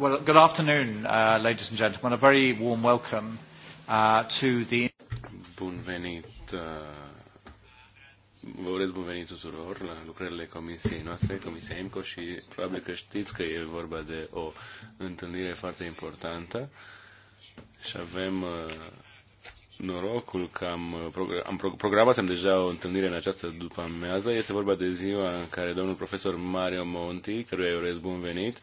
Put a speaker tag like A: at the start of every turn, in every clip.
A: Well, good afternoon, uh, ladies and gentlemen. A very warm welcome uh, to
B: the... Bun venit. Uh, vă urez bun venit tuturor la lucrările comisiei noastre, Comisia IMCO și probabil că știți că e vorba de o întâlnire foarte importantă și avem uh, norocul că am, uh, am programat deja o întâlnire în această după amiază. Este vorba de ziua în care domnul profesor Mario Monti, căruia îi urez bun venit,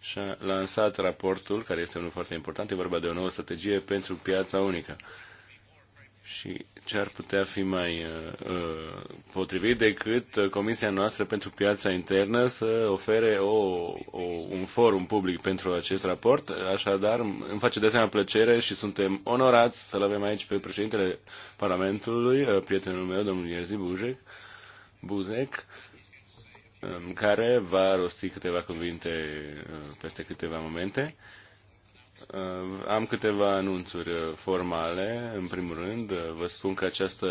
B: și a lansat raportul, care este unul foarte important, e vorba de o nouă strategie pentru piața unică. Și ce ar putea fi mai uh, uh potrivit decât uh, Comisia noastră pentru piața internă să ofere o, o, un forum public pentru acest raport. Așadar, îmi face de asemenea plăcere și suntem onorați să-l avem aici pe președintele Parlamentului, uh, prietenul meu, domnul Ierzi Buzek, Buzek care va rosti câteva cuvinte uh, peste câteva momente. Uh, am câteva anunțuri uh, formale. În primul rând, vă spun că această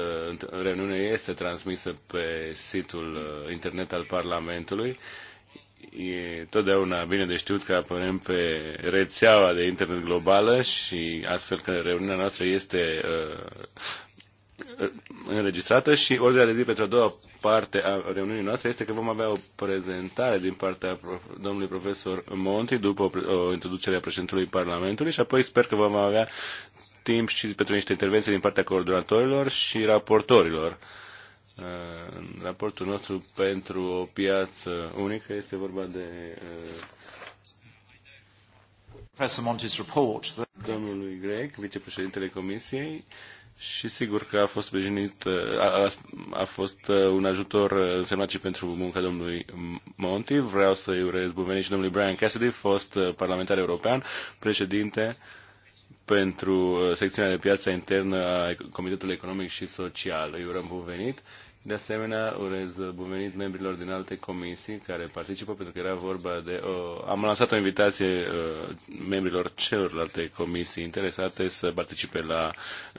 B: reuniune este transmisă pe site-ul internet al Parlamentului. E totdeauna bine de știut că apărăm pe rețeaua de internet globală și astfel că reuniunea noastră este Uh, înregistrată și ordinea de zi pentru a doua parte a reuniunii noastre este că vom avea o prezentare din partea prof- domnului profesor Monti după o, o introducere a președintelui Parlamentului și apoi sper că vom avea timp și pentru niște intervenții din partea coordonatorilor și raportorilor. Uh, în raportul nostru pentru o piață unică este vorba de uh, Domnului Greg, vicepreședintele Comisiei, și sigur că a fost sprijinit, uh, a, a fost uh, un ajutor uh, însemnat și pentru munca domnului Monti. Vreau să-i urez bun venit și domnului Brian Cassidy, fost parlamentar european, președinte pentru secțiunea de piață internă a Comitetului Economic și Social. Îi urăm bun venit de asemenea, urez bun venit membrilor din alte comisii care participă, pentru că era vorba de... O, am lansat o invitație uh, membrilor celorlalte comisii interesate să participe la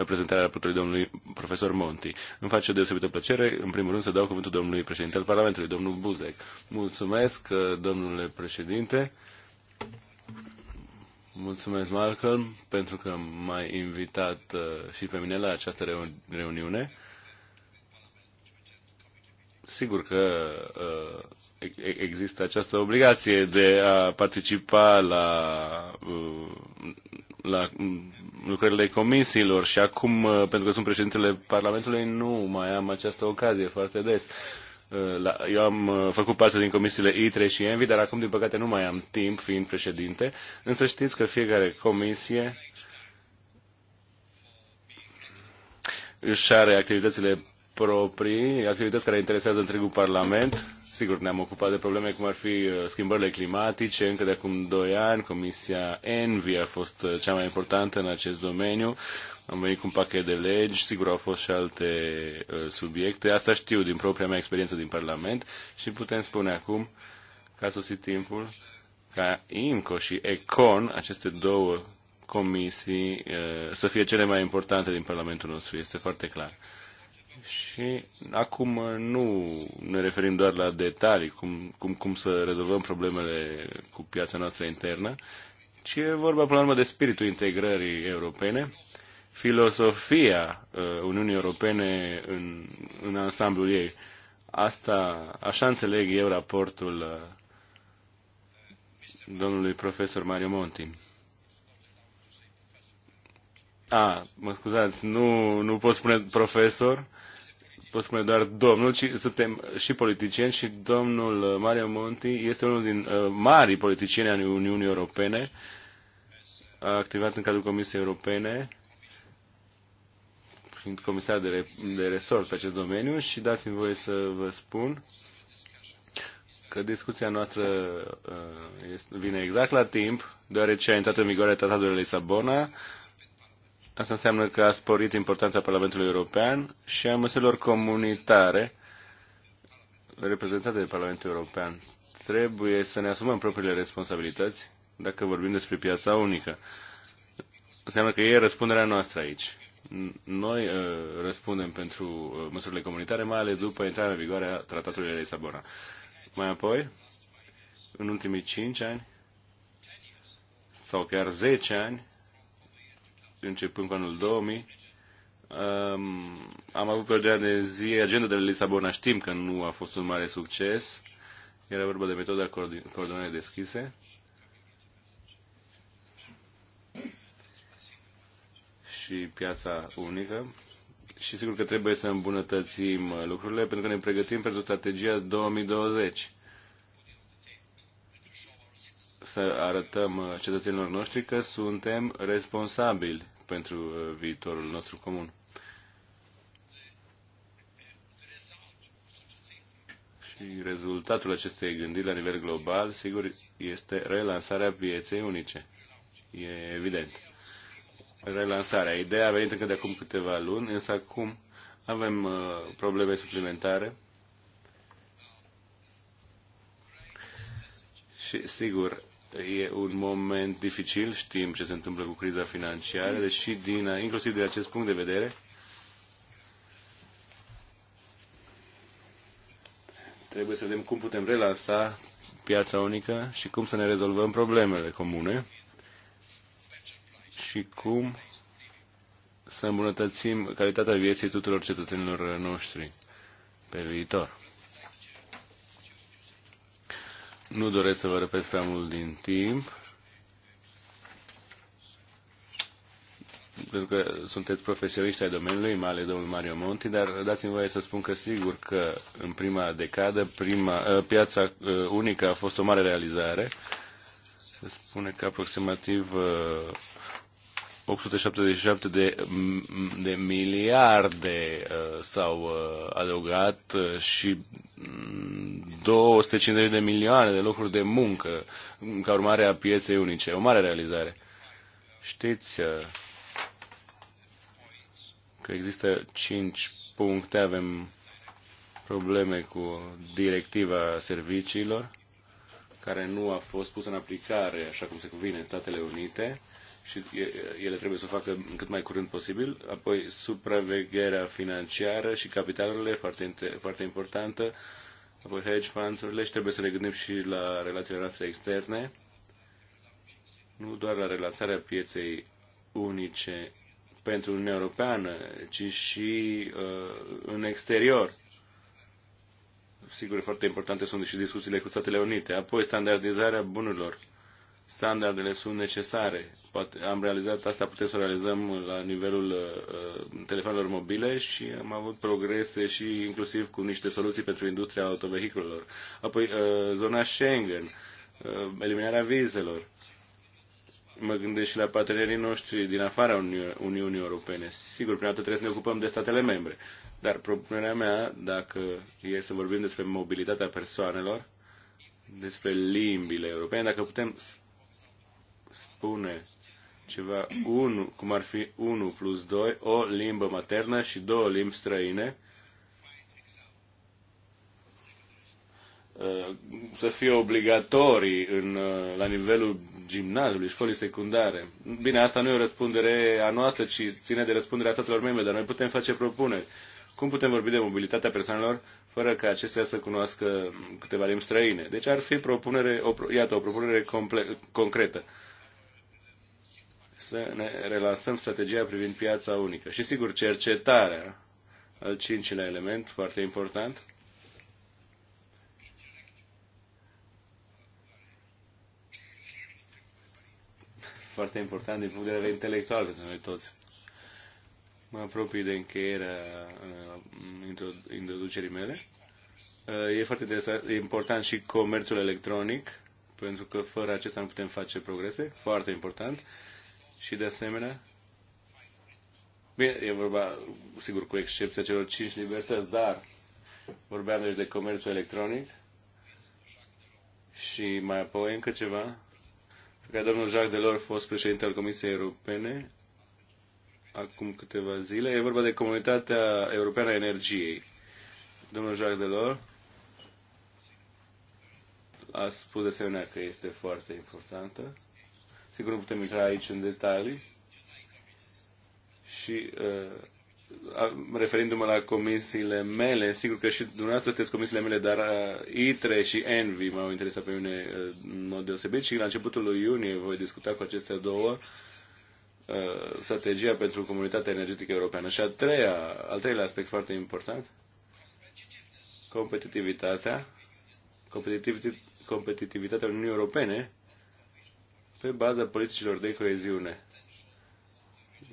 B: prezentarea raportului domnului profesor Monti. Îmi face o deosebită plăcere, în primul rând, să dau cuvântul domnului președinte al Parlamentului, domnul Buzek. Mulțumesc, uh, domnule președinte. Mulțumesc, Malcolm, pentru că m-ai invitat uh, și pe mine la această reuni reuniune. Sigur că uh, există această obligație de a participa la, uh, la mm, lucrările comisiilor și acum, uh, pentru că sunt președintele Parlamentului, nu mai am această ocazie foarte des. La, eu am făcut parte din comisiile I3 și ENVI, dar acum, din păcate, nu mai am timp fiind președinte, însă știți că fiecare comisie își are activitățile proprii, activități care interesează întregul Parlament. Sigur, ne-am ocupat de probleme cum ar fi uh, schimbările climatice. Încă de acum doi ani, Comisia Envi a fost uh, cea mai importantă în acest domeniu. Am venit cu un pachet de legi, sigur au fost și alte uh, subiecte. Asta știu din propria mea experiență din Parlament și putem spune acum ca să sosit timpul ca IMCO și ECON, aceste două comisii, să fie cele mai importante din Parlamentul nostru. Este foarte clar și acum nu ne referim doar la detalii, cum, cum, cum să rezolvăm problemele cu piața noastră internă, ci e vorba până la urmă de spiritul integrării europene, filosofia uh, Uniunii Europene în, în ansamblul ei. Asta, așa înțeleg eu raportul uh, domnului profesor Mario Monti. A, mă scuzați, nu, nu pot spune profesor, pot spune doar domnul, ci suntem și politicieni și domnul uh, Mario Monti este unul din uh, mari politicieni ai Uniunii Europene, a activat în cadrul Comisiei Europene, fiind comisar de, re, de resort pe acest domeniu și dați-mi voie să vă spun că discuția noastră uh, este, vine exact la timp, deoarece a intrat în vigoare tratatul de Lisabona, Asta înseamnă că a sporit importanța Parlamentului European și a măsurilor comunitare reprezentate de Parlamentul European. Trebuie să ne asumăm propriile responsabilități dacă vorbim despre piața unică. Înseamnă că e răspunderea noastră aici. Noi uh, răspundem pentru uh, măsurile comunitare, mai ales după intrarea în vigoare a Tratatului de Lisabona. Mai apoi, în ultimii 5 ani, sau chiar 10 ani, începând cu anul 2000, um, am avut pe ordinea de zi agenda de la Lisabona. Știm că nu a fost un mare succes. Era vorba de metoda coordonare deschise. și piața unică. Și sigur că trebuie să îmbunătățim lucrurile pentru că ne pregătim pentru strategia 2020 să arătăm uh, cetățenilor noștri că suntem responsabili pentru uh, viitorul nostru comun. Și rezultatul acestei gândiri la nivel global, sigur, este relansarea pieței unice. E evident. Relansarea. Ideea a venit încă de acum câteva luni, însă acum avem uh, probleme suplimentare. Și, sigur, E un moment dificil, știm ce se întâmplă cu criza financiară, deși deci din, inclusiv de acest punct de vedere, trebuie să vedem cum putem relansa piața unică și cum să ne rezolvăm problemele comune și cum să îmbunătățim calitatea vieții tuturor cetățenilor noștri pe viitor. Nu doresc să vă răpesc prea mult din timp, pentru că sunteți profesioniști ai domeniului, mai ales domnul Mario Monti, dar dați-mi voie să spun că sigur că în prima decadă prima, ă, piața ă, unică a fost o mare realizare. Se spune că aproximativ ă, 877 de, de miliarde uh, s-au uh, adăugat uh, și 250 mm, de milioane de locuri de muncă mm, ca urmare a pieței unice. O mare realizare. Știți uh, că există 5 puncte, avem probleme cu directiva serviciilor care nu a fost pusă în aplicare așa cum se cuvine în Statele Unite și ele trebuie să o facă cât mai curând posibil. Apoi, supravegherea financiară și capitalurile, foarte, foarte importantă. Apoi, hedge funds și trebuie să ne gândim și la relațiile noastre externe, nu doar la relansarea pieței unice pentru Uniunea Europeană, ci și uh, în exterior. Sigur, foarte importante sunt și discuțiile cu Statele Unite. Apoi, standardizarea bunurilor standardele sunt necesare. Poate, am realizat asta, putem să o realizăm la nivelul uh, uh, telefonelor mobile și am avut progrese și inclusiv cu niște soluții pentru industria autovehiculelor. Apoi, uh, zona Schengen, uh, eliminarea vizelor. Mă gândesc și la partenerii noștri din afara Uni- Uniunii Europene. Sigur, prima dată trebuie să ne ocupăm de statele membre. Dar propunerea mea, dacă e să vorbim despre mobilitatea persoanelor, despre limbile europene, dacă putem spune ceva, unu, cum ar fi 1 plus 2, o limbă maternă și două limbi străine, uh, să fie obligatorii în, uh, la nivelul gimnaziului, școlii secundare. Bine, asta nu e o răspundere a noastră, ci ține de răspunderea tuturor membre, dar noi putem face propuneri. Cum putem vorbi de mobilitatea persoanelor fără ca acestea să cunoască câteva limbi străine? Deci ar fi propunere, o, iată, o propunere comple- concretă să ne relansăm strategia privind piața unică. Și sigur, cercetarea, al cincilea element foarte important. Foarte important din punct de vedere intelectual pentru noi toți. Mă apropii de încheierea uh, introducerii mele. Uh, e foarte interesant, e important și comerțul electronic, pentru că fără acesta nu putem face progrese, foarte important și de asemenea Bine, e vorba, sigur, cu excepția celor cinci libertăți, dar vorbeam deci de comerțul electronic și mai apoi încă ceva pe care domnul Jacques Delors, a fost președinte al Comisiei Europene, acum câteva zile. E vorba de Comunitatea Europeană a Energiei. Domnul Jacques Delors a spus de asemenea că este foarte importantă Sigur, nu putem intra aici în detalii. Și uh, referindu-mă la comisiile mele, sigur că și dumneavoastră sunteți comisiile mele, dar uh, ITRE și ENVI m-au interesat pe mine uh, în mod deosebit și la începutul lui iunie voi discuta cu aceste două uh, strategia pentru comunitatea energetică europeană. Și a treia, al treilea aspect foarte important, competitivitatea, competitivitatea Uniunii Europene, pe baza politicilor de coeziune.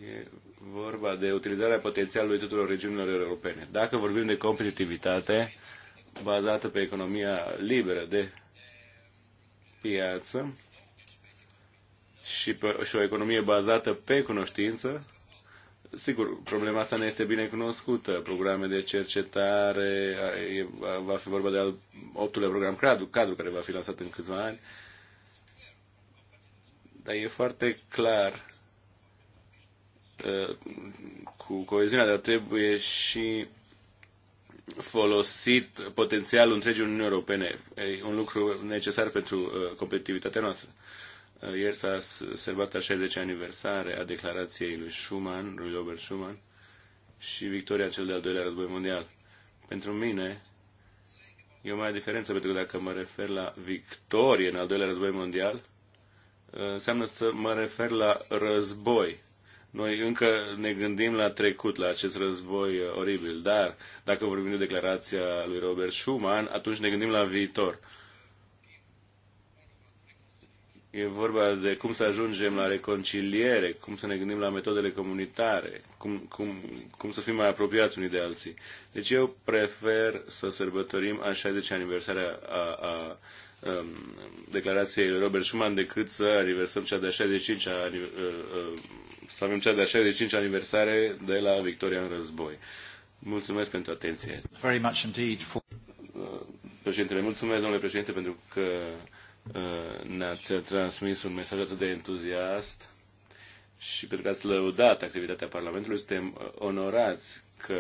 B: E vorba de utilizarea potențialului tuturor regiunilor europene. Dacă vorbim de competitivitate bazată pe economia liberă de piață și, pe, și o economie bazată pe cunoștință, Sigur, problema asta ne este bine cunoscută. Programe de cercetare, va fi vorba de al optulea program cadru, cadru care va fi lansat în câțiva ani. Uh, dar e foarte clar uh, cu coeziunea, dar trebuie și folosit potențialul întregii Uniunii Europene. E un lucru necesar pentru uh, competitivitatea noastră. Uh, ieri s-a sărbat a 60 aniversare a declarației lui Schuman, lui Robert Schuman, și victoria cel de-al doilea război mondial. Pentru mine e o mare diferență, pentru că dacă mă refer la victorie în al doilea război mondial, înseamnă să mă refer la război. Noi încă ne gândim la trecut, la acest război uh, oribil, dar dacă vorbim de declarația lui Robert Schuman, atunci ne gândim la viitor. E vorba de cum să ajungem la reconciliere, cum să ne gândim la metodele comunitare, cum, cum, cum să fim mai apropiați unii de alții. Deci eu prefer să sărbătorim a 60 aniversarea a, a Um, declarației lui Robert Schuman decât să aniversăm cea de-a 65 uh, uh, să avem cea de-a 65 aniversare de la victoria în război. Mulțumesc pentru atenție.
A: Very much indeed for... Uh,
B: președintele, mulțumesc, domnule președinte, pentru că ne-ați transmis un mesaj atât de entuziast și pentru că ați lăudat activitatea Parlamentului. Suntem onorați că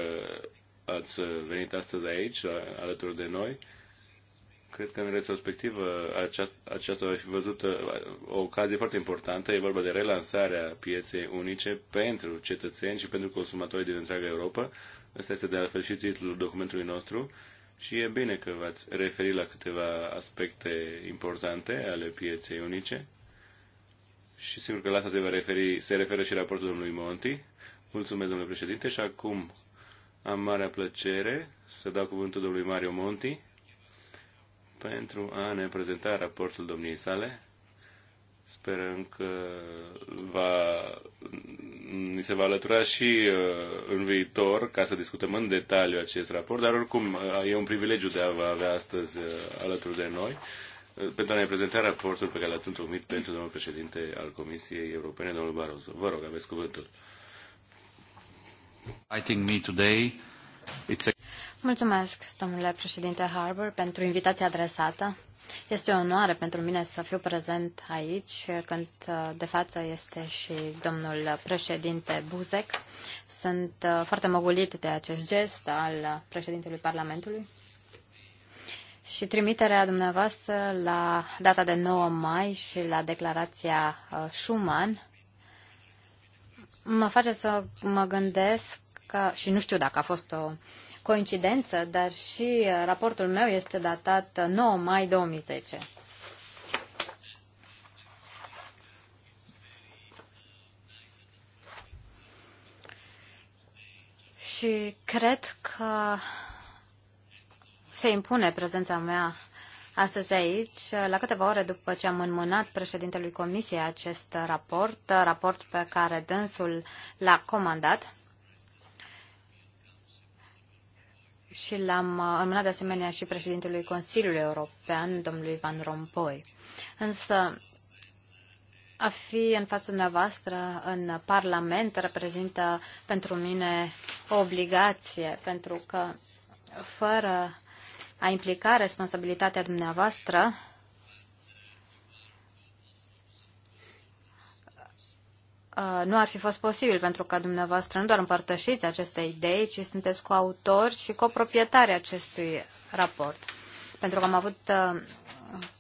B: ați venit astăzi aici, alături de noi. Cred că în retrospectivă aceasta a fi văzută o ocazie foarte importantă. E vorba de relansarea pieței unice pentru cetățeni și pentru consumatori din întreaga Europa. Asta este de altfel și titlul documentului nostru. Și e bine că v-ați referit la câteva aspecte importante ale pieței unice. Și sigur că la asta se, va referi, se referă și raportul domnului Monti. Mulțumesc, domnule președinte, și acum am marea plăcere să dau cuvântul domnului Mario Monti, pentru a ne prezenta raportul domniei sale. Sperăm că va, ni se va alătura și uh, în viitor ca să discutăm în detaliu acest raport, dar oricum uh, e un privilegiu de a vă avea astăzi uh, alături de noi pentru a ne prezenta raportul pe care l a întocmit pentru domnul președinte al Comisiei Europene, domnul Barroso. Vă rog, aveți cuvântul.
A: I think me today, it's a...
C: Mulțumesc, domnule președinte Harbour, pentru invitația adresată. Este o onoare pentru mine să fiu prezent aici, când de față este și domnul președinte Buzek. Sunt uh, foarte măgulit de acest gest al președintelui Parlamentului. Și trimiterea dumneavoastră la data de 9 mai și la declarația uh, Schuman mă face să mă gândesc că, și nu știu dacă a fost o coincidență, dar și uh, raportul meu este datat 9 uh, mai 2010. Și cred că se impune prezența mea astăzi aici, uh, la câteva ore după ce am înmânat președintelui Comisiei acest raport, raport pe care dânsul l-a comandat. și l-am uh, înmânat de asemenea și președintelui Consiliului European, domnului Van Rompuy. Însă, a fi în fața dumneavoastră în Parlament reprezintă pentru mine o obligație, pentru că fără a implica responsabilitatea dumneavoastră, Uh, nu ar fi fost posibil pentru că dumneavoastră nu doar împărtășiți aceste idei, ci sunteți coautori și coproprietari acestui raport. Pentru că am avut uh,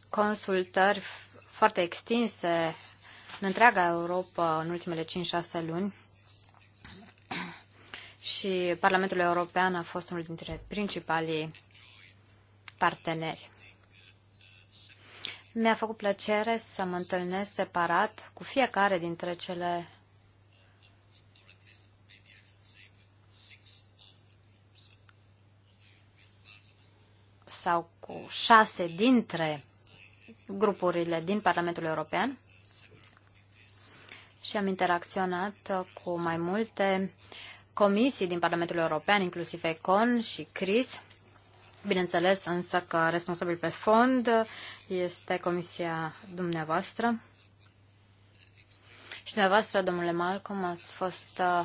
C: consultări foarte extinse în întreaga Europa în ultimele 5-6 luni și Parlamentul European a fost unul dintre principalii parteneri. Mi-a făcut plăcere să mă întâlnesc separat cu fiecare dintre cele sau cu șase dintre grupurile din Parlamentul European și am interacționat cu mai multe comisii din Parlamentul European, inclusiv ECON și CRIS. Bineînțeles însă că responsabil pe fond este comisia dumneavoastră. Și dumneavoastră, domnule Malcolm, ați fost uh,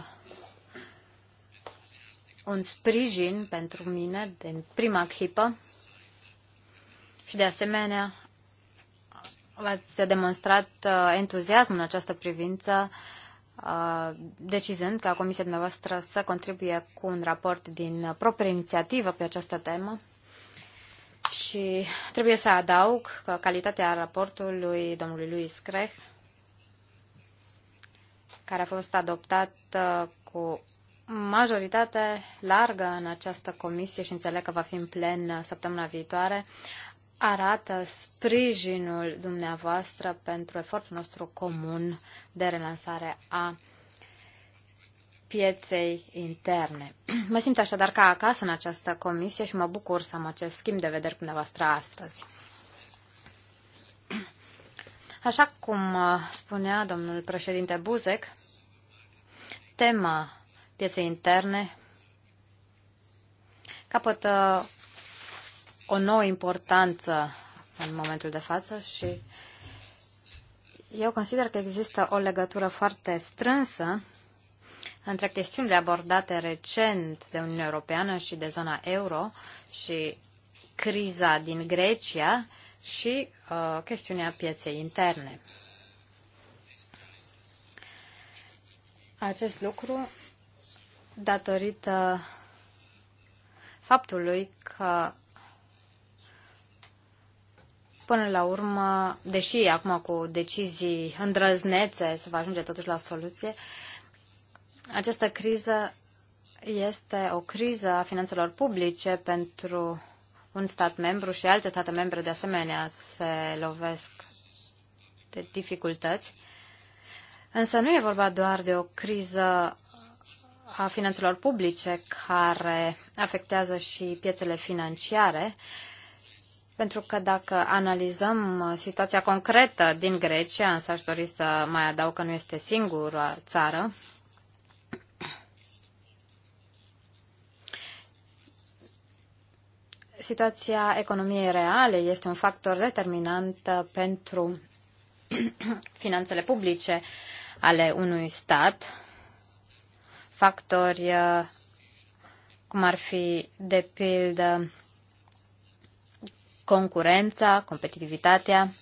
C: un sprijin pentru mine din prima clipă și de asemenea ați demonstrat uh, entuziasm în această privință uh, decizând ca comisia dumneavoastră să contribuie cu un raport din proprie inițiativă pe această temă. Și trebuie să adaug că calitatea raportului domnului Luis Creh, care a fost adoptat uh, cu majoritate largă în această comisie și înțeleg că va fi în plen uh, săptămâna viitoare, arată sprijinul dumneavoastră pentru efortul nostru comun de relansare a pieței interne. Mă simt așadar ca acasă în această comisie și mă bucur să am acest schimb de vedere cu dumneavoastră astăzi. Așa cum uh, spunea domnul președinte Buzek, tema pieței interne capătă uh, o nouă importanță în momentul de față și eu consider că există o legătură foarte strânsă între chestiunile abordate recent de Uniunea Europeană și de zona euro și criza din Grecia și uh, chestiunea pieței interne. Acest lucru datorită faptului că până la urmă, deși acum cu decizii îndrăznețe se va ajunge totuși la soluție, uh, această criză este o criză a finanțelor publice pentru un stat membru și alte state membre de asemenea se lovesc de dificultăți. Însă nu e vorba doar de o criză a finanțelor publice care afectează și piețele financiare, pentru că dacă analizăm situația concretă din Grecia, însă aș dori să mai adaug că nu este singura țară situația economiei reale este un factor determinant uh, pentru finanțele publice ale unui stat, factori uh, cum ar fi, de pildă, concurența, competitivitatea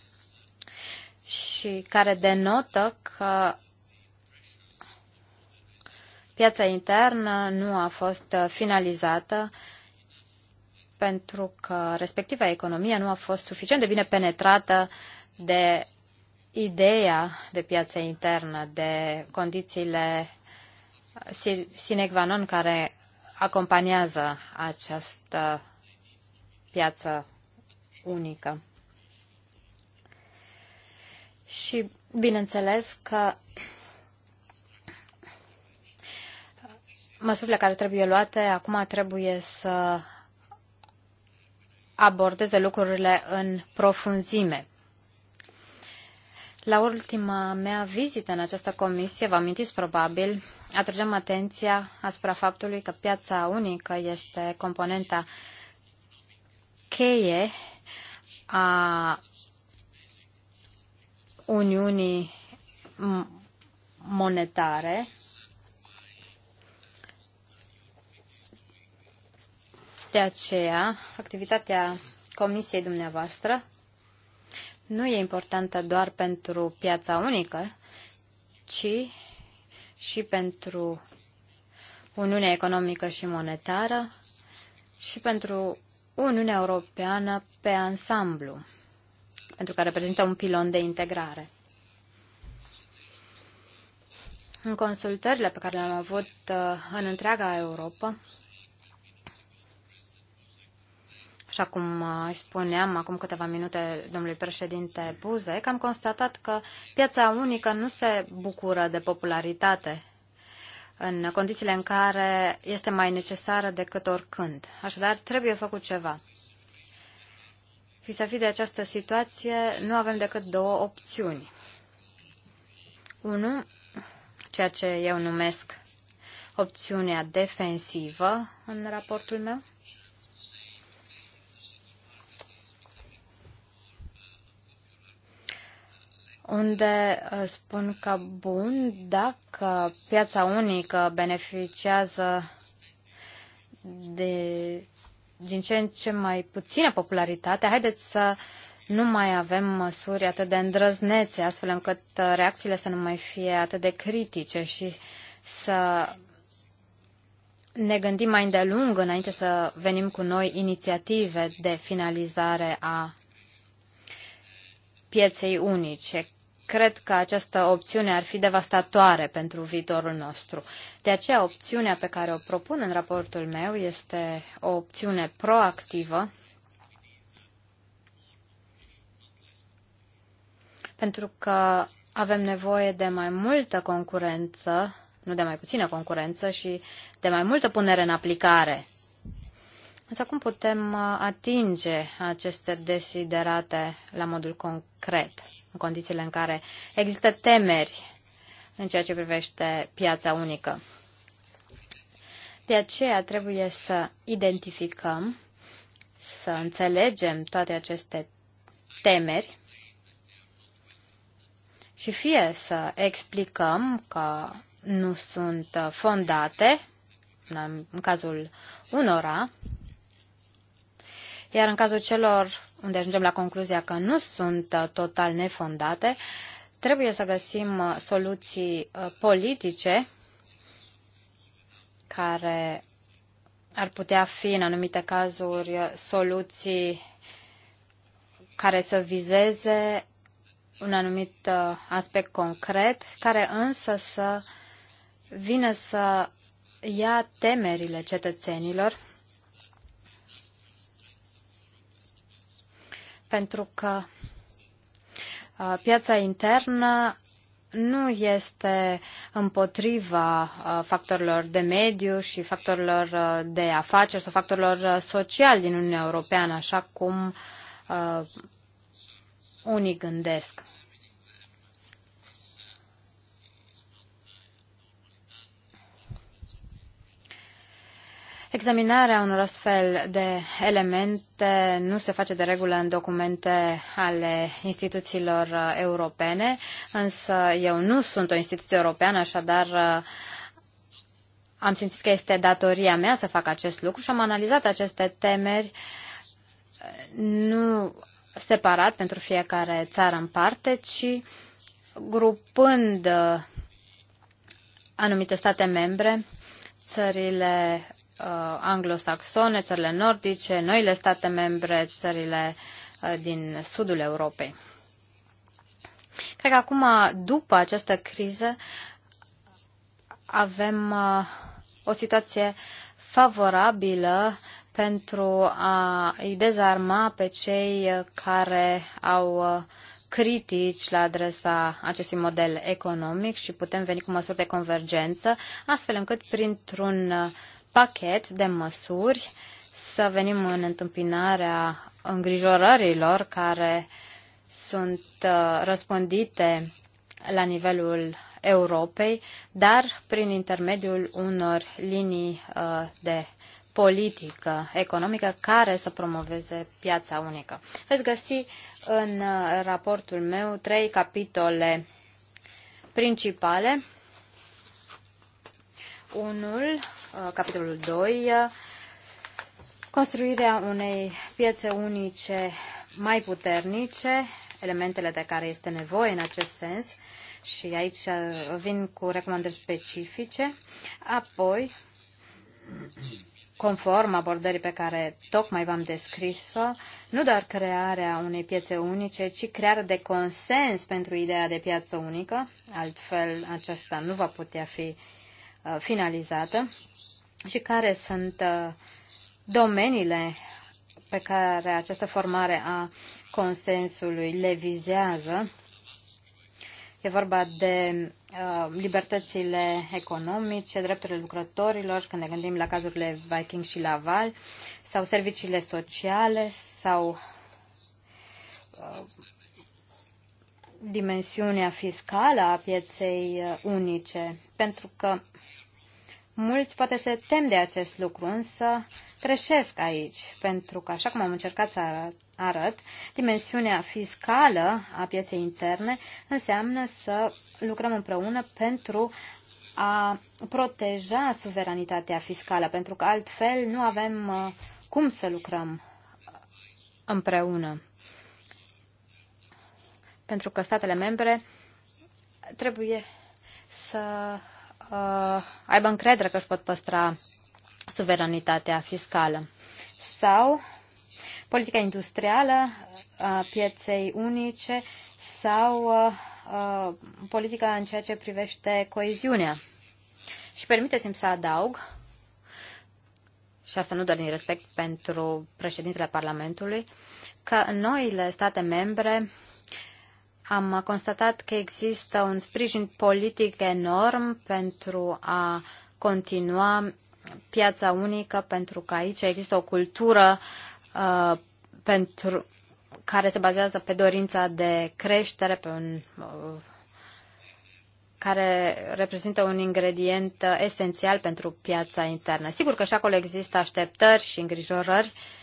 C: și care denotă că piața internă nu a fost uh, finalizată pentru că respectiva economie nu a fost suficient de bine penetrată de ideea de piață internă, de condițiile sine qua non care acompaniază această piață unică. Și bineînțeles că măsurile care trebuie luate acum trebuie să abordeze lucrurile în profunzime. La ultima mea vizită în această comisie, vă amintiți probabil, atragem atenția asupra faptului că piața unică este componenta cheie a Uniunii monetare De aceea, activitatea comisiei dumneavoastră nu e importantă doar pentru piața unică, ci și pentru Uniunea Economică și Monetară și pentru Uniunea Europeană pe ansamblu, pentru că reprezintă un pilon de integrare. În consultările pe care le-am avut uh, în întreaga Europa, Așa cum uh, îi spuneam acum câteva minute domnului președinte Buzek, am constatat că piața unică nu se bucură de popularitate în condițiile în care este mai necesară decât oricând. Așadar, trebuie făcut ceva. vis să vis de această situație, nu avem decât două opțiuni. Unu, ceea ce eu numesc opțiunea defensivă în raportul meu, unde uh, spun că, bun, dacă piața unică beneficiază de din ce în ce mai puțină popularitate, haideți să nu mai avem măsuri atât de îndrăznețe, astfel încât uh, reacțiile să nu mai fie atât de critice și să ne gândim mai îndelung înainte să venim cu noi inițiative de finalizare a pieței unice cred că această opțiune ar fi devastatoare pentru viitorul nostru. De aceea, opțiunea pe care o propun în raportul meu este o opțiune proactivă, pentru că avem nevoie de mai multă concurență, nu de mai puțină concurență și de mai multă punere în aplicare. Însă cum putem atinge aceste desiderate la modul concret? în condițiile în care există temeri în ceea ce privește piața unică. De aceea trebuie să identificăm, să înțelegem toate aceste temeri și fie să explicăm că nu sunt fondate, în cazul unora, iar în cazul celor unde ajungem la concluzia că nu sunt uh, total nefondate, trebuie să găsim uh, soluții uh, politice care ar putea fi, în anumite cazuri, soluții care să vizeze un anumit aspect concret, care însă să vină să ia temerile cetățenilor pentru că uh, piața internă nu este împotriva uh, factorilor de mediu și factorilor uh, de afaceri sau factorilor sociali din Uniunea Europeană, așa cum unii gândesc. Examinarea unor astfel de elemente nu se face de regulă în documente ale instituțiilor uh, europene, însă eu nu sunt o instituție europeană, așadar uh, am simțit că este datoria mea să fac acest lucru și am analizat aceste temeri uh, nu separat pentru fiecare țară în parte, ci grupând anumite state membre, țările Uh, anglosaxone, țările nordice, noile state membre, țările uh, din sudul Europei. Cred că acum, după această criză, avem uh, o situație favorabilă pentru a îi dezarma pe cei care au critici la adresa acestui model economic și putem veni cu măsuri de convergență, astfel încât printr-un pachet de măsuri să venim în întâmpinarea îngrijorărilor care sunt uh, răspândite la nivelul Europei, dar prin intermediul unor linii uh, de politică economică care să promoveze piața unică. Veți găsi în uh, raportul meu trei capitole principale 1, uh, capitolul 2, uh, construirea unei piețe unice mai puternice, elementele de care este nevoie în acest sens și aici uh, vin cu recomandări specifice. Apoi, conform abordării pe care tocmai v-am descris-o, nu doar crearea unei piețe unice, ci crearea de consens pentru ideea de piață unică, altfel aceasta nu va putea fi uh, Uh, finalizată și care sunt uh, domeniile pe care această formare a consensului le vizează. E vorba de uh, libertățile economice, drepturile lucrătorilor, când ne gândim la cazurile Viking și Laval, sau serviciile sociale, sau uh, dimensiunea fiscală a pieței unice, pentru că Mulți poate se tem de acest lucru, însă creșesc aici, pentru că, așa cum am încercat să arăt, dimensiunea fiscală a pieței interne înseamnă să lucrăm împreună pentru a proteja suveranitatea fiscală, pentru că altfel nu avem uh, cum să lucrăm împreună. Pentru că statele membre trebuie să Uh, aibă încredere că își pot păstra suveranitatea fiscală. Sau politica industrială a uh, pieței unice sau uh, politica în ceea ce privește coeziunea. Și permiteți-mi să adaug, și asta nu doar din respect pentru președintele Parlamentului, că noile state membre am constatat că există un sprijin politic enorm pentru a continua piața unică, pentru că aici există o cultură uh, pentru care se bazează pe dorința de creștere, pe un, uh, care reprezintă un ingredient esențial pentru piața internă. Sigur că și acolo există așteptări și îngrijorări uh,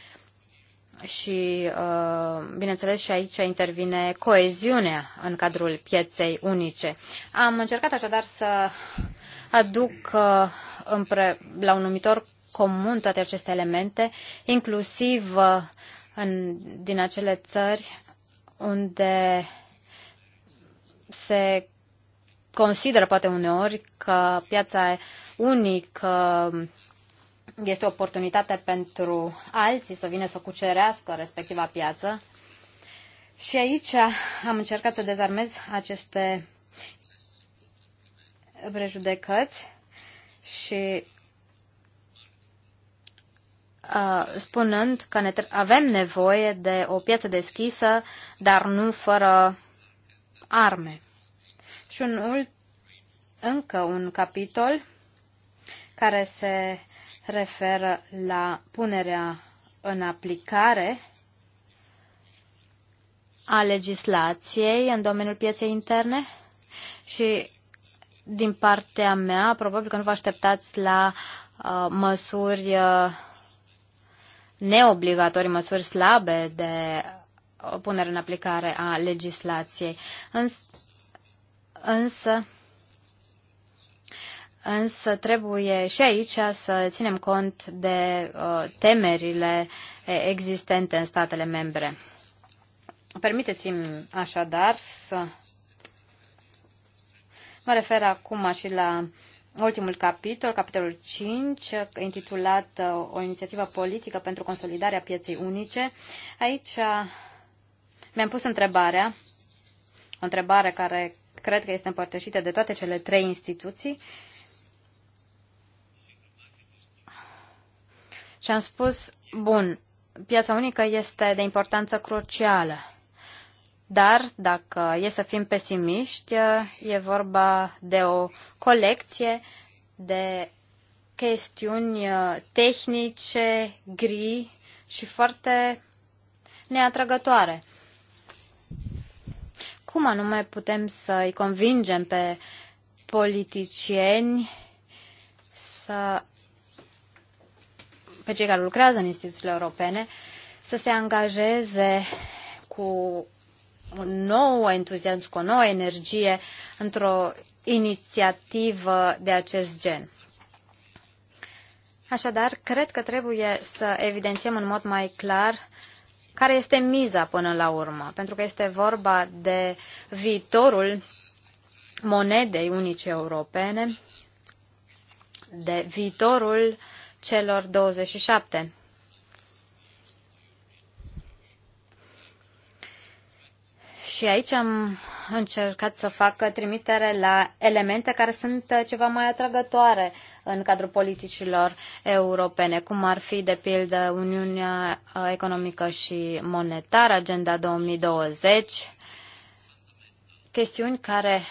C: și, uh, bineînțeles, și aici intervine coeziunea în cadrul pieței unice. Am încercat așadar să aduc uh, împre, la un numitor comun toate aceste elemente, inclusiv uh, în, din acele țări unde se consideră poate uneori că piața unică este o oportunitate pentru alții să vină să cucerească respectiva piață. Și aici am încercat să dezarmez aceste prejudecăți și uh, spunând că ne avem nevoie de o piață deschisă, dar nu fără arme. Și un ult- încă un capitol care se referă la punerea în aplicare a legislației în domeniul pieței interne și din partea mea, probabil că nu vă așteptați la uh, măsuri uh, neobligatorii, măsuri slabe de uh, punere în aplicare a legislației. Îns- însă, însă trebuie și aici să ținem cont de uh, temerile existente în statele membre. Permiteți-mi așadar să mă refer acum și la ultimul capitol, capitolul 5, intitulat uh, O inițiativă politică pentru consolidarea pieței unice. Aici uh, mi-am pus întrebarea, o întrebare care cred că este împărtășită de toate cele trei instituții, Și am spus, bun, piața unică este de importanță crucială. Dar, dacă e să fim pesimiști, e vorba de o colecție de chestiuni uh, tehnice, gri și foarte neatrăgătoare. Cum anume putem să-i convingem pe politicieni să pe cei care lucrează în instituțiile europene să se angajeze cu un nou entuziasm, cu o nouă energie într-o inițiativă de acest gen. Așadar, cred că trebuie să evidențiem în mod mai clar care este miza până la urmă, pentru că este vorba de viitorul monedei unice europene, de viitorul celor 27. Și aici am încercat să fac trimitere la elemente care sunt ceva mai atrăgătoare în cadrul politicilor europene, cum ar fi, de pildă, Uniunea Economică și Monetară, Agenda 2020, chestiuni care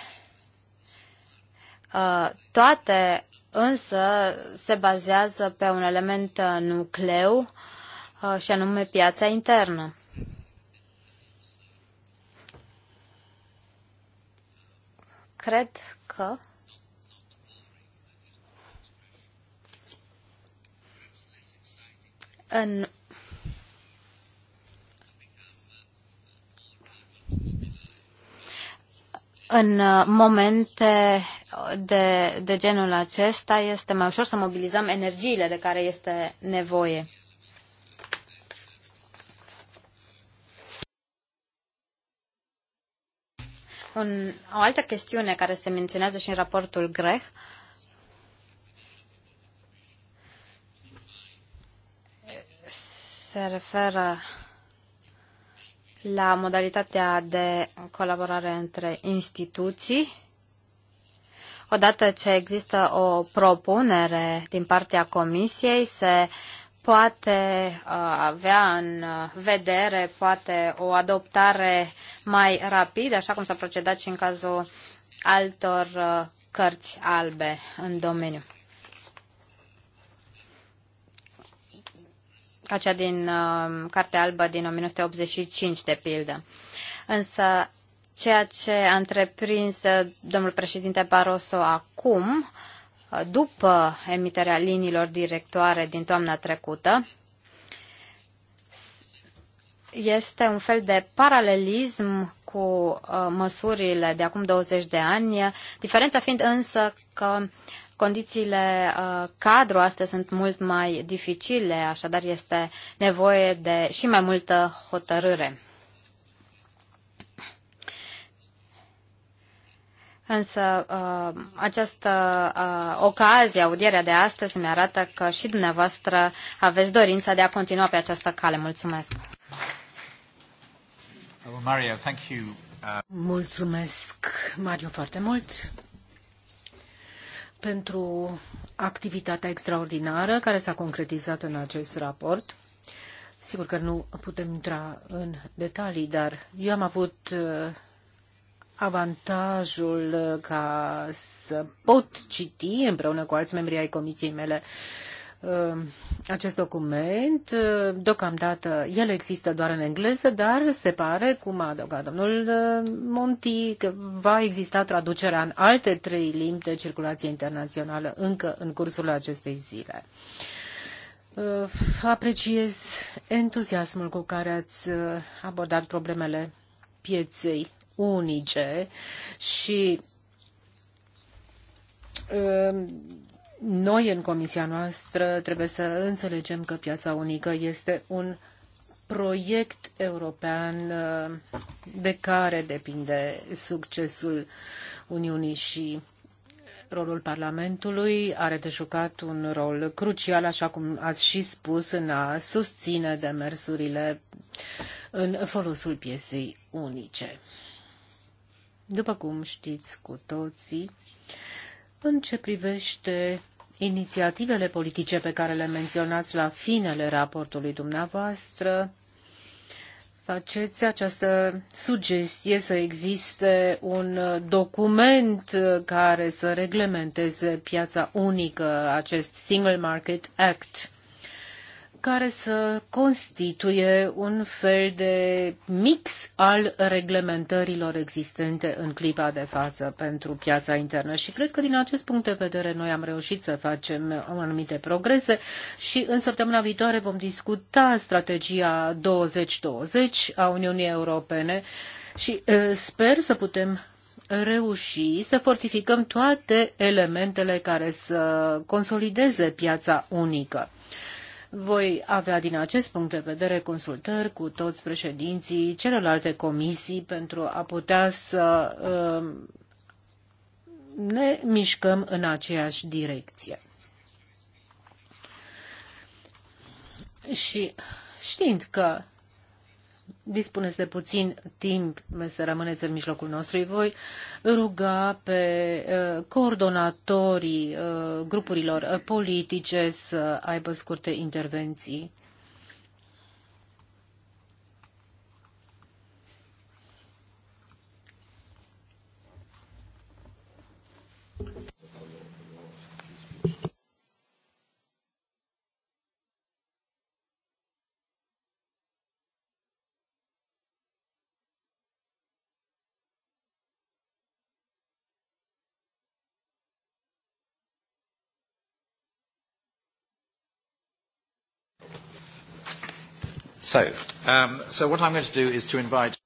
C: uh, toate însă se bazează pe un element uh, nucleu uh, și anume piața internă. Cred că în în uh, momente de, de genul acesta este mai ușor să mobilizăm energiile de care este nevoie. Un, o altă chestiune care se menționează și în raportul Greh se referă la modalitatea de colaborare între instituții. Odată ce există o propunere din partea Comisiei, se poate uh, avea în vedere poate o adoptare mai rapidă, așa cum s-a procedat și în cazul altor uh, cărți albe în domeniu. ca cea din uh, Cartea Albă din 1985, de pildă. Însă, ceea ce a întreprins uh, domnul președinte Barroso acum, uh, după emiterea liniilor directoare din toamna trecută, este un fel de paralelism cu uh, măsurile de acum 20 de ani, diferența fiind însă că Condițiile uh, cadru astăzi sunt mult mai dificile, așadar este nevoie de și mai multă hotărâre. Însă uh, această uh, ocazie, audierea de astăzi, mi arată că și dumneavoastră aveți dorința de a continua pe această cale. Mulțumesc!
A: Mario, thank you.
C: Mulțumesc, Mario, foarte mult
D: pentru activitatea extraordinară care s-a concretizat în acest raport. Sigur că nu putem intra în detalii, dar eu am avut uh, avantajul uh, ca să pot citi împreună cu alți membri ai comisiei mele uh, Uh, acest document. Uh, deocamdată el există doar în engleză, dar se pare, cum a adăugat domnul uh, Monti, că va exista traducerea în alte trei limbi de circulație internațională încă în cursul acestei zile. Apreciez entuziasmul cu care ați abordat problemele pieței unice și noi, în comisia noastră, trebuie să înțelegem că piața unică este un proiect european uh, de care depinde succesul Uniunii și rolul Parlamentului are de jucat un rol crucial, așa cum ați și spus, în a susține demersurile în folosul piesei unice. După cum știți cu toții, în ce privește inițiativele politice pe care le menționați la finele raportului dumneavoastră, faceți această sugestie să existe un document care să reglementeze piața unică, acest Single Market Act care să constituie un fel de mix al reglementărilor existente în clipa de față pentru piața internă. Și cred că din acest punct de vedere noi am reușit să facem anumite progrese și în săptămâna viitoare vom discuta strategia 2020 a Uniunii Europene și sper să putem reuși să fortificăm toate elementele care să consolideze piața unică. Voi avea din acest punct de vedere consultări cu toți președinții celelalte comisii pentru a putea să um, ne mișcăm în aceeași direcție. Și știind că dispuneți de puțin timp să rămâneți în mijlocul nostru. Voi ruga pe uh, coordonatorii uh, grupurilor uh, politice să aibă scurte intervenții.
A: So, um, so what I'm going to do is to invite...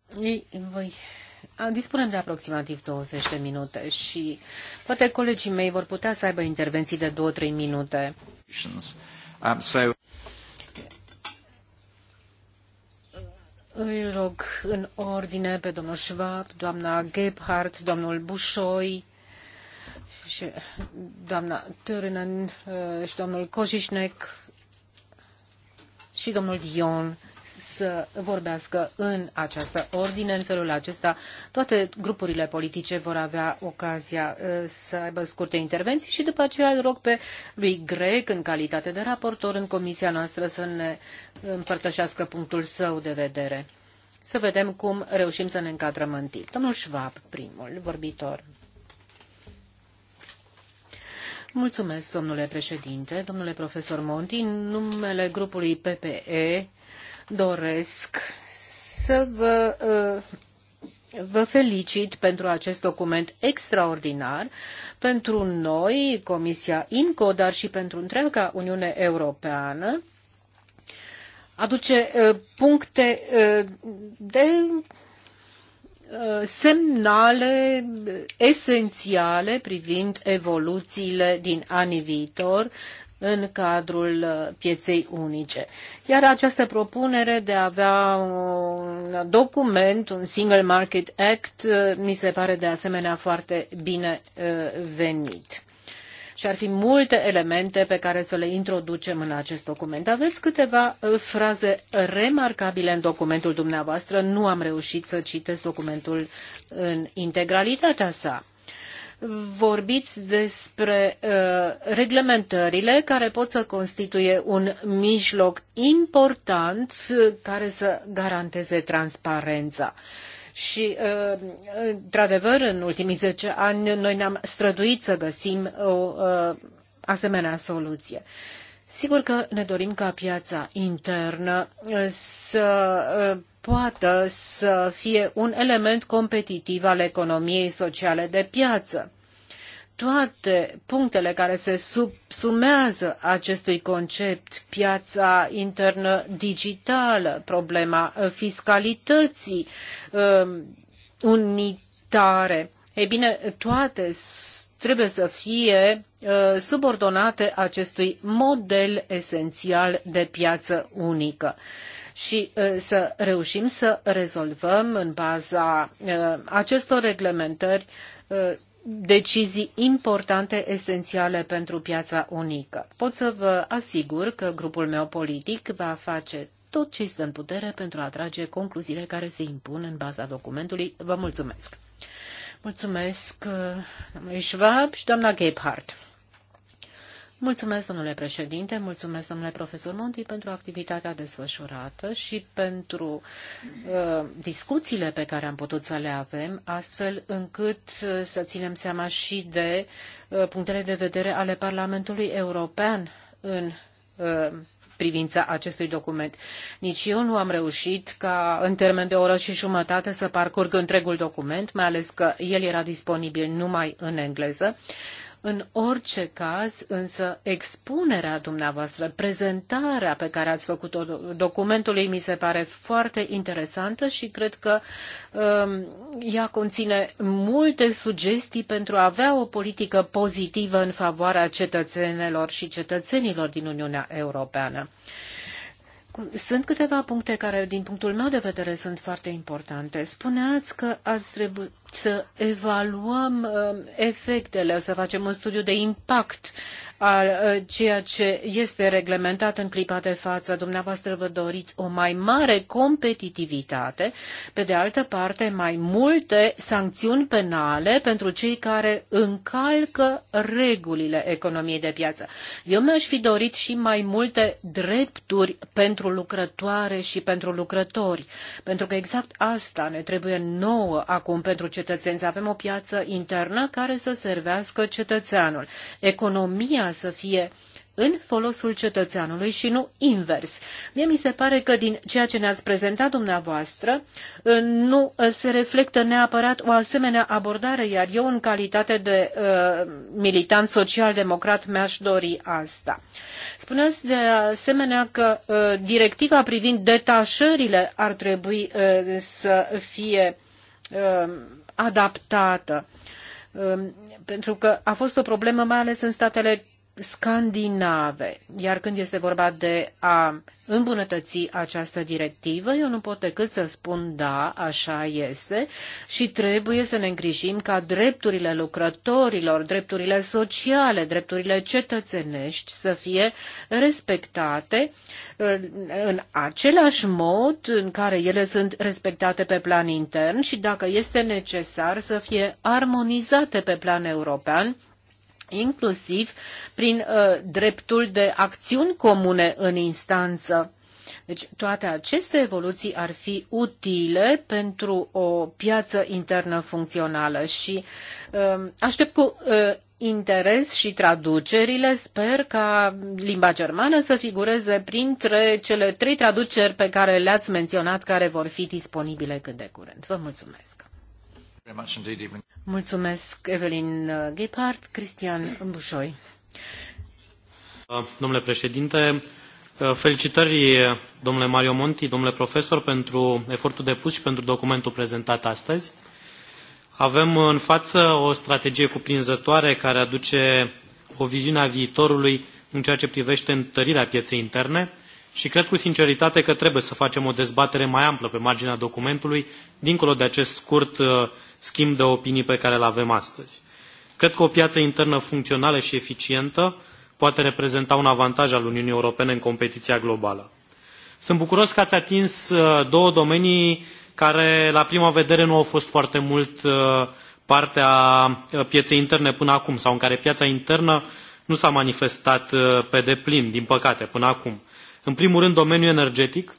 D: Dispunem de aproximativ 20 de minute și poate colegii mei vor putea să aibă intervenții de 2-3 minute. Um, so... rog în ordine pe domnul Schwab, doamna Gebhardt, domnul Bușoi, și doamna Târnen uh, și domnul Kozișnec și domnul Dion să vorbească în această ordine. În felul acesta, toate grupurile politice vor avea ocazia uh, să aibă scurte intervenții și după aceea îl rog pe lui Greg, în calitate de raportor în comisia noastră, să ne împărtășească punctul său de vedere. Să vedem cum reușim să ne încadrăm în timp. Domnul Schwab, primul vorbitor. Mulțumesc, domnule președinte, domnule profesor Monti. numele grupului PPE doresc să vă, uh, vă felicit pentru acest document extraordinar, pentru noi, Comisia INCO, dar și pentru întreaga Uniune Europeană. Aduce uh, puncte uh, de semnale esențiale privind evoluțiile din anii viitor în cadrul uh, pieței unice. Iar această propunere de a avea un document, un Single Market Act, uh, mi se pare de asemenea foarte bine uh, venit. Și ar fi multe elemente pe care să le introducem în acest document. Aveți câteva fraze remarcabile în documentul dumneavoastră. Nu am reușit să citesc documentul în integralitatea sa vorbiți despre uh, reglementările care pot să constituie un mijloc important uh, care să garanteze transparența. Și, uh, într-adevăr, în ultimii zece ani noi ne-am străduit să găsim o uh, asemenea soluție. Sigur că ne dorim ca piața internă uh, să uh, poată să fie un element competitiv al economiei sociale de piață. Toate punctele care se subsumează acestui concept, piața internă digitală, problema uh, fiscalității unitare, e bine, toate trebuie să fie Uh, subordonate acestui model esențial de piață unică și uh, să reușim să rezolvăm în baza uh, acestor reglementări decizii importante, esențiale pentru piața unică. Pot să vă asigur că grupul meu politic va face tot ce stă în putere pentru a trage concluziile care se impun în baza documentului. Vă mulțumesc! Mulțumesc, doamna Schwab și doamna Gebhardt. Mulțumesc, domnule președinte, mulțumesc, domnule profesor Monti, pentru activitatea desfășurată și pentru uh, discuțiile pe care am putut să le avem, astfel încât uh, să ținem seama și de uh, punctele de vedere ale Parlamentului European în uh, privința acestui document. Nici eu nu am reușit ca în termen de o oră și jumătate să parcurg întregul document, mai ales că el era disponibil numai în engleză. În orice caz, însă, expunerea dumneavoastră, prezentarea pe care ați făcut-o documentului mi se pare foarte interesantă și cred că um, ea conține multe sugestii pentru a avea o politică pozitivă în favoarea cetățenilor și cetățenilor din Uniunea Europeană. Sunt câteva puncte care, din punctul meu de vedere, sunt foarte importante. Spuneați că ați, trebuit să evaluăm um, efectele, să facem un studiu de impact al uh, ceea ce este reglementat în clipa de față. Dumneavoastră vă doriți o mai mare competitivitate, pe de altă parte mai multe sancțiuni penale pentru cei care încalcă regulile economiei de piață. Eu mi-aș fi dorit și mai multe drepturi pentru lucrătoare și pentru lucrători, pentru că exact asta ne trebuie nouă acum pentru ce cetățeni, să avem o piață internă care să servească cetățeanul. Economia să fie în folosul cetățeanului și nu invers. Mie mi se pare că din ceea ce ne-ați prezentat dumneavoastră uh, nu uh, se reflectă neapărat o asemenea abordare, iar eu în calitate de uh, militant social-democrat mi-aș dori asta. Spuneați de asemenea că uh, directiva privind detașările ar trebui uh, să fie uh, adaptată pentru că a fost o problemă mai ales în statele scandinave. Iar când este vorba de a îmbunătăți această directivă, eu nu pot decât să spun da, așa este și trebuie să ne îngrijim ca drepturile lucrătorilor, drepturile sociale, drepturile cetățenești să fie respectate în același mod în care ele sunt respectate pe plan intern și dacă este necesar să fie armonizate pe plan european inclusiv prin uh, dreptul de acțiuni comune în instanță. Deci toate aceste evoluții ar fi utile pentru o piață internă funcțională și uh, aștept cu uh, interes și traducerile. Sper ca limba germană să figureze printre cele trei traduceri pe care le-ați menționat, care vor fi disponibile cât de curând. Vă mulțumesc! Mulțumesc, Evelyn Gephardt, Cristian Bușoi.
E: Uh, domnule președinte, uh, felicitări uh, domnule Mario Monti, domnule profesor, pentru efortul depus și pentru documentul prezentat astăzi. Avem în față o strategie cuprinzătoare care aduce o viziune a viitorului în ceea ce privește întărirea pieței interne, și cred cu sinceritate că trebuie să facem o dezbatere mai amplă pe marginea documentului, dincolo de acest scurt uh, schimb de opinii pe care îl avem astăzi. Cred că o piață internă funcțională și eficientă poate reprezenta un avantaj al Uniunii Europene în competiția globală. Sunt bucuros că ați atins uh, două domenii care la prima vedere nu au fost foarte mult uh, parte a pieței interne până acum sau în care piața internă nu s-a manifestat pe deplin, din păcate, până acum. În primul rând, domeniul energetic,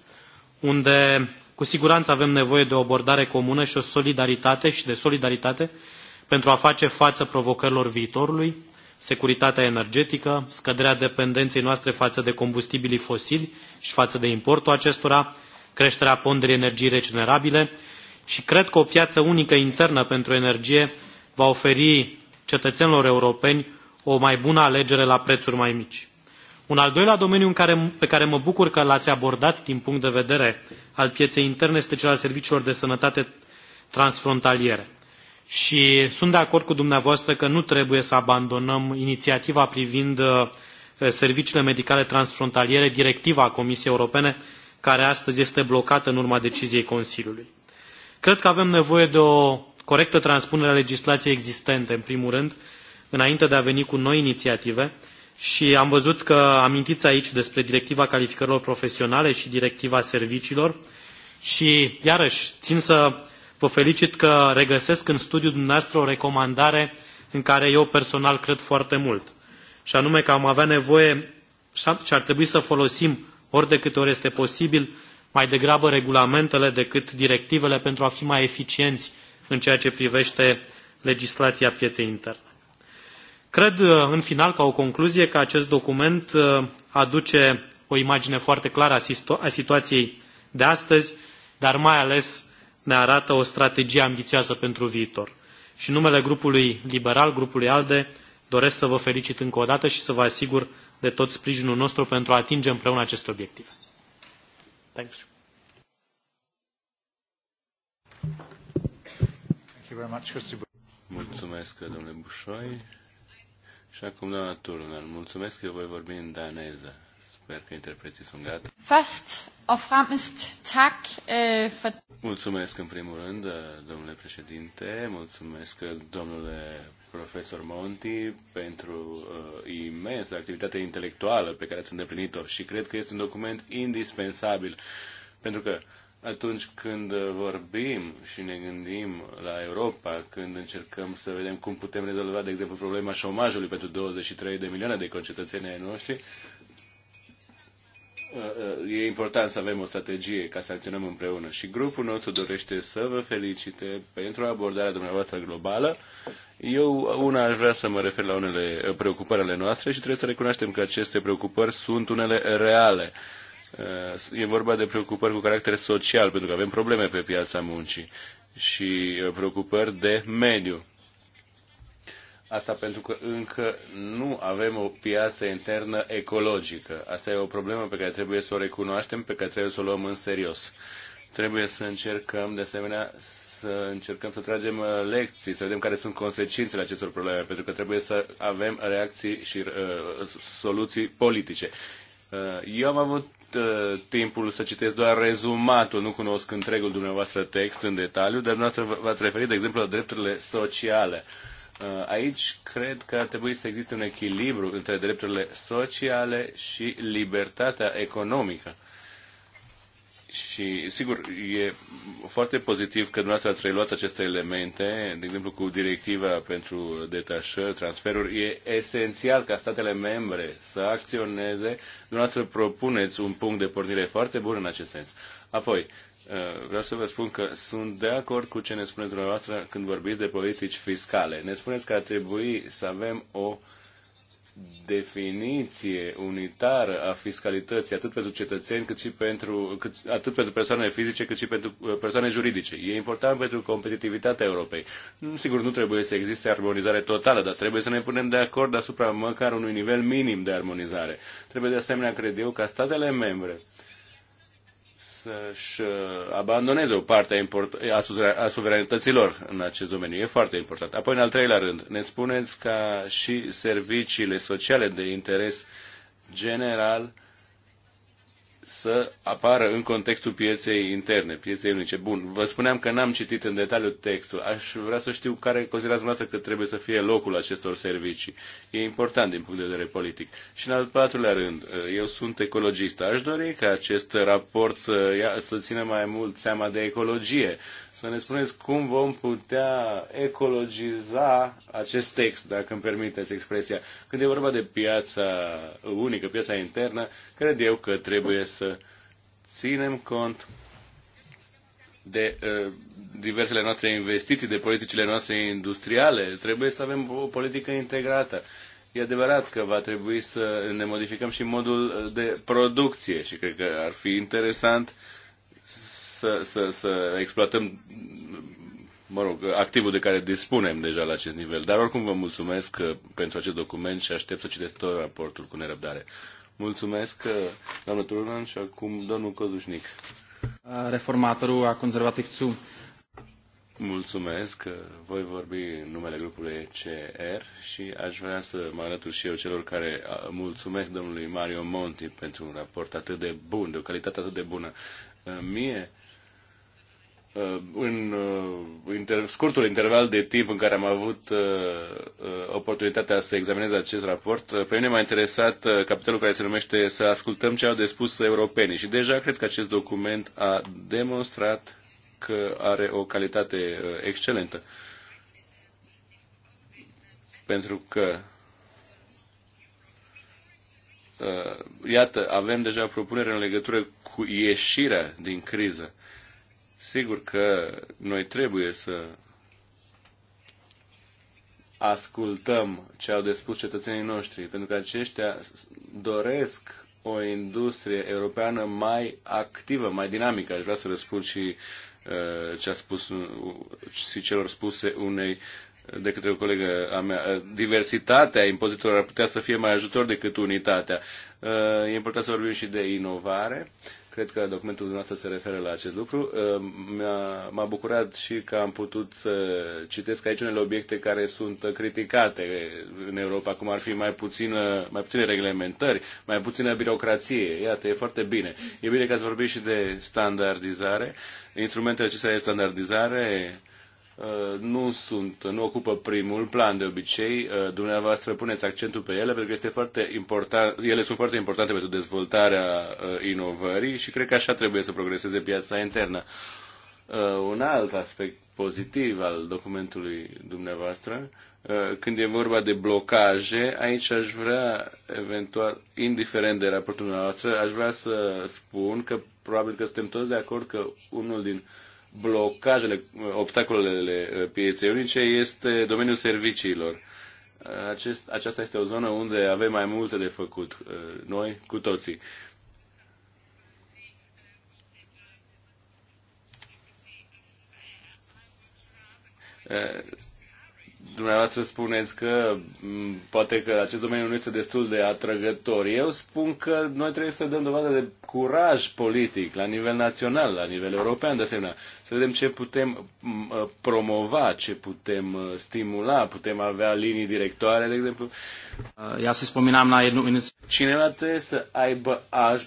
E: unde cu siguranță avem nevoie de o abordare comună și o solidaritate și de solidaritate pentru a face față provocărilor viitorului, securitatea energetică, scăderea dependenței noastre față de combustibilii fosili și față de importul acestora, creșterea ponderii energiei regenerabile și cred că o piață unică internă pentru energie va oferi cetățenilor europeni o mai bună alegere la prețuri mai mici. Un al doilea domeniu în care, pe care mă bucur că l-ați abordat din punct de vedere al pieței interne este cel al serviciilor de sănătate transfrontaliere. Și sunt de acord cu dumneavoastră că nu trebuie să abandonăm inițiativa privind uh, serviciile medicale transfrontaliere, directiva Comisiei Europene, care astăzi este blocată în urma deciziei Consiliului. Cred că avem nevoie de o corectă transpunere a legislației existente, în primul rând, înainte de a veni cu noi inițiative, și am văzut că amintiți aici despre directiva calificărilor profesionale și directiva serviciilor și iarăși țin să vă felicit că regăsesc în studiul dumneavoastră o recomandare în care eu personal cred foarte mult și anume că am avea nevoie și ar trebui să folosim ori de câte ori este posibil mai degrabă regulamentele decât directivele pentru a fi mai eficienți în ceea ce privește legislația pieței interne. Cred, uh, în final, ca o concluzie, că acest document uh, aduce o imagine foarte clară a, situației de astăzi, dar mai ales ne arată o strategie ambițioasă pentru viitor. Și în numele grupului liberal, grupului ALDE, doresc să vă felicit încă o dată și să vă asigur de tot sprijinul nostru pentru a atinge împreună aceste obiective. Thanks.
B: Mulțumesc, domnule Bușoi. Și acum, doamna Turner, mulțumesc că eu voi vorbi în daneză. Sper că interpreții sunt gata.
A: Fast og fremmest tak uh, for...
B: Mulțumesc în primul rând, eh, domnule președinte, mulțumesc eh, domnule profesor Monti pentru uh, imensă activitate intelectuală pe care ați îndeplinit-o și cred că este un document indispensabil pentru că uh, atunci când vorbim și ne gândim la Europa, când încercăm să vedem cum putem rezolva, de exemplu, problema șomajului pentru 23 de milioane de concetățeni ai noștri, uh, uh, e important să avem o strategie ca să acționăm împreună și grupul nostru dorește să vă felicite pentru abordarea dumneavoastră globală. Eu una aș vrea să mă refer la unele preocupări ale noastre și trebuie să recunoaștem că aceste preocupări sunt unele reale Uh, e vorba de preocupări cu caracter social, pentru că avem probleme pe piața muncii și uh, preocupări de mediu. Asta pentru că încă nu avem o piață internă ecologică. Asta e o problemă pe care trebuie să o recunoaștem, pe care trebuie să o luăm în serios. Trebuie să încercăm, de asemenea, să încercăm să tragem uh, lecții, să vedem care sunt consecințele acestor probleme, pentru că trebuie să avem reacții și uh, soluții politice. Uh, eu am avut uh, timpul să citesc doar rezumatul, nu cunosc întregul dumneavoastră text în detaliu, dar dumneavoastră v-ați referit, de exemplu, la drepturile sociale. Uh, aici cred că ar trebui să existe un echilibru între drepturile sociale și libertatea economică. Uh, și, sigur, e foarte pozitiv că dumneavoastră ați reluat aceste elemente, de exemplu cu directiva pentru detașări, transferuri. E esențial ca statele membre să acționeze. Dumneavoastră propuneți un punct de pornire foarte bun în acest sens. Apoi, uh, vreau să vă spun că sunt de acord cu ce ne spuneți dumneavoastră când vorbiți de politici fiscale. Ne spuneți că ar trebui să avem o uh, definiție unitară a fiscalității atât pentru cetățeni cât și pentru, cât, atât pentru persoanele fizice cât și pentru uh, persoane juridice. E important pentru competitivitatea Europei. Sigur, nu trebuie să existe armonizare totală, dar trebuie să ne punem de acord asupra măcar unui nivel minim de armonizare. Trebuie de asemenea, cred eu, ca statele membre să-și uh, abandoneze o parte a, a suveranităților în acest domeniu. E foarte important. Apoi, în al treilea rând, ne spuneți ca și serviciile sociale de interes general să apară în contextul pieței interne, pieței unice. Bun, vă spuneam că n-am citit în detaliu textul. Aș vrea să știu care considerați dumneavoastră că trebuie să fie locul acestor servicii. E important din punct de vedere politic. Și în al patrulea rând, eu sunt ecologist. Aș dori ca acest raport să, ia, să țină mai mult seama de ecologie. Să ne spuneți cum vom putea ecologiza acest text, dacă îmi permiteți expresia. Când e vorba de piața unică, piața internă, cred eu că trebuie să ținem cont de uh, diversele noastre investiții, de politicile noastre industriale. Trebuie să avem o politică integrată. E adevărat că va trebui să ne modificăm și modul de producție și cred că ar fi interesant să, să, să exploatăm mă rog, activul de care dispunem deja la acest nivel. Dar oricum vă mulțumesc uh, pentru acest document și aștept să citesc tot raportul cu nerăbdare. Mulțumesc, uh, doamnă Turunan, și acum domnul Cozușnic.
E: Reformatorul a conservativțu.
B: Mulțumesc, uh, voi vorbi în numele grupului CR și aș vrea să mă alătur și eu celor care mulțumesc domnului Mario Monti pentru un raport atât de bun, de o calitate atât de bună. Uh, mie Uh, în uh, inter, scurtul interval de timp în care am avut uh, oportunitatea să examinez acest raport, pe mine m-a interesat capitolul care se numește Să ascultăm ce au de spus europenii. Și deja cred că acest document a demonstrat că are o calitate excelentă. Pentru că iată, avem deja propunere în legătură cu ieșirea din criză. Uh, Sigur că noi trebuie să ascultăm ce au de spus cetățenii noștri, pentru că aceștia doresc o industrie europeană mai activă, mai dinamică. Aș vrea să răspund și uh, ce a spus uh, și celor spuse unei de către o colegă a mea. Uh, diversitatea impozitorilor ar putea să fie mai ajutor decât unitatea. E important să vorbim și de inovare Cred că documentul dumneavoastră se referă la acest lucru. Uh, m-a bucurat și că am putut să citesc aici unele obiecte care sunt criticate în Europa, cum ar fi mai, puțină, mai puține reglementări, mai puțină birocrație. Iată, e foarte bine. E bine că ați vorbit și de standardizare. Instrumentele acestea de standardizare Uh, nu sunt, nu ocupă primul plan de obicei. Uh, dumneavoastră puneți accentul pe ele pentru că este foarte important, ele sunt foarte importante pentru dezvoltarea uh, inovării și cred că așa trebuie să progreseze piața internă. Un alt aspect pozitiv al documentului dumneavoastră, când e vorba de blocaje, aici aș vrea, eventual, indiferent de raportul dumneavoastră, aș vrea să spun că probabil că suntem toți de acord că unul din uh, blocajele, obstacolele eh, pieței unice este domeniul serviciilor. Acest, aceasta este o zonă unde avem mai multe de făcut, eh, noi cu toții. Eh, dumneavoastră spuneți că poate că acest domeniu nu este destul de atrăgător. Eu spun că noi trebuie să dăm dovadă de curaj politic la nivel național, la nivel european de asemenea. Să vedem ce putem promova, ce putem stimula, putem avea linii directoare, de exemplu.
E: Uh, ia să spuneam la jednu minut.
B: Cineva trebuie să aibă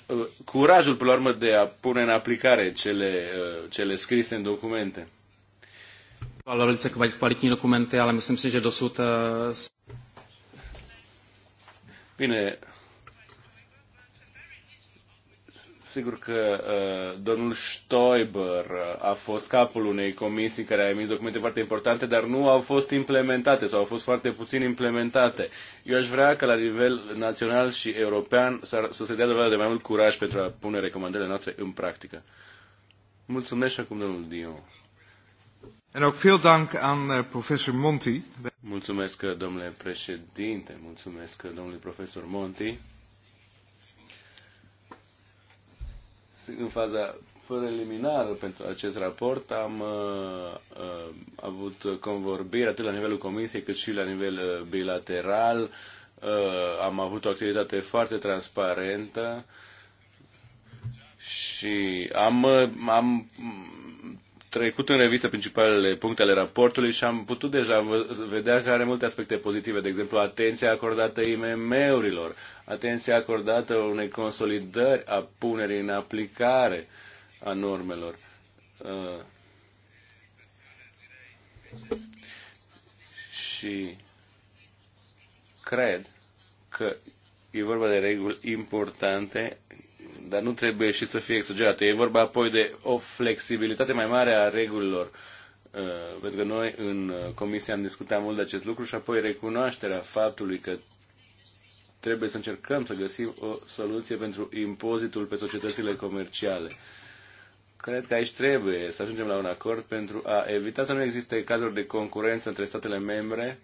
B: uh, curajul, până la urmă, de a pune în aplicare cele, uh, cele scrise în documente
E: velice kvalitní dokumenty, ale myslím si, že dosud... Eh, Bine,
B: sigur că uh, domnul Stoiber a fost capul unei comisii care a emis documente foarte importante, dar nu au fost implementate sau au fost foarte puțin implementate. Eu aș vrea că la nivel național și european să se dea dovadă de mai mult curaj pentru a pune recomandările noastre în practică. Mulțumesc și acum domnul Dion. Eh, mulțumesc, domnule președinte, mulțumesc, domnule profesor Monti. În faza preliminară pentru acest raport am uh, avut convorbiri atât la nivelul comisiei cât și la nivel bilateral. Uh, am avut o activitate foarte transparentă și am, am trecut în revistă principalele puncte ale raportului și am putut deja vedea că are multe aspecte pozitive, de exemplu atenția acordată IMM-urilor, atenția acordată unei consolidări a punerii în aplicare a normelor. Uh, și cred că e vorba de reguli importante dar nu trebuie și să fie exagerată. E vorba apoi de o flexibilitate mai mare a regulilor. Uh, pentru că noi în uh, comisie am discutat mult de acest lucru și apoi recunoașterea faptului că trebuie să încercăm să găsim o soluție pentru impozitul pe societățile comerciale. Cred că aici trebuie să ajungem la un acord pentru a evita să nu existe cazuri de concurență între statele membre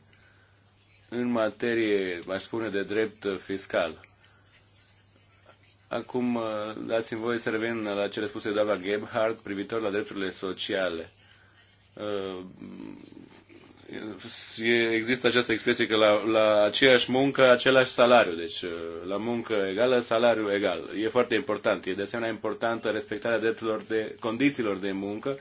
B: în materie, mai spune, de drept fiscal. Acum uh, dați-mi voie să revin la cele spuse de doamna Gebhardt privitor la drepturile sociale. Uh, există această expresie că la, la aceeași muncă, același salariu. Deci uh, la muncă egală, salariu egal. E foarte important. E de asemenea importantă respectarea drepturilor de condițiilor de muncă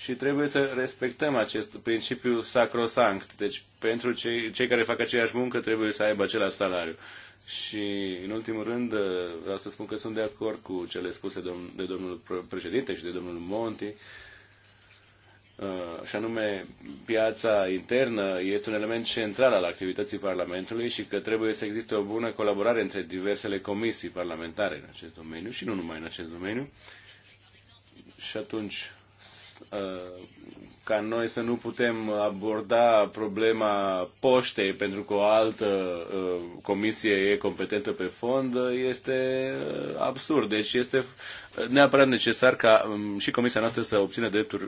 B: și trebuie să respectăm acest principiu sacrosanct. Deci pentru cei, cei care fac aceeași muncă trebuie să aibă același salariu. Și în ultimul rând uh, vreau să spun că sunt de acord cu cele spuse de domnul președinte și de domnul Monti uh, și anume piața internă este un element central al activității Parlamentului și că trebuie să existe o bună colaborare între diversele comisii parlamentare în acest domeniu și nu numai în acest domeniu. Și atunci Uh, ca noi să nu putem aborda problema poștei pentru că o altă uh, comisie e competentă pe fond uh, este absurd. Deci este neapărat necesar ca um, și comisia noastră să obțină drepturi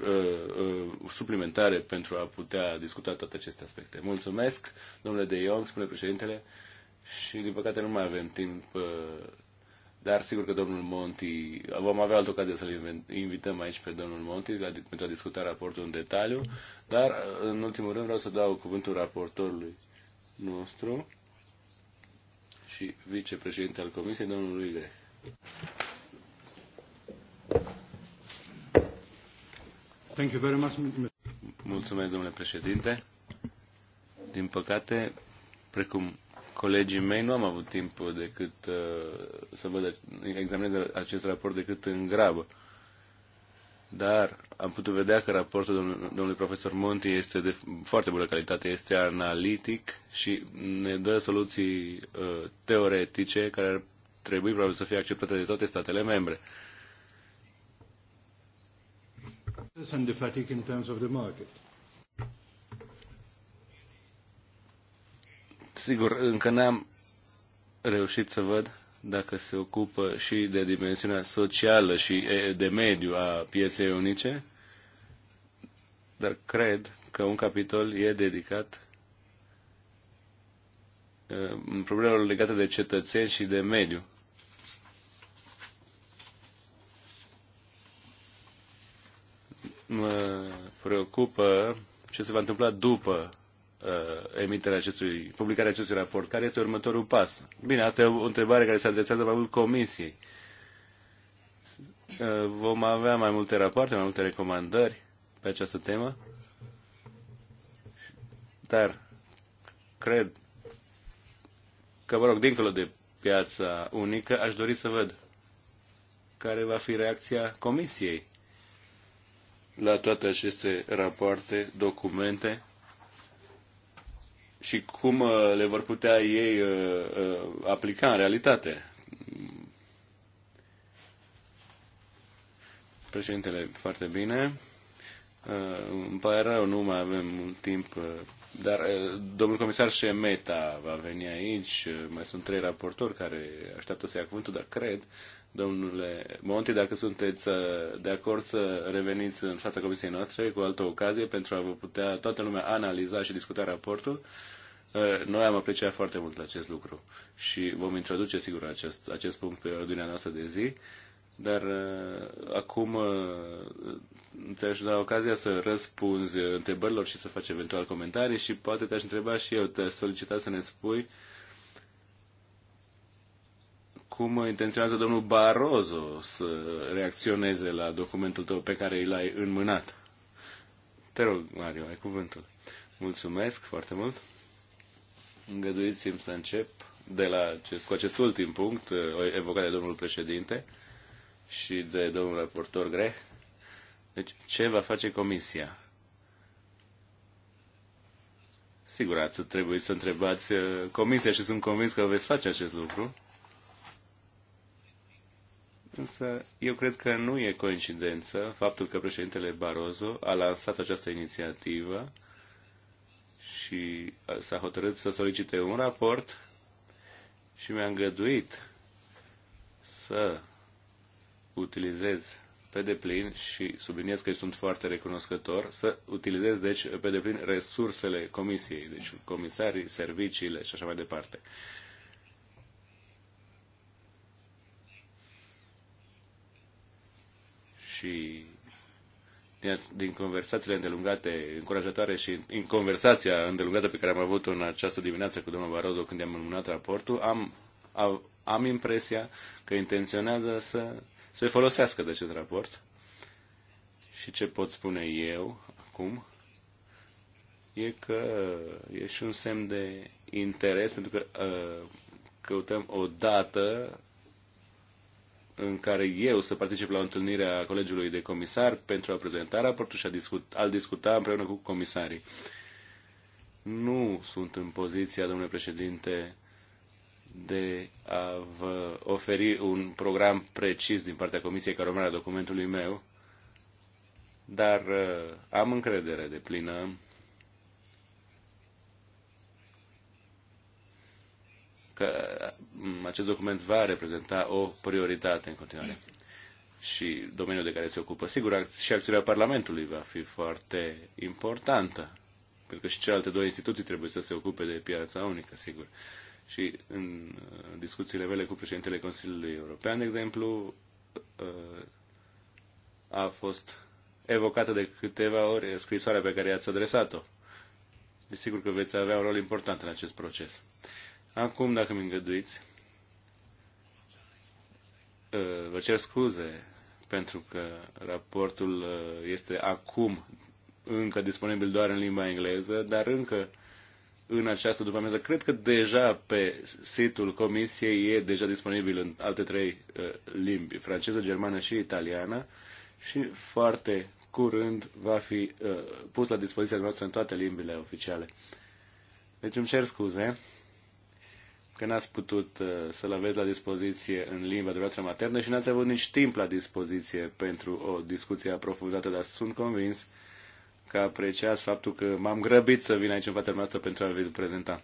B: suplimentare pentru a putea discuta toate aceste aspecte. Mulțumesc, domnule De Jong, spune președintele, și din păcate nu mai avem timp dar sigur că domnul Monti, vom avea altă ocazie să-l invităm aici pe domnul Monti pentru a discuta raportul în detaliu, dar în ultimul rând vreau să dau cuvântul raportorului nostru și vicepreședinte al Comisiei, domnul Greh.
A: Thank you very much.
B: Mulțumesc, domnule președinte. Din păcate, precum colegii mei nu am avut timp decât uh, să văd, examinez acest raport decât în grabă. Dar am putut vedea că raportul domnului, domnului profesor Monti este de foarte bună calitate, este analitic și ne dă soluții uh, teoretice care ar trebui probabil să fie acceptate de toate statele membre.
A: fatigue in terms of the market.
B: Sigur, încă n-am reușit să văd dacă se ocupă și de dimensiunea socială și de mediu a pieței unice, dar cred că un capitol e dedicat problemelor legate de cetățeni și de mediu. Mă preocupă ce se va întâmpla după Uh, emiterea acestui, publicarea acestui raport? Care este următorul pas? Bine, asta e o întrebare care se adresează mai mult comisiei. Uh, vom avea mai multe rapoarte, mai multe recomandări pe această temă, dar cred că, mă rog, dincolo de piața unică, aș dori să văd care va fi reacția comisiei la toate aceste rapoarte, documente și cum uh, le vor putea ei uh, uh, aplica în realitate. Președintele, foarte bine. Îmi pare rău, nu mai avem mult timp, dar domnul comisar Șemeta va veni aici, mai sunt trei raportori care așteaptă să ia cuvântul, dar cred Domnule Monti, dacă sunteți uh, de acord să reveniți în fața comisiei noastre cu altă ocazie pentru a vă putea toată lumea analiza și discuta raportul, uh, noi am apreciat foarte mult acest lucru și vom introduce sigur acest, acest punct pe ordinea noastră de zi, dar uh, acum te-aș da ocazia să răspunzi întrebărilor și să faci eventual comentarii și poate te-aș întreba și eu, te-aș solicita să ne spui uh, cum intenționează domnul Barroso să reacționeze la documentul tău pe care l ai înmânat. Te rog, Mario, ai cuvântul. Mulțumesc foarte mult. Îngăduiți-mi să încep de la, cu acest ultim punct eh, evocat de domnul președinte și de domnul raportor Greh. Deci, ce va face comisia? Sigur, ați trebuit să întrebați eh, comisia și sunt convins că veți face acest lucru. Însă eu cred că nu e coincidență faptul că președintele Barroso a lansat această inițiativă și s-a hotărât să solicite un raport și mi-a îngăduit să utilizez pe deplin și subliniez că sunt foarte recunoscător, să utilizez deci pe deplin resursele comisiei, deci comisarii, serviciile și așa mai departe. Uh, și din conversațiile îndelungate, încurajatoare și în conversația îndelungată pe care am avut-o în această dimineață cu domnul Barozo când am înmânat raportul, am, am, am impresia că intenționează să se folosească de acest raport. Și ce pot spune eu acum e că e și un semn de interes, pentru că uh, căutăm o dată în care eu să particip la o întâlnire a Colegiului de Comisar pentru a prezenta raportul și a discuta, a discuta împreună cu comisarii. Nu sunt în poziția, domnule președinte, de a vă oferi un program precis din partea comisiei care urmează documentului meu, dar uh, am încredere de plină că mm, acest document va reprezenta o prioritate în continuare. Și domeniul de care se ocupă, sigur, și acțiunea Parlamentului va fi foarte importantă, pentru că și celelalte două instituții trebuie să se ocupe de piața unică, sigur. Și în discuțiile mele cu președintele Consiliului European, de exemplu, ă, a fost evocată de câteva ori scrisoarea pe care i-ați adresat-o. Desigur că veți avea un rol important în acest proces. Acum, dacă mi îngăduiți, uh, vă cer scuze pentru că raportul uh, este acum încă disponibil doar în limba engleză, dar încă în această după amiază. Cred că deja pe site-ul comisiei e deja disponibil în alte trei uh, limbi, franceză, germană și italiană și foarte curând va fi pus la dispoziția noastră în toate limbile oficiale. Deci îmi cer scuze că n-ați putut uh, să-l aveți la dispoziție în limba dumneavoastră maternă și n-ați avut nici timp la dispoziție pentru o discuție aprofundată, dar sunt convins că apreciați faptul că m-am grăbit să vin aici în fața dumneavoastră pentru a vă l prezenta.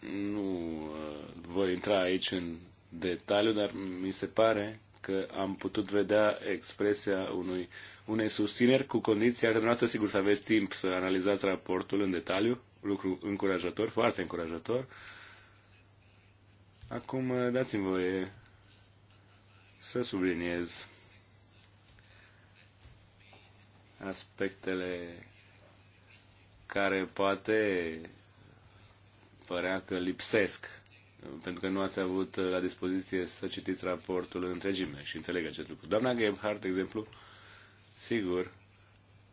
B: nu uh, voi intra aici în detaliu, dar mi se pare că am putut vedea expresia unui, unei susțineri cu condiția că dumneavoastră sigur să aveți timp să analizați raportul în detaliu lucru încurajator, foarte încurajator. Acum eh, dați-mi voie să subliniez aspectele care poate părea că lipsesc pentru că nu ați avut eh, la dispoziție să citiți raportul în întregime și înțeleg acest lucru. Doamna Gebhardt, de exemplu, sigur,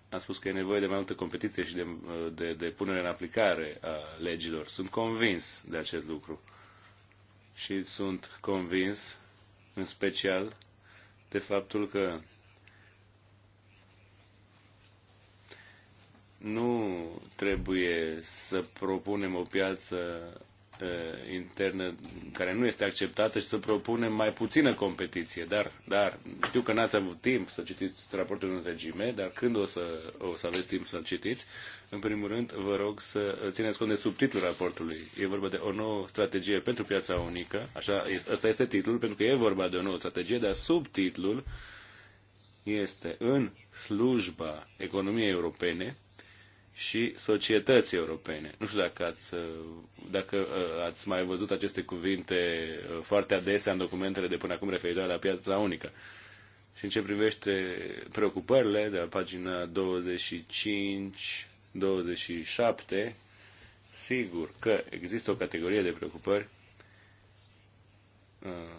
B: am spus că e nevoie de mai multă competiție și de, de, de punere în aplicare a legilor. Sunt convins de acest lucru. Și sunt convins, în special, de faptul că nu trebuie să propunem o piață Uh, internă care nu este acceptată și să propunem mai puțină competiție. Dar, dar știu că n-ați avut timp să citiți raportul în regime, dar când o să, o să aveți timp să-l citiți, în primul rând vă rog să țineți cont de subtitlul raportului. E vorba de o nouă strategie pentru piața unică, așa, asta este titlul, pentru că e vorba de o nouă strategie, dar subtitlul este în slujba economiei europene, și societății europene. Nu știu dacă ați, dacă uh, ați mai văzut aceste cuvinte uh, foarte adesea în documentele de până acum referitoare la piața unică. Și în ce privește preocupările de la pagina 25-27, sigur că există o categorie de preocupări uh,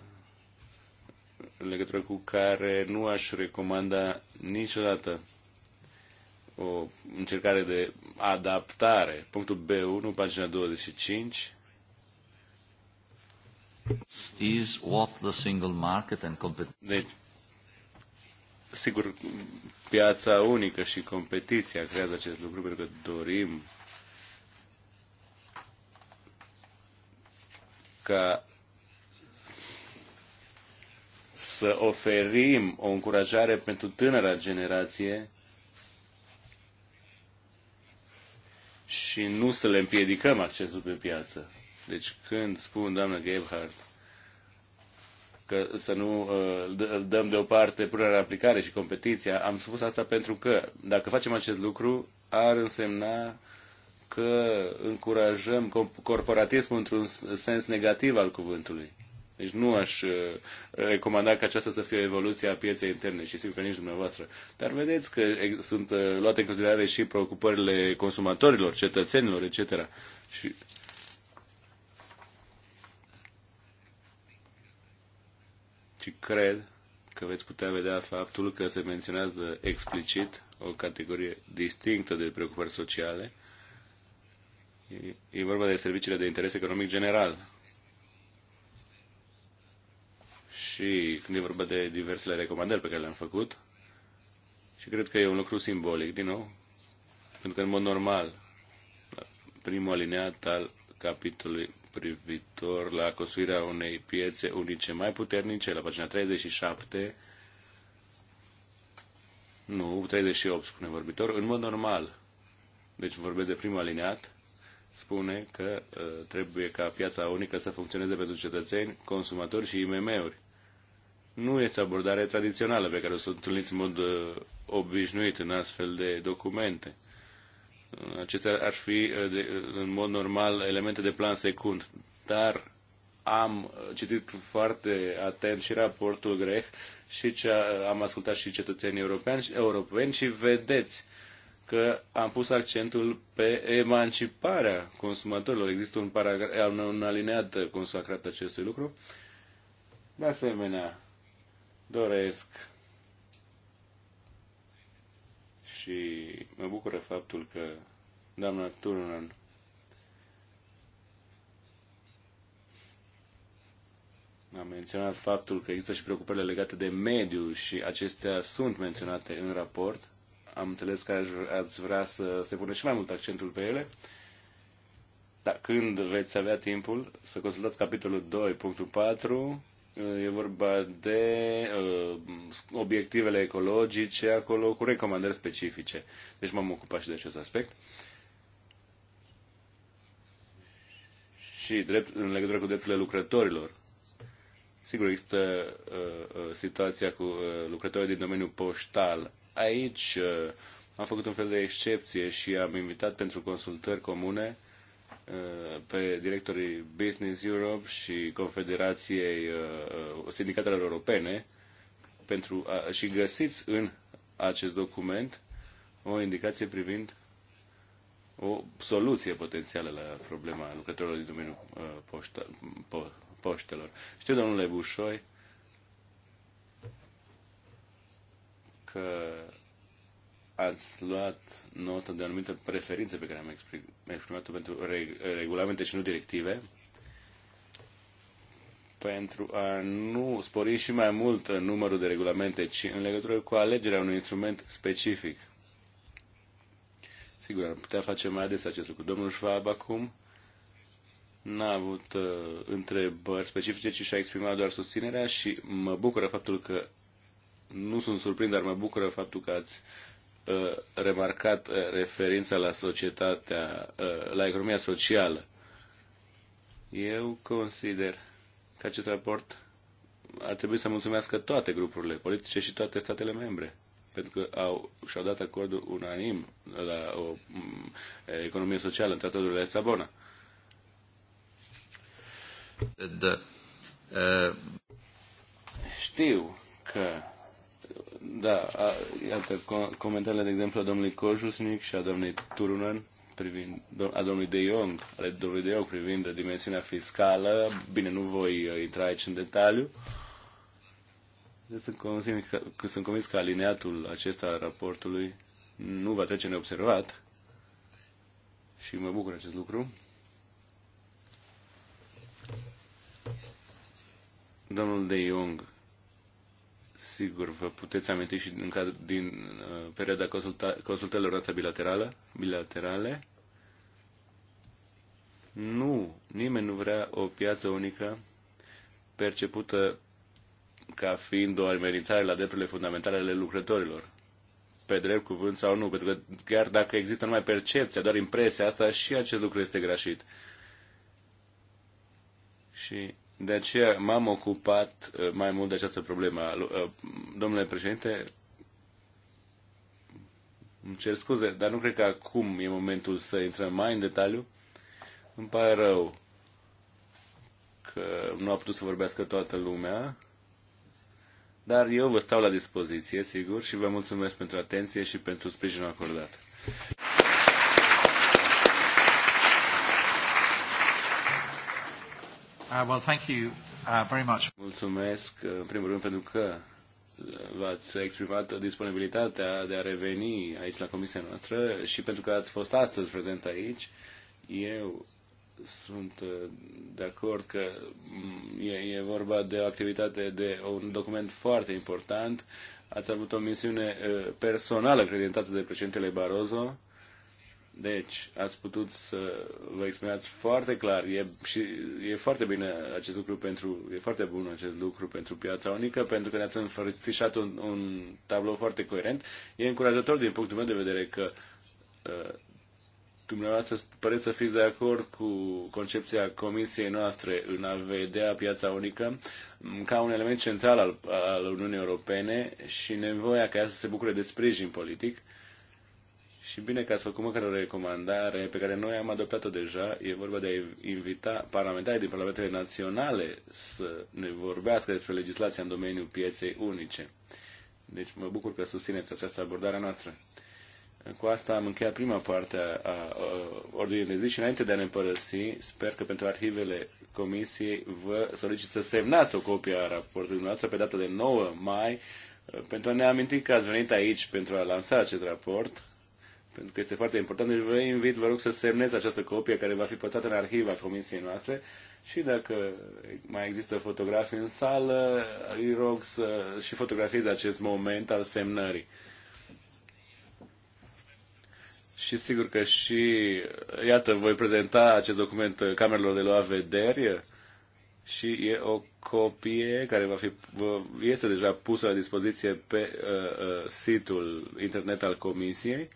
B: în legătură cu care nu aș recomanda niciodată o încercare de adaptare. Punctul B1, pagina 25.
A: Is what the single market and deci, sigur,
B: piața unică și competiția creează acest lucru pentru că dorim ca să oferim o încurajare pentru tânăra generație și nu să le împiedicăm accesul pe piață. Deci când spun, doamnă Gebhardt, că să nu uh, dăm deoparte punerea în aplicare și competiția, am spus asta pentru că dacă facem acest lucru, ar însemna că încurajăm corporatismul într-un sens negativ al cuvântului. Deci nu aș uh, recomanda că aceasta să fie o evoluție a pieței interne și sigur că nici dumneavoastră. Dar vedeți că sunt uh, luate în considerare și preocupările consumatorilor, cetățenilor, etc. Și și cred că veți putea vedea faptul că se menționează explicit o categorie distinctă de preocupări sociale. e vorba de serviciile de interes economic general, și când e vorba de diversele recomandări pe care le-am făcut. Și cred că e un lucru simbolic, din nou, pentru că, în mod normal, primul alineat al capitolului privitor la construirea unei piețe unice mai puternice, la pagina 37, nu, 38, spune vorbitor, în mod normal, deci vorbesc de primul alineat, spune că uh, trebuie ca piața unică să funcționeze pentru cetățeni, consumatori și IMM-uri. Nu este abordare tradițională pe care o să o întâlniți în mod uh, obișnuit în astfel de documente. Uh, acestea ar fi, în mod normal, elemente de plan secund. Dar am citit foarte atent și raportul greh și ce am ascultat și cetățenii europeni, europeni și vedeți uh, că am pus accentul pe emanciparea consumatorilor. Există un, paragraf, un alineat consacrat acestui lucru. De asemenea, doresc și mă bucură faptul că doamna Turunan Am menționat faptul că există și preocupările legate de mediu și acestea sunt menționate în raport am înțeles că ați vrea să se pune și mai mult accentul pe ele. Dar când veți avea timpul să consultați capitolul 2.4, E vorba de uh, obiectivele ecologice acolo cu recomandări specifice. Deci m-am ocupat și de acest aspect. Și drept, în legătură cu drepturile lucrătorilor. Sigur, există uh, uh situația cu uh, lucrătorii din domeniul poștal aici uh, am făcut un fel de excepție și am invitat pentru consultări comune uh, pe directorii Business Europe și Confederației uh, Sindicatelor Europene pentru a, și găsiți în acest document o indicație privind o soluție potențială la problema lucrătorilor din domeniul poștă, po, poștelor. Știu, domnule Bușoi, că ați luat notă de anumite preferințe pe care am exprimat-o pentru regulamente și nu directive, pentru a nu spori și mai mult numărul de regulamente, ci în legătură cu alegerea unui instrument specific. Sigur, am putea face mai des acest lucru. Domnul Schwab acum n-a avut uh, întrebări specifice, ci și-a exprimat doar susținerea și mă bucură faptul că nu sunt surprins, dar mă bucură faptul că ați uh, remarcat uh, referința la societatea, uh, la economia socială. Eu consider că acest raport ar trebui să mulțumească toate grupurile politice și toate statele membre, pentru că au, și-au dat acordul unanim la o economie socială în tratatul de Sabona. Da. Uh... Știu că da, a, iată, comentariile, de exemplu, a domnului Kojusnik și a domnului Turunen privind, a domnului De Jong, ale domnului De Jong privind dimensiunea fiscală. Bine, nu voi uh, intra aici în detaliu. Deci sunt convins că, că, sunt convins că alineatul acesta al raportului nu va trece neobservat și mă bucur acest lucru. Domnul De Jong Sigur, vă puteți aminti și din, din uh, perioada consulta, consultelor noastre bilaterale, bilaterale. Nu, nimeni nu vrea o piață unică percepută ca fiind o amenințare la drepturile fundamentale ale lucrătorilor. Pe drept cuvânt sau nu, pentru că chiar dacă există numai percepția, doar impresia asta, și acest lucru este greșit. Și de aceea m-am ocupat uh, mai mult de această problemă. Uh, domnule președinte, îmi cer scuze, dar nu cred că acum e momentul să intrăm mai în detaliu. Îmi pare rău că nu a putut să vorbească toată lumea, dar eu vă stau la dispoziție, sigur, și vă mulțumesc pentru atenție și pentru sprijinul acordat.
A: Uh, well, thank you uh, very much.
B: Mulțumesc, uh, în primul rând, pentru că v-ați exprimat disponibilitatea de a reveni aici la comisia noastră și pentru că ați fost astăzi prezent aici. Eu sunt uh, de acord că mm, e, e vorba de o activitate, de un document foarte important. Ați avut o misiune personală credințată de președintele Barroso deci, ați putut să vă exprimați foarte clar. E, și e foarte bine acest lucru pentru, e foarte bun acest lucru pentru piața unică, pentru că ne-ați înfărțișat un, un tablou foarte coerent. E încurajator din punctul meu de vedere că uh, dumneavoastră păreți să fiți de acord cu concepția comisiei noastre în a vedea piața unică ca un element central al, al Uniunii Europene și nevoia ca ea să se bucure de sprijin politic. Uh, și bine că ați făcut măcar o recomandare pe care noi am adoptat-o deja. E vorba de a invita parlamentarii din Parlamentele Naționale să ne vorbească despre legislația în domeniul pieței unice. Deci mă bucur că susțineți această abordare noastră. Cu asta am încheiat prima parte a, a, a ordinii de zi și înainte de a ne părăsi, sper că pentru arhivele comisiei vă solicit să semnați o copie a raportului noastră pe data de 9 mai uh, pentru a ne aminti că ați venit aici pentru a lansa acest raport pentru că este foarte important. Deci vă invit, vă rog, să semneți această copie care va fi pătată în arhiva comisiei noastre și dacă mai există fotografii în sală, îi rog să și fotografieze acest moment al semnării. Și sigur că și, iată, voi prezenta acest document camerelor de luat vederi și e o copie care va fi, este deja pusă la dispoziție pe uh, uh, site-ul internet al Comisiei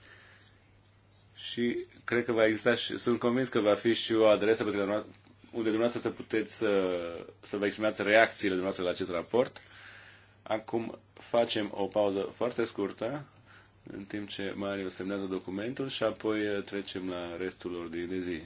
B: și cred că va exista și sunt convins că va fi și o adresă pentru că unde dumneavoastră să puteți să, să vă exprimați reacțiile dumneavoastră la acest raport. Acum facem o pauză foarte scurtă în timp ce Mario semnează documentul și apoi trecem la restul ordinii de zi.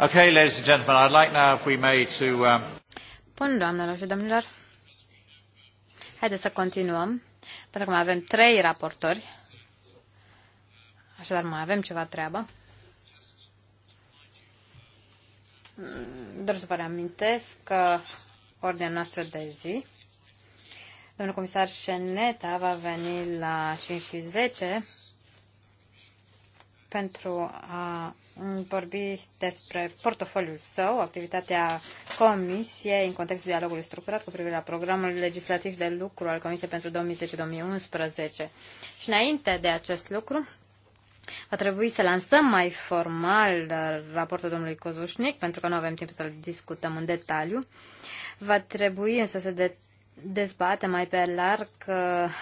A: Okay, ladies and gentlemen, I'd like now if we may to... Um...
C: Bun, doamnelor și domnilor. Haideți să continuăm, pentru că mai avem trei raportori. Așadar, mai avem ceva treabă. Doar să vă reamintesc că ordinea noastră de zi. Domnul comisar Șeneta va veni la 5 și 10 pentru a vorbi despre portofoliul său, activitatea Comisiei în contextul dialogului structurat cu privire la programul legislativ de lucru al Comisiei pentru 2010-2011. Și înainte de acest lucru, va trebui să lansăm mai formal raportul domnului Cozușnic, pentru că nu avem timp să-l discutăm în detaliu. Va trebui însă să de- dezbatem mai pe larg uh,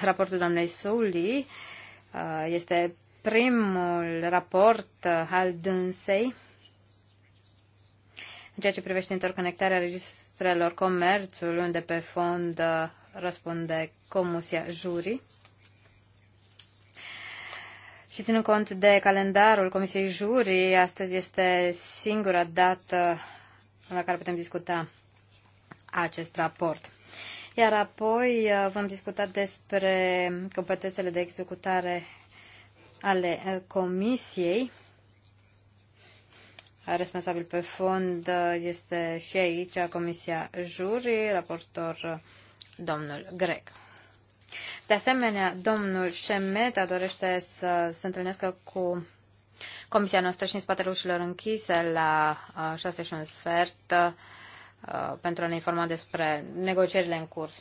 C: raportul doamnei Suli, uh, este primul raport al dânsei în ceea ce privește interconectarea registrelor comerțului, unde pe fond uh, răspunde Comisia Juri. Și ținând cont de calendarul Comisiei Juri, astăzi este singura dată la care putem discuta acest raport. Iar apoi uh, vom discuta despre competențele de executare ale Comisiei, responsabil pe fond uh, este și aici Comisia Juri, raportor uh, domnul Greg. De asemenea, domnul Șemeta dorește să se întâlnească cu Comisia noastră și în spatele ușilor închise la 6 uh, și un sfert pentru a ne informa despre negocierile în curs.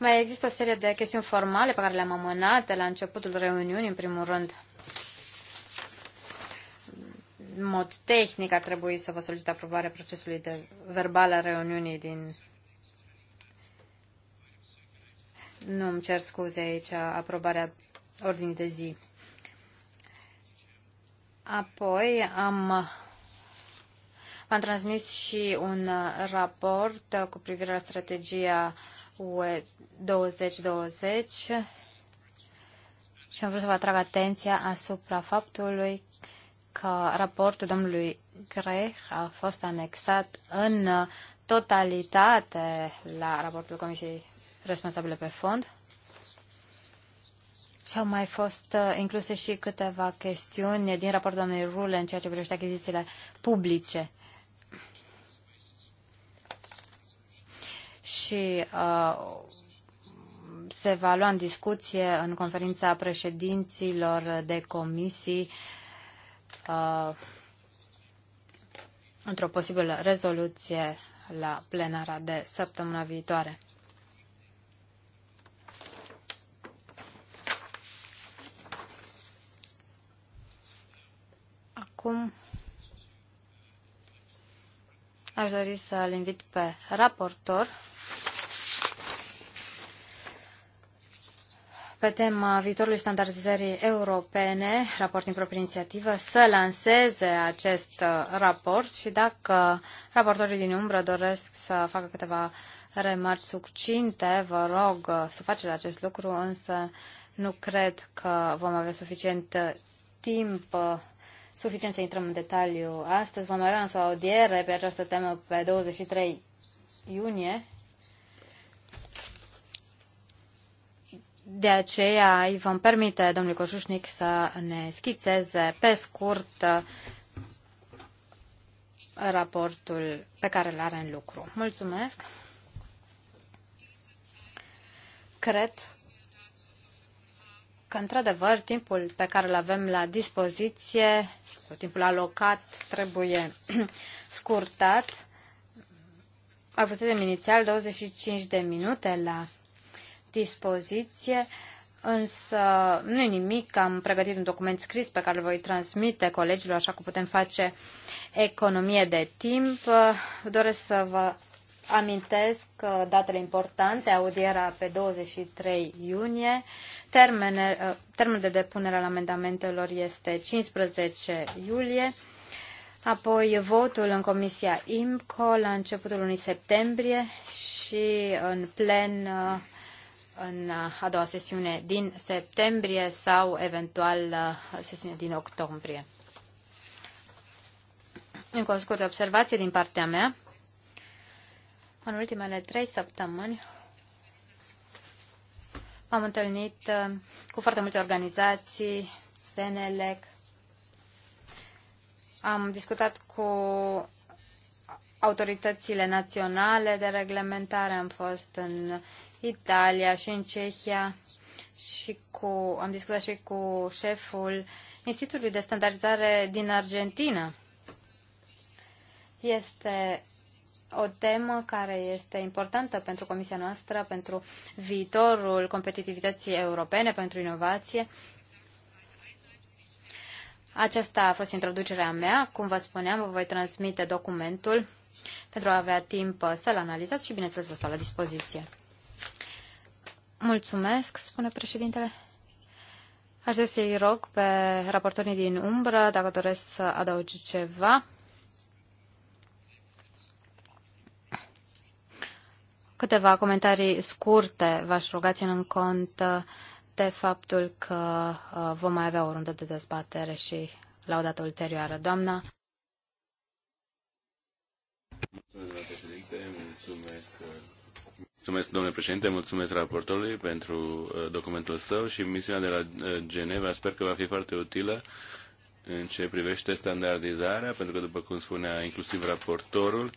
C: Mai există o serie de chestiuni formale pe care le-am amânat de la începutul reuniunii, în primul rând. În mod tehnic ar trebui să vă solicit aprobarea procesului de verbal a reuniunii din... Nu, îmi cer scuze aici, aprobarea ordinii de zi. Apoi am am transmis și un raport cu privire la strategia UE 2020 și am vrut să vă atrag atenția asupra faptului că raportul domnului Greh a fost anexat în totalitate la raportul Comisiei responsabile pe fond. Și au mai fost uh, incluse și câteva chestiuni din raportul domnului Rule în ceea ce privește achizițiile publice. și uh, se va lua în discuție în conferința președinților de comisii uh, într-o posibilă rezoluție la plenara de săptămâna viitoare. Acum aș dori să-l invit pe raportor pe tema viitorului standardizării europene, raport din proprie inițiativă, să lanseze acest uh, raport și dacă raportorii din umbră doresc să facă câteva remarci succinte, vă rog uh, să faceți acest lucru, însă nu cred că vom avea suficient uh, timp suficient să intrăm în detaliu astăzi. Vom avea însă o audiere pe această temă pe 23 iunie De aceea îi vom permite domnului Coșușnic să ne schițeze pe scurt uh, raportul pe care îl are în lucru. Mulțumesc! Cred că, într-adevăr, timpul pe care îl avem la dispoziție, cu timpul alocat, trebuie scurtat. Avusesem inițial 25 de minute la dispoziție, însă nu e nimic. Am pregătit un document scris pe care îl voi transmite colegilor, așa că putem face economie de timp. Doresc să vă amintesc datele importante, audiera pe 23 iunie, termene, termenul de depunere al amendamentelor este 15 iulie, apoi votul în Comisia IMCO la începutul lunii septembrie și în plen în a doua sesiune din septembrie sau eventual uh, sesiune din octombrie. Încă o scurtă observație din partea mea. În ultimele trei săptămâni am întâlnit uh, cu foarte multe organizații, SENELEC, am discutat cu autoritățile naționale de reglementare, am fost în Italia și în Cehia și cu, am discutat și cu șeful Institutului de Standardizare din Argentina. Este o temă care este importantă pentru Comisia noastră, pentru viitorul competitivității europene, pentru inovație. Aceasta a fost introducerea mea. Cum vă spuneam, vă voi transmite documentul pentru a avea timp să-l analizați și, bineînțeles, vă stau la dispoziție. Mulțumesc, spune președintele. Aș dori să-i rog pe raportorii din umbră dacă doresc să adauge ceva. Câteva comentarii scurte v-aș ruga ținând cont de faptul că uh, vom mai avea o rundă de dezbatere și la o dată ulterioară. Doamna.
B: Mulțumesc, doamna președinte, mulțumesc uh, Mulțumesc, domnule președinte, mulțumesc raportorului pentru uh, documentul său și misiunea de la uh, Geneva sper că va fi foarte utilă în ce privește standardizarea, pentru că, după cum spunea inclusiv raportorul,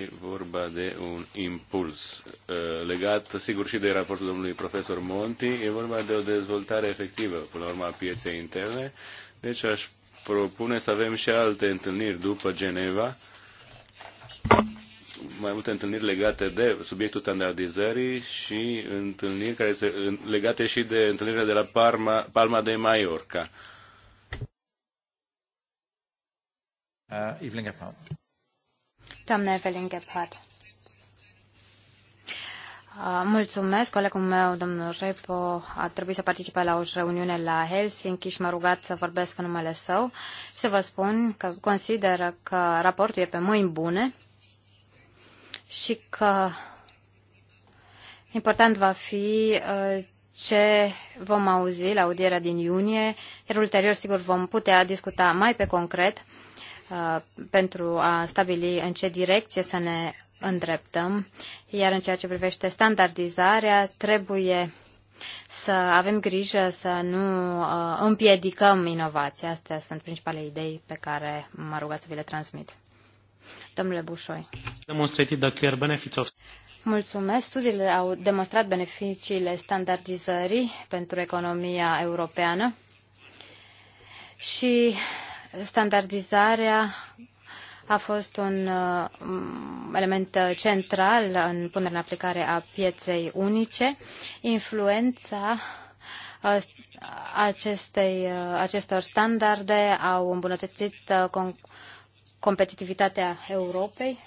B: e vorba de un impuls uh, legat, sigur, și de raportul domnului profesor Monti, e vorba de o dezvoltare efectivă, până la urmă, a pieței interne, deci aș propune să avem și alte întâlniri după Geneva mai multe întâlniri legate de subiectul standardizării și întâlniri care se, legate și de întâlnirile de la Parma, Palma de Mallorca.
A: Uh, Evelyn Gephardt.
C: Doamna Evelyn Gephardt. Uh, mulțumesc. Colegul meu, domnul Repo, a trebuit să participe la o reuniune la Helsinki și m-a rugat să vorbesc în numele său și să vă spun că consideră că raportul e pe mâini bune și că important va fi uh, ce vom auzi la audierea din iunie, iar ulterior, sigur, vom putea discuta mai pe concret uh, pentru a stabili în ce direcție să ne îndreptăm. Iar în ceea ce privește standardizarea, trebuie să avem grijă să nu uh, împiedicăm inovația. Astea sunt principalele idei pe care m-a rugat să vi le transmit. Domnule Bușoi. Mulțumesc. Studiile au demonstrat beneficiile standardizării pentru economia europeană și standardizarea a fost un um, element central în punerea în aplicare a pieței unice. Influența uh, acestei, uh, acestor standarde au îmbunătățit uh, concurența competitivitatea Europei,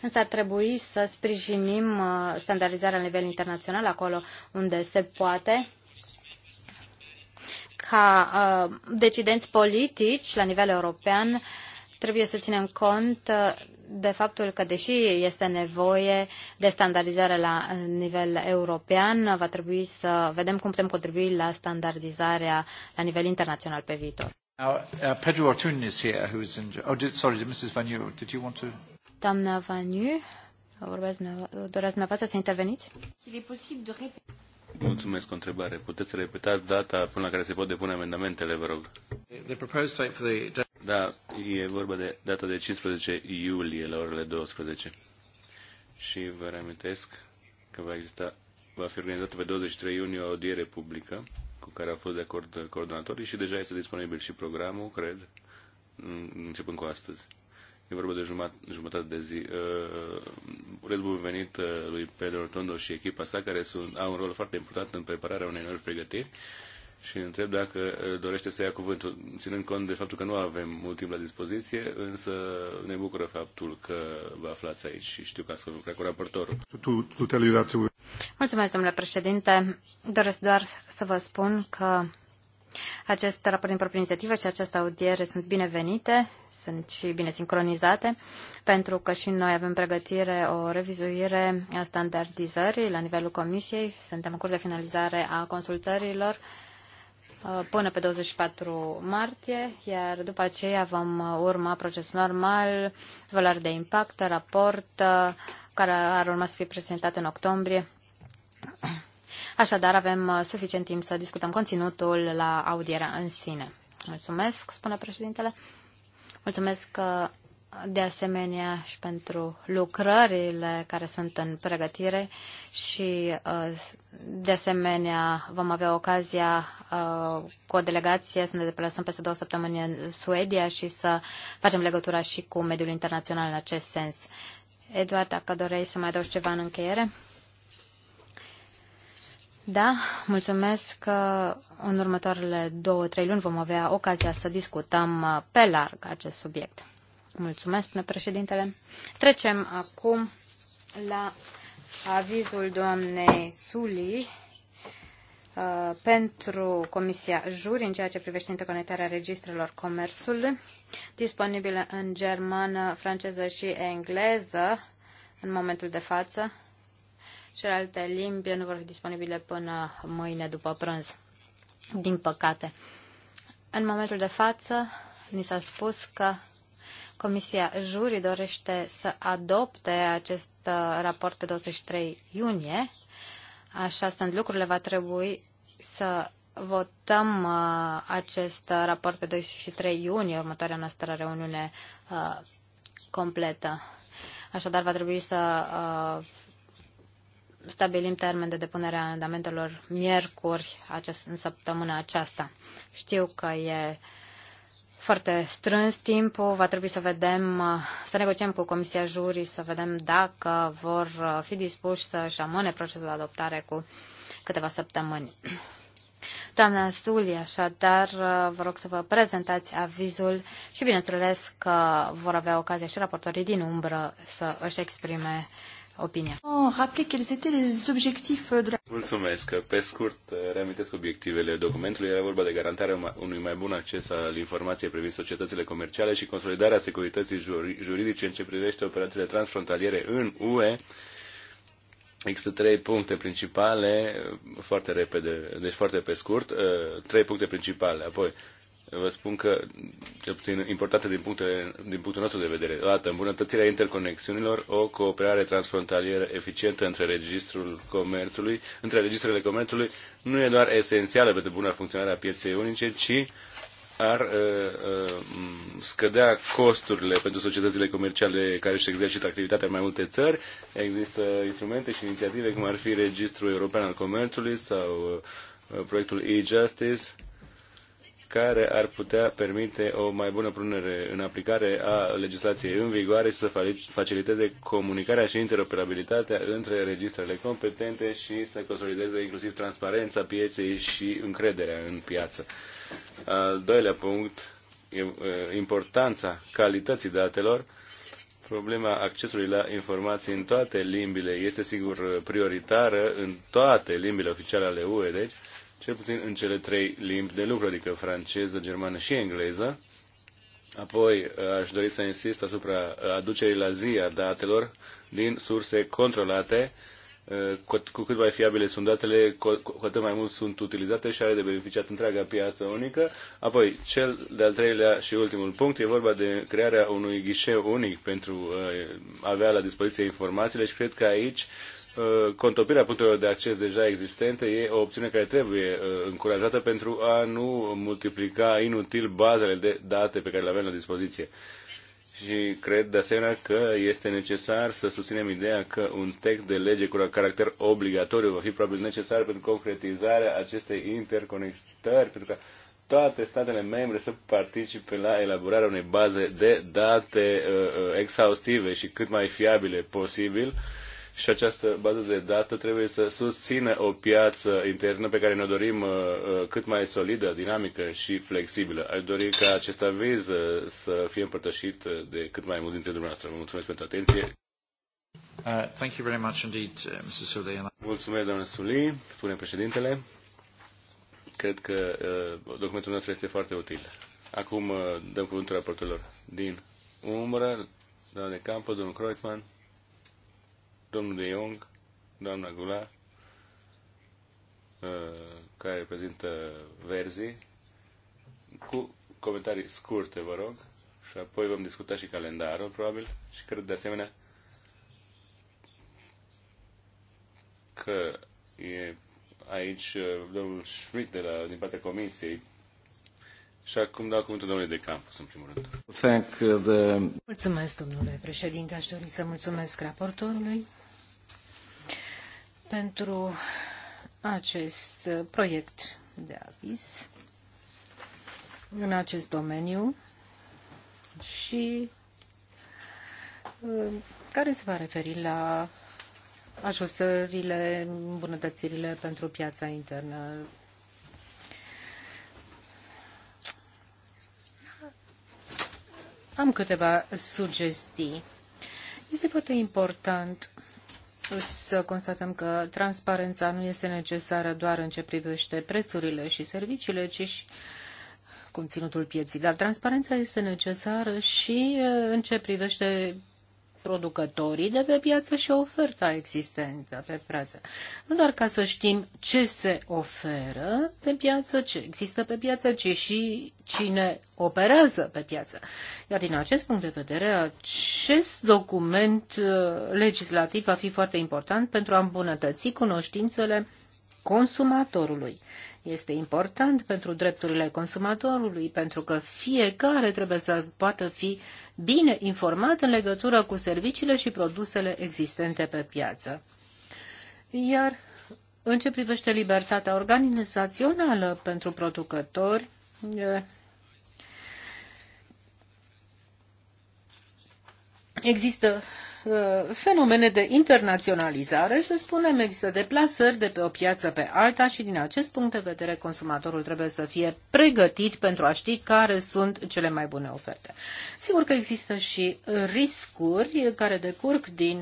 C: însă ar trebui să sprijinim uh, standardizarea la nivel internațional acolo unde se poate ca uh, decidenți politici la nivel european trebuie să ținem cont uh, de faptul că, deși este nevoie de standardizare la nivel european, va trebui să vedem cum putem contribui la standardizarea la nivel internațional pe viitor.
A: Now, uh, Pedro Ortun is here, who is in... Oh, did, sorry, Mrs. Vanu, did you want to...
C: Doamna Vanu, vorbesc, doresc dumneavoastră să interveniți?
B: Mulțumesc o întrebare. Puteți să repetați data până la care se pot depune amendamentele, vă rog? Da, e vorba de data de 15 iulie la orele 12. Și vă reamintesc că va exista, va fi organizată pe 23 iunie o audiere publică cu care au fost de acord coordonatorii și deja este disponibil și programul, cred, începând cu astăzi. E vorba de jumătate, jumătate de zi. Uh, uh, urez bun venit uh, lui Pedro Tondo și echipa sa, care sunt, au un rol foarte important în prepararea unei noi pregătiri și întreb dacă uh, dorește să ia cuvântul, ținând cont de faptul că nu avem mult timp la dispoziție, însă ne bucură faptul că vă aflați aici și știu că ați lucrat cu raportorul.
C: Tu, Mulțumesc, domnule președinte. Doresc doar să vă spun că acest raport din proprie inițiativă și această audiere sunt binevenite, sunt și bine sincronizate, pentru că și noi avem pregătire o revizuire a standardizării la nivelul Comisiei. Suntem în curs de finalizare a consultărilor Uh, până pe 24 martie, iar după aceea vom uh, urma procesul normal, valori de impact, raport, uh, care ar urma să fie prezentat în octombrie. Așadar, avem suficient timp să discutăm conținutul la audierea în sine. Mulțumesc, spune președintele. Mulțumesc de asemenea și pentru lucrările care sunt în pregătire și uh, de asemenea vom avea ocazia uh, cu o delegație să ne deplasăm peste două săptămâni în Suedia și să facem legătura și cu mediul internațional în acest sens. Eduard, dacă doreai să mai adaugi ceva în încheiere? Da, mulțumesc că în următoarele două, trei luni vom avea ocazia să discutăm uh, pe larg acest subiect. Mulțumesc, spune președintele. Trecem acum la avizul doamnei Suli uh, pentru Comisia Juri în ceea ce privește interconectarea registrelor comerțului, disponibilă în germană, franceză și engleză în momentul de față. Celelalte limbi nu vor fi disponibile până mâine după prânz, din păcate. În momentul de față, ni s-a spus că Comisia Juri dorește să adopte acest uh, raport pe 23 iunie. Așa sunt lucrurile, va trebui să votăm uh, acest uh, raport pe 23 iunie, următoarea noastră reuniune completă. Așadar, va trebui să stabilim termen de depunere a amendamentelor miercuri în săptămâna aceasta. Știu că e uh, foarte strâns timpul. Va trebui să vedem, să negociem cu Comisia juri să vedem dacă vor fi dispuși să-și amâne procesul de adoptare cu câteva săptămâni. Doamna Suli, așadar, vă rog să vă prezentați avizul și bineînțeles că vor avea ocazia și raportorii din umbră să își exprime opinia.
B: Mulțumesc. Pe scurt, reamintesc obiectivele documentului. Era vorba de garantarea unui mai bun acces al informației privind societățile comerciale și consolidarea securității juridice în ce privește operațiile transfrontaliere în UE. Există trei puncte principale, foarte repede, deci foarte pe scurt, trei puncte principale. Apoi, vă spun că, cel puțin importantă din, punctele, din punctul nostru de vedere, o dată, îmbunătățirea interconexiunilor, o cooperare transfrontalieră eficientă între registrul comerțului, între registrele comerțului, nu e doar esențială pentru buna funcționare a pieței unice, ci ar uh, uh, scădea costurile pentru societățile comerciale care își exercită activitatea în mai multe țări. Există instrumente și inițiative cum ar fi Registrul European al Comerțului sau uh, proiectul e-Justice, care ar putea permite o mai bună prunere în aplicare a legislației în vigoare și să faciliteze comunicarea și interoperabilitatea între registrele competente și să consolideze inclusiv transparența pieței și încrederea în piață. Al doilea punct, importanța calității datelor. Problema accesului la informații în toate limbile este sigur prioritară în toate limbile oficiale ale UE, deci cel puțin în cele trei limbi de lucru, adică franceză, germană și engleză. Apoi uh, aș dori să insist asupra uh, aducerii la zi a datelor din surse controlate. Uh, cu cât mai fiabile sunt datele, cu atât mai mult sunt utilizate și are de beneficiat întreaga piață unică. Apoi, cel de-al treilea și ultimul punct e vorba de crearea unui ghișeu unic pentru a avea la dispoziție informațiile și cred că aici uh, Uh, contopirea punctelor de acces deja existente e o opțiune care trebuie uh, încurajată pentru a nu multiplica inutil bazele de date pe care le avem la dispoziție. Și cred de asemenea că este necesar să susținem ideea că un text de lege cu caracter obligatoriu va fi probabil necesar pentru concretizarea acestei interconectări, pentru că toate statele membre să participe la elaborarea unei baze de date uh, uh exhaustive și cât mai fiabile posibil uh, și această bază de dată trebuie să susțină o piață internă pe care ne-o dorim uh, uh, cât mai solidă, dinamică și flexibilă. Aș dori ca acest aviz uh, să fie împărtășit de cât mai mulți dintre dumneavoastră. Vă mulțumesc pentru atenție.
A: Uh, thank you very much indeed, Mr. Sully.
B: Mulțumesc, domnule Suli, spune președintele. Cred că uh, documentul nostru este foarte util. Acum uh, dăm cuvântul raportelor din umbră, doamne Campo, domnul Kreutmann domnul De Jong, doamna Gula, uh, care reprezintă verzii, cu comentarii scurte, vă rog, și apoi vom discuta și calendarul, probabil, și cred de asemenea că e aici uh, domnul Schmidt de la, din partea comisiei și acum dau cuvântul domnului de Campus, în primul
A: rând.
D: Mulțumesc, domnule președinte. Aș dori să mulțumesc raportorului pentru acest uh, proiect de aviz în acest domeniu și uh, care se va referi la ajustările, îmbunătățirile pentru piața internă. Am câteva sugestii. Este foarte important să constatăm că transparența nu este necesară doar în ce privește prețurile și serviciile, ci și conținutul pieții. Dar transparența este necesară și uh, în ce privește producătorii de pe piață și oferta existentă pe piață. Nu doar ca să știm ce se oferă pe piață, ce există pe piață, ci și cine operează pe piață. Iar din acest punct de vedere, acest document uh, legislativ va fi foarte important pentru a îmbunătăți cunoștințele consumatorului este important pentru drepturile consumatorului, pentru că fiecare trebuie să poată fi bine informat în legătură cu serviciile și produsele existente pe piață. Iar în ce privește libertatea organizațională pentru producători, există Uh, fenomene de internaționalizare, să spunem, există deplasări de pe o piață pe alta și din acest punct de vedere consumatorul trebuie să fie pregătit pentru a ști care sunt cele mai bune oferte. Sigur că există și riscuri care decurg din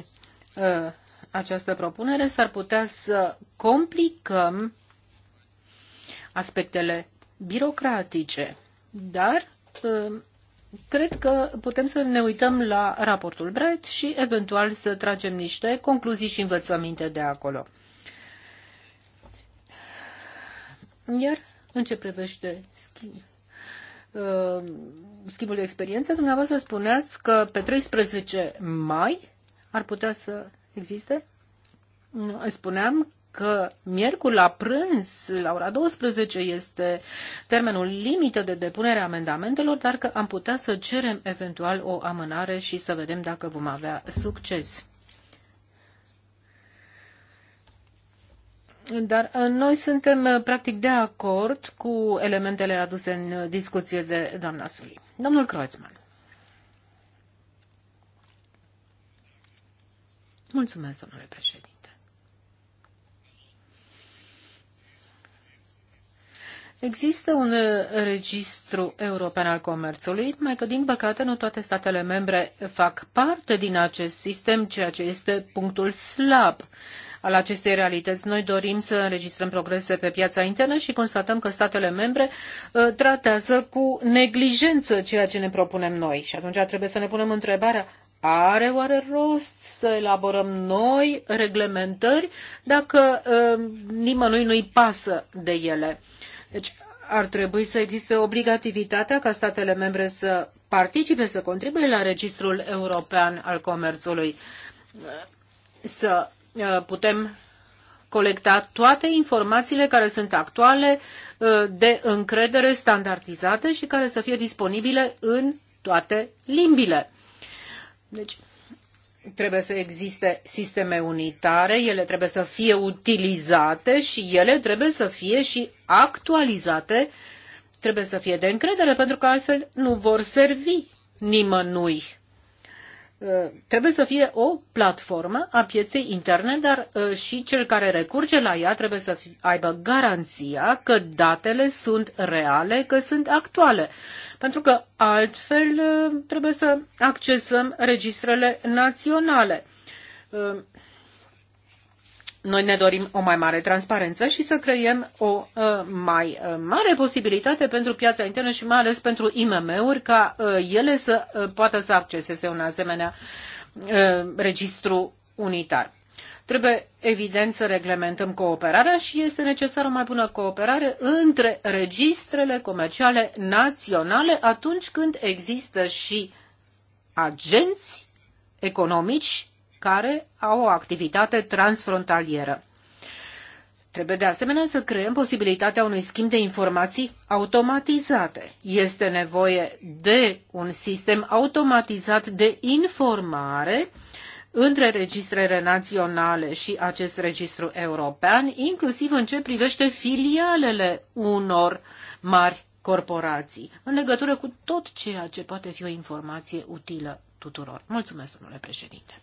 D: uh, această propunere, s-ar putea să complicăm aspectele birocratice, dar uh, Cred că putem să ne uităm la raportul Brett și eventual să tragem niște concluzii și învățăminte de acolo. Iar în ce privește schimb, uh, schimbul de experiență, dumneavoastră spuneați că pe 13 mai ar putea să existe? Spuneam că miercuri la prânz, la ora 12, este termenul limită de depunere a amendamentelor, dar că am putea să cerem eventual o amânare și să vedem dacă vom avea succes. Dar uh, noi suntem uh, practic de acord cu elementele aduse în uh, discuție de doamna Suli. Domnul Croațman. Mulțumesc, domnule președinte. Există un registru european al comerțului, mai că din păcate nu toate statele membre fac parte din acest sistem, ceea ce este punctul slab al acestei realități. Noi dorim să înregistrăm progrese pe piața internă și constatăm că statele membre tratează cu neglijență ceea ce ne propunem noi. Și atunci trebuie să ne punem întrebarea, are oare rost să elaborăm noi reglementări dacă uh, nimănui nu-i pasă de ele? Deci ar trebui să existe obligativitatea ca statele membre să participe, să contribuie la registrul european al comerțului, să uh, putem colecta toate informațiile care sunt actuale, uh, de încredere, standardizate și care să fie disponibile în toate limbile. Deci, trebuie să existe sisteme unitare, ele trebuie să fie utilizate și ele trebuie să fie și actualizate, trebuie să fie de încredere, pentru că altfel nu vor servi nimănui. Uh, trebuie să fie o platformă a pieței interne, dar uh, și cel care recurge la ea trebuie să aibă garanția că datele sunt reale, că sunt actuale. Pentru că altfel uh, trebuie să accesăm registrele naționale. Noi ne dorim o mai mare transparență și să creiem o uh, mai uh, mare posibilitate pentru piața internă și mai ales pentru IMM-uri ca uh, ele să poată să acceseze un asemenea registru unitar. Trebuie, evident, să reglementăm cooperarea și este necesară mai bună cooperare între registrele comerciale naționale atunci când există și agenți economici care au o activitate transfrontalieră. Trebuie de asemenea să creăm posibilitatea unui schimb de informații automatizate. Este nevoie de un sistem automatizat de informare între registrele naționale și acest registru european, inclusiv în ce privește filialele unor mari corporații, în legătură cu tot ceea ce poate fi o informație utilă tuturor. Mulțumesc, domnule președinte.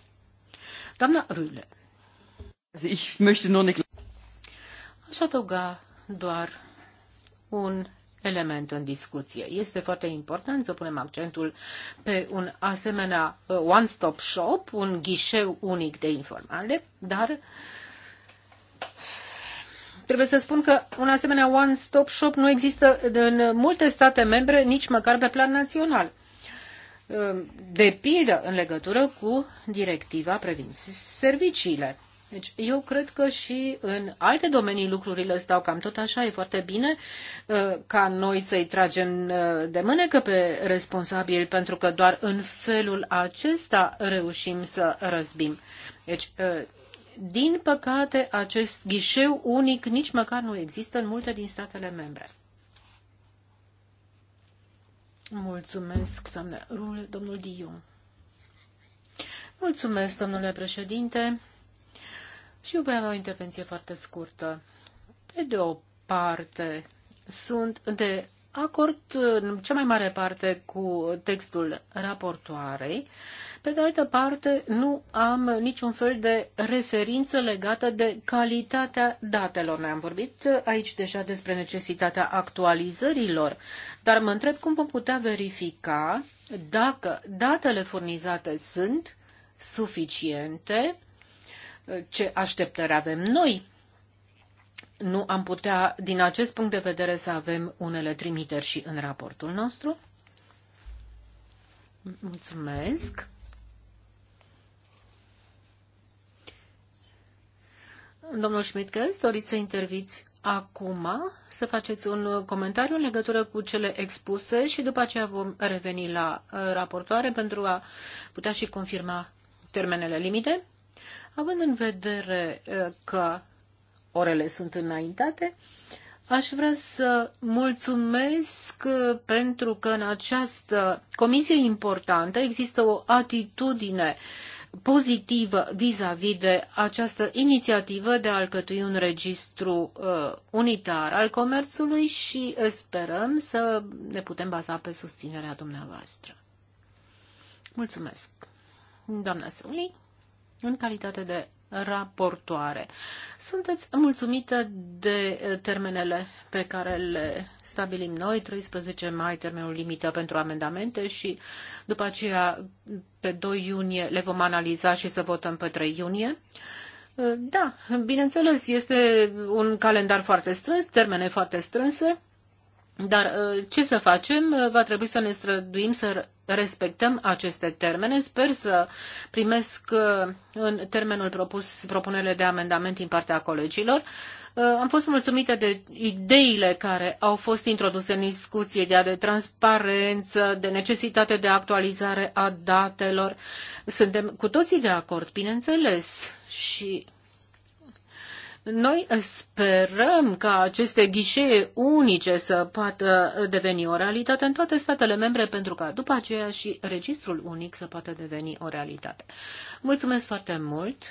D: Aș adăuga doar un element în discuție. Este foarte important să punem accentul pe un asemenea uh, one-stop shop, un ghișeu unic de informare, dar trebuie să spun că un asemenea one-stop shop nu există în multe state membre, nici măcar pe plan național. Um, de pildă în legătură cu directiva privind serviciile. Deci eu cred că și în alte domenii lucrurile stau cam tot așa. E foarte bine uh, ca noi să-i tragem uh, de mânecă pe responsabili, pentru că doar în felul acesta reușim să răzbim. Deci, uh, din păcate, acest ghișeu unic nici măcar nu există în multe din statele membre. Mulțumesc, doamne, domnul Dion. Mulțumesc, domnule președinte. Și eu voi o intervenție foarte scurtă. Pe de o parte, sunt de acord în cea mai mare parte cu textul raportoarei. Pe de altă parte, nu am niciun fel de referință legată de calitatea datelor. Noi am vorbit aici deja despre necesitatea actualizărilor, dar mă întreb cum vom putea verifica dacă datele furnizate sunt suficiente, ce așteptări avem noi nu am putea, din acest punct de vedere, să avem unele trimiteri și în raportul nostru? Mulțumesc. Domnul Schmidtges, doriți să interviți acum, să faceți un comentariu în legătură cu cele expuse și după aceea vom reveni la uh, raportoare pentru a putea și confirma termenele limite. Având în vedere uh, că orele sunt înaintate. Aș vrea să mulțumesc uh, pentru că în această comisie importantă există o atitudine pozitivă vis-a-vis -vis de această inițiativă de a alcătui un registru uh, unitar al comerțului și sperăm să ne putem baza pe susținerea dumneavoastră. Mulțumesc. Doamna Suli, în calitate de raportoare. Sunteți mulțumită de termenele pe care le stabilim noi, 13 mai termenul limită pentru amendamente și după aceea pe 2 iunie le vom analiza și să votăm pe 3 iunie. Da, bineînțeles, este un calendar foarte strâns, termene foarte strânse, dar ă, ce să facem? Ă, va trebui să ne străduim să respectăm aceste termene. Sper să primesc ă, în termenul propus propunerile de amendament din partea colegilor. Am fost mulțumită de ideile care au fost introduse în discuție, de, de transparență, de necesitate de actualizare a datelor. Suntem cu toții de acord, bineînțeles, și noi sperăm ca aceste ghișee unice să poată deveni o realitate în toate statele membre, pentru ca după aceea și registrul unic să poată deveni o realitate. Mulțumesc foarte mult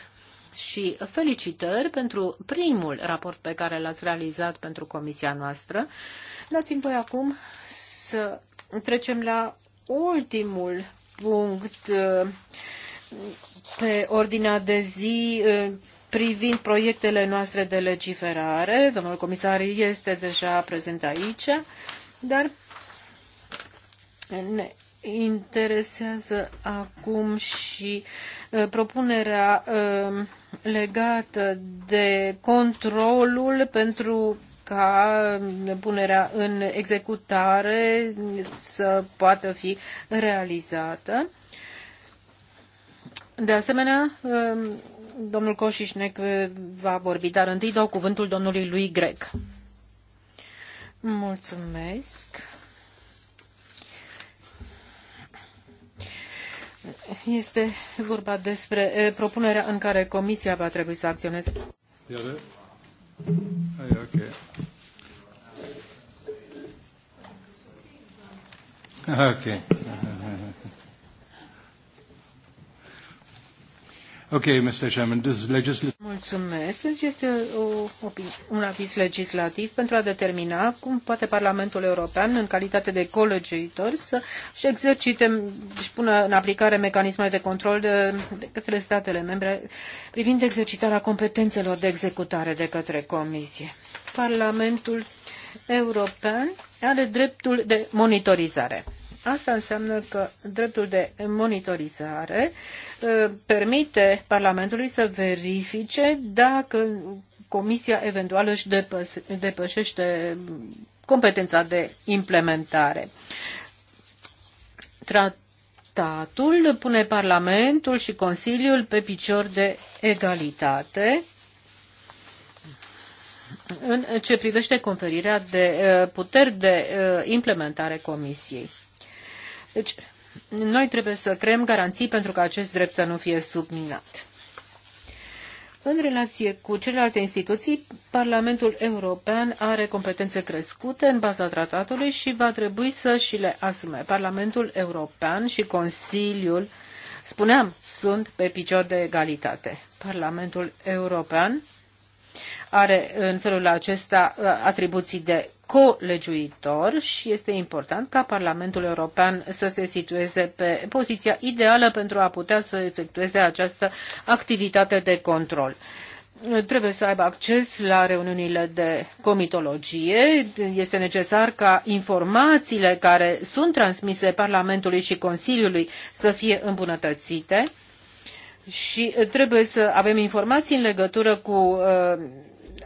D: și felicitări pentru primul raport pe care l-ați realizat pentru comisia noastră. Dați-mi voi acum să trecem la ultimul punct uh, pe ordinea de zi uh, privind proiectele noastre de legiferare. Domnul comisar este deja prezent aici, dar ne interesează acum și uh, propunerea um, legată de controlul pentru ca punerea în executare să poată fi realizată. De asemenea, um, Domnul Coșișnec va vorbi, dar întâi dau cuvântul domnului lui Grec. Mulțumesc. Este vorba despre eh, propunerea în care Comisia va trebui să acționeze.
A: Iară? Ai, ok. Ah, ok. Mr. Chairman, this legislative...
D: Mulțumesc. Deci este o, o, un aviz legislativ pentru a determina cum poate Parlamentul European, în calitate de colegiuitor, să-și exercite și pună în aplicare mecanismele de control de, de către statele membre privind exercitarea competențelor de executare de către Comisie. Parlamentul European are dreptul de monitorizare. Asta înseamnă că dreptul de monitorizare uh, permite Parlamentului să verifice dacă Comisia eventual își depășește competența de implementare. Tratatul pune Parlamentul și Consiliul pe picior de egalitate în ce privește conferirea de uh, puteri de uh, implementare Comisiei. Deci, noi trebuie să creăm garanții pentru că acest drept să nu fie subminat. În relație cu celelalte instituții, Parlamentul European are competențe crescute în baza tratatului și va trebui să și le asume. Parlamentul European și Consiliul, spuneam, sunt pe picior de egalitate. Parlamentul European are în felul acesta uh, atribuții de colegiuitor și este important ca Parlamentul European să se situeze pe poziția ideală pentru a putea să efectueze această activitate de control trebuie să aibă acces la reuniunile de comitologie. Este necesar ca informațiile care sunt transmise Parlamentului și Consiliului să fie îmbunătățite și trebuie să avem informații în legătură cu uh,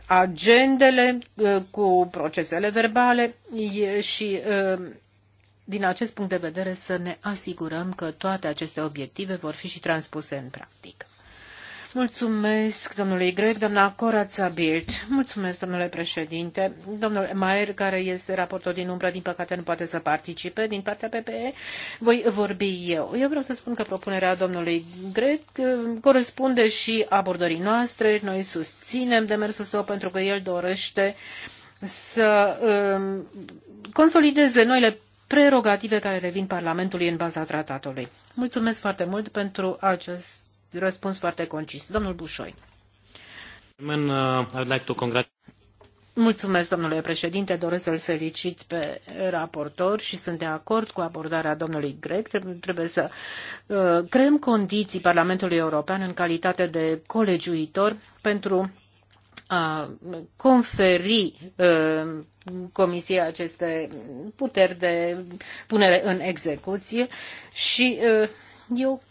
D: agendele uh, cu procesele verbale și uh, din acest punct de vedere să ne asigurăm că toate aceste obiective vor fi și transpuse în practică. Mulțumesc domnului Greg, doamna Corața Bild. Mulțumesc, domnule președinte. Domnul Maier, care este raportor din umbră, din păcate nu poate să participe. Din partea PPE voi vorbi eu. Eu vreau să spun că propunerea domnului Greg uh, corespunde și abordării noastre. Noi susținem demersul său pentru că el dorește să um, consolideze noile prerogative care revin Parlamentului în baza tratatului. Mulțumesc foarte mult pentru acest răspuns foarte concis. Domnul Bușoi.
E: Uh,
D: Mulțumesc, domnule președinte. Doresc să-l felicit pe raportor și sunt de acord cu abordarea domnului Grec. Trebuie să uh, creăm condiții Parlamentului European în calitate de colegiuitor pentru a conferi uh, Comisiei aceste puteri de punere în execuție și eu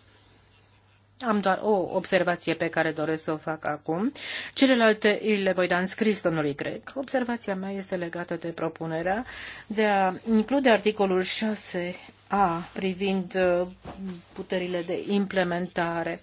D: am doar o observație pe care doresc să o fac acum. Celelalte le voi da în scris domnului Grec. Observația mea este legată de propunerea de a include articolul 6a privind uh, puterile de implementare.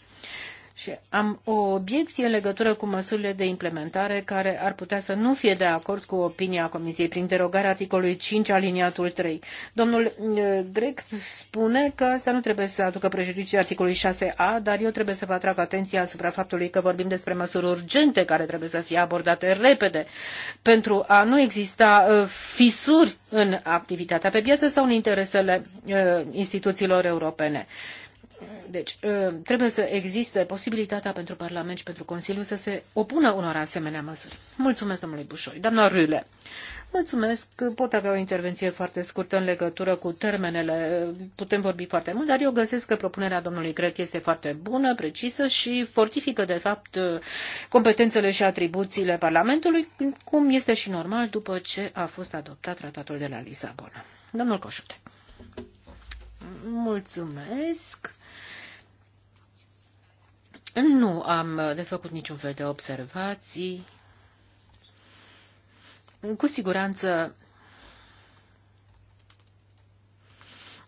D: Și am o obiecție în legătură cu măsurile de implementare care ar putea să nu fie de acord cu opinia Comisiei prin derogarea articolului 5 aliniatul 3. Domnul eh, Grec spune că asta nu trebuie să aducă prejudicii articolului 6a, dar eu trebuie să vă atrag atenția asupra faptului că vorbim despre măsuri urgente care trebuie să fie abordate repede pentru a nu exista eh, fisuri în activitatea pe piață sau în interesele eh, instituțiilor europene. Deci, ă, trebuie să existe posibilitatea pentru Parlament și pentru Consiliu să se opună unor asemenea măsuri. Mulțumesc, domnule Bușoi. Doamna Rule, mulțumesc. Pot avea o intervenție foarte scurtă în legătură cu termenele. Putem vorbi foarte mult, dar eu găsesc că propunerea domnului Grec este foarte bună, precisă și fortifică, de fapt, competențele și atribuțiile Parlamentului, cum este și normal după ce a fost adoptat tratatul de la Lisabona. Domnul Coșute. Mulțumesc. Nu am uh, de făcut niciun fel de observații. Cu siguranță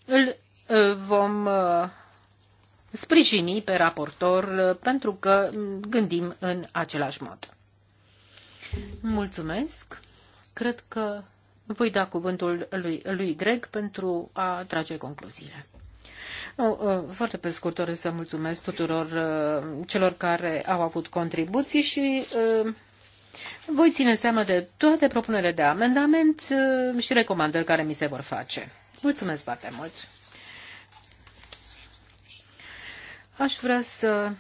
D: îl uh, vom uh, sprijini pe raportor pentru că mm, gândim în același mod. Mulțumesc. Cred că voi da cuvântul lui, lui Greg pentru a trage concluziile. Nu, uh, foarte pe scurt doresc să mulțumesc tuturor uh, celor care au avut contribuții și uh, voi ține seama de toate propunerile de amendament și recomandări care mi se vor face. Mulțumesc foarte mult! Aș vrea să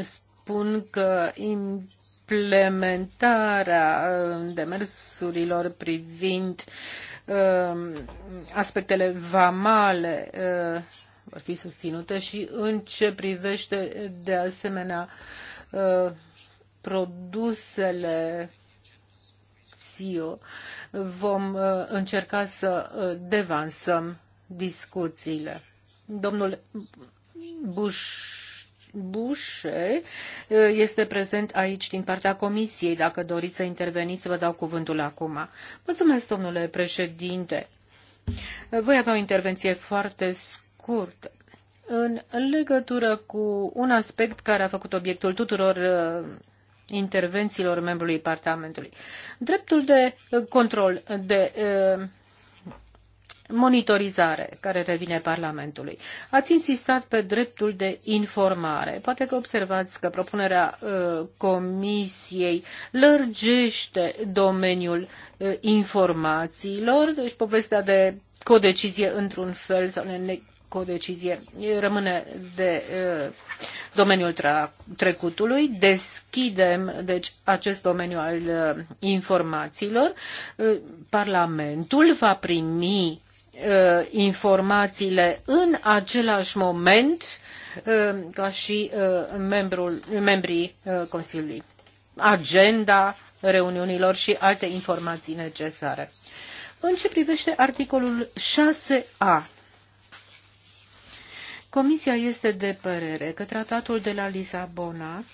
D: spun că implementarea demersurilor privind Uh, aspectele vamale uh, vor fi susținute și în ce privește de asemenea uh, produsele SIO vom încerca să devansăm discuțiile. Domnul Bush Bușe eh, este prezent aici din partea Comisiei. Dacă doriți să interveniți, vă dau cuvântul acum. Mulțumesc, domnule președinte. Voi avea o intervenție foarte scurtă în legătură cu un aspect care a făcut obiectul tuturor eh, intervențiilor membrului Parlamentului. Dreptul de control, de uh, monitorizare care revine Parlamentului. Ați insistat pe dreptul de informare. Poate că observați că propunerea uh, Comisiei lărgește domeniul uh, informațiilor, deci povestea de codecizie într-un fel sau codecizie rămâne de uh, domeniul trecutului. Deschidem, deci, acest domeniu al uh, informațiilor. Uh, Parlamentul va primi Uh, informațiile în același moment uh, ca și uh, membrul, membrii Consiliului. Agenda reuniunilor și alte informații necesare. În ce privește articolul 6a, Comisia este de părere că tratatul de la Lisabona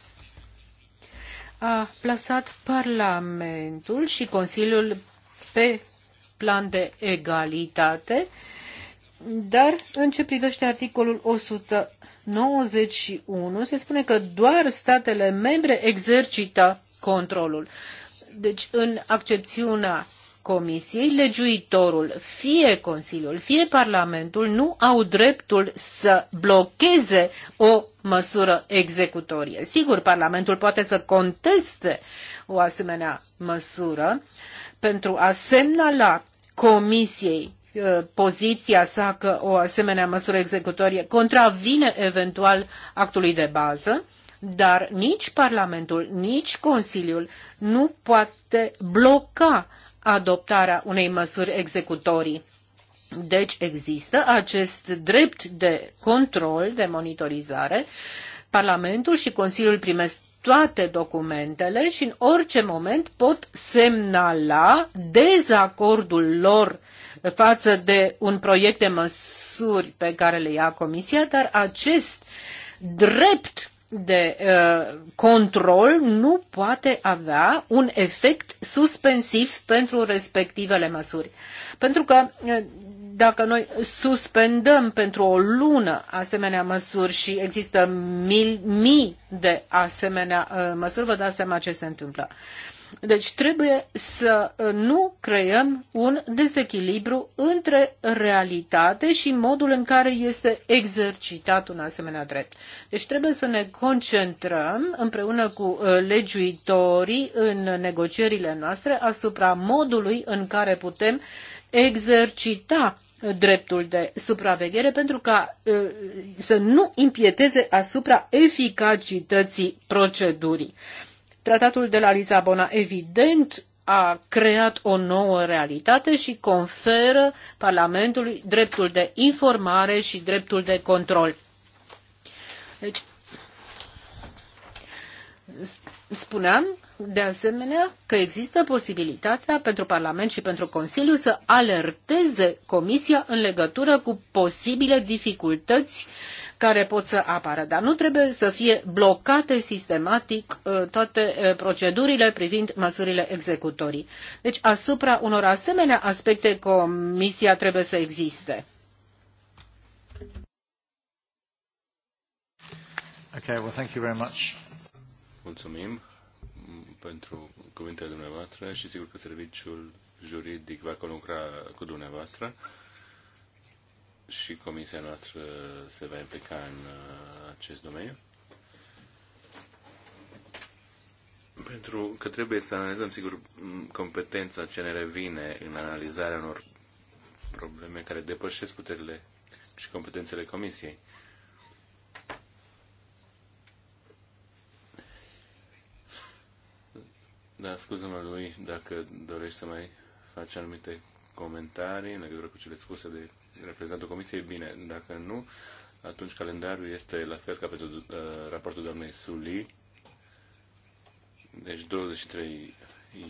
D: a plasat Parlamentul și Consiliul pe plan de egalitate, dar în ce privește articolul 191 se spune că doar statele membre exercită controlul. Deci, în accepțiunea Comisiei, legiuitorul, fie Consiliul, fie Parlamentul, nu au dreptul să blocheze o măsură executorie. Sigur, Parlamentul poate să conteste o asemenea măsură pentru a semnala Comisiei uh, poziția sa că o asemenea măsură executorie contravine eventual actului de bază, dar nici Parlamentul, nici Consiliul nu poate bloca adoptarea unei măsuri executorii. Deci există acest drept de control, de monitorizare. Parlamentul și Consiliul primesc toate documentele și în orice moment pot semnala dezacordul lor față de un proiect de măsuri pe care le ia Comisia, dar acest drept de uh, control nu poate avea un efect suspensiv pentru respectivele măsuri. Pentru că uh, dacă noi suspendăm pentru o lună asemenea măsuri și există mii, mii de asemenea uh, măsuri, vă dați seama ce se întâmplă. Uh, deci trebuie să uh, nu creăm un dezechilibru între realitate și modul în care este exercitat un asemenea drept. Deci trebuie să ne concentrăm împreună cu uh, legiuitorii în negocierile noastre asupra modului în care putem exercita dreptul de supraveghere pentru ca uh, să nu impieteze asupra eficacității procedurii. Tratatul de la Lisabona, evident, a creat o nouă realitate și conferă Parlamentului dreptul de informare și dreptul de control. Deci, spuneam de asemenea că există posibilitatea pentru Parlament și pentru Consiliu să alerteze Comisia în legătură cu posibile dificultăți care pot să apară. Dar nu trebuie să fie blocate sistematic uh, toate uh, procedurile privind măsurile executorii. Deci asupra unor asemenea aspecte Comisia trebuie să existe.
A: Okay, well, thank you very much. Mulțumim
B: pentru cuvintele dumneavoastră și sigur că serviciul juridic va conlucra cu dumneavoastră și comisia noastră se va implica în uh, acest domeniu. Pentru că trebuie să analizăm, sigur, competența ce ne revine în analizarea unor probleme care depășesc puterile și competențele comisiei. Da, scuză-mă lui dacă dorești să mai faci anumite comentarii în legătură cu cele spuse de reprezentantul Comisiei. Bine, dacă nu, atunci calendarul este la fel ca pentru uh, raportul doamnei Suli. Deci 23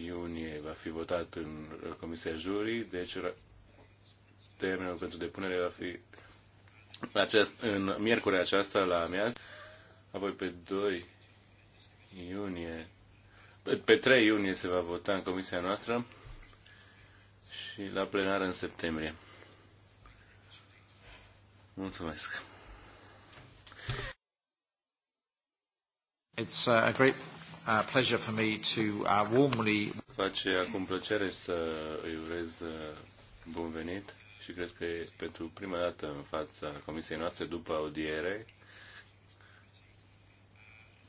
B: iunie va fi votat în uh, Comisia Jurii, deci termenul pentru depunere va fi acest, în miercurea aceasta la amiază, apoi pe 2 iunie pe 3 iunie se va vota în comisia noastră și la plenară
A: în septembrie. Mulțumesc. It's uh, a great uh, pleasure for me to uh, warmly
B: face acum plăcere să îi urez bun venit și cred că e pentru prima dată în fața comisiei noastre după audiere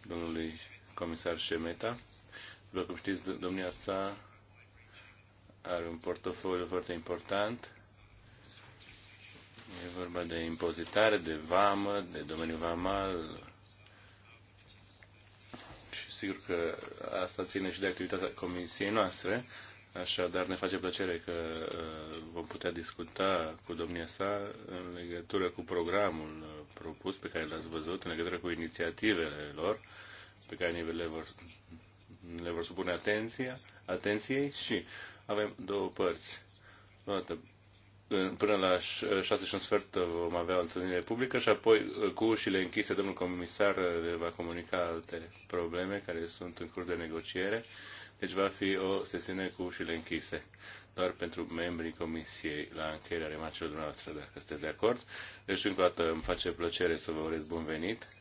B: domnului comisar Șemeta. După cum știți, domnia sa are un portofoliu foarte important. E vorba de impozitare, de vamă, de domeniul vamal. Și sigur că asta ține și de activitatea comisiei noastre. Așadar, ne face plăcere că uh, vom putea discuta cu domnia sa în legătură cu programul uh, propus pe care l-ați văzut, în legătură cu inițiativele lor pe care ne le vor, le vor supune atenția, atenției și avem două părți. O dată, până la 6 și un sfert uh, vom avea o întâlnire publică și apoi uh, cu ușile închise domnul comisar le uh, va comunica alte probleme care sunt în curs de negociere. Deci va fi o sesiune cu ușile închise, doar pentru membrii comisiei la încheierea remarcelor dumneavoastră, dacă sunteți de acord. Deci, încă o dată, îmi face plăcere să vă urez bun venit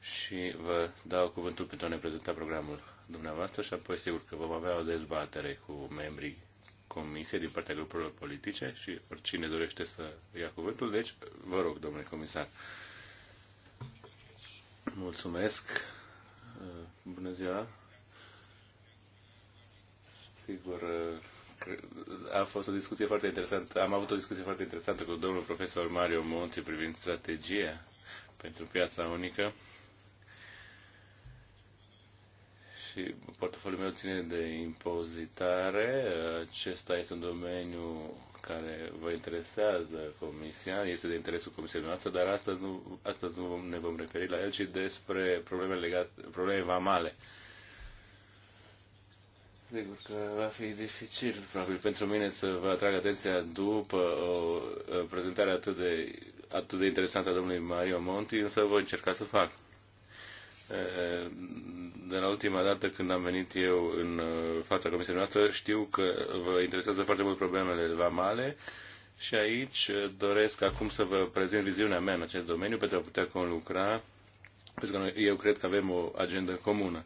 B: și vă dau cuvântul pentru a ne prezenta programul dumneavoastră și apoi sigur că vom avea o dezbatere cu membrii comisiei din partea grupurilor politice și oricine dorește să ia cuvântul. Deci, vă rog, domnule comisar. Mulțumesc. Bună ziua. Sigur, a fost o discuție foarte interesantă. Am avut o discuție foarte interesantă cu domnul profesor Mario Monti privind strategia pentru piața unică și portofoliul meu ține de impozitare. Acesta este un domeniu care vă interesează Comisia, este de interesul Comisiei noastre, dar astăzi nu, astăzi nu ne vom referi la el, ci despre probleme legate, probleme vamale. Sigur că va fi dificil, probabil, pentru mine să vă atrag atenția după o prezentare atât de, atât de interesantă a domnului Mario Monti, însă voi încerca să fac de la ultima dată când am venit eu în uh, fața comisiei noastră, știu că vă interesează foarte mult problemele vamale și aici uh, doresc acum să vă prezint viziunea mea în acest domeniu pentru a putea conlucra, pentru că eu cred că avem o agendă comună.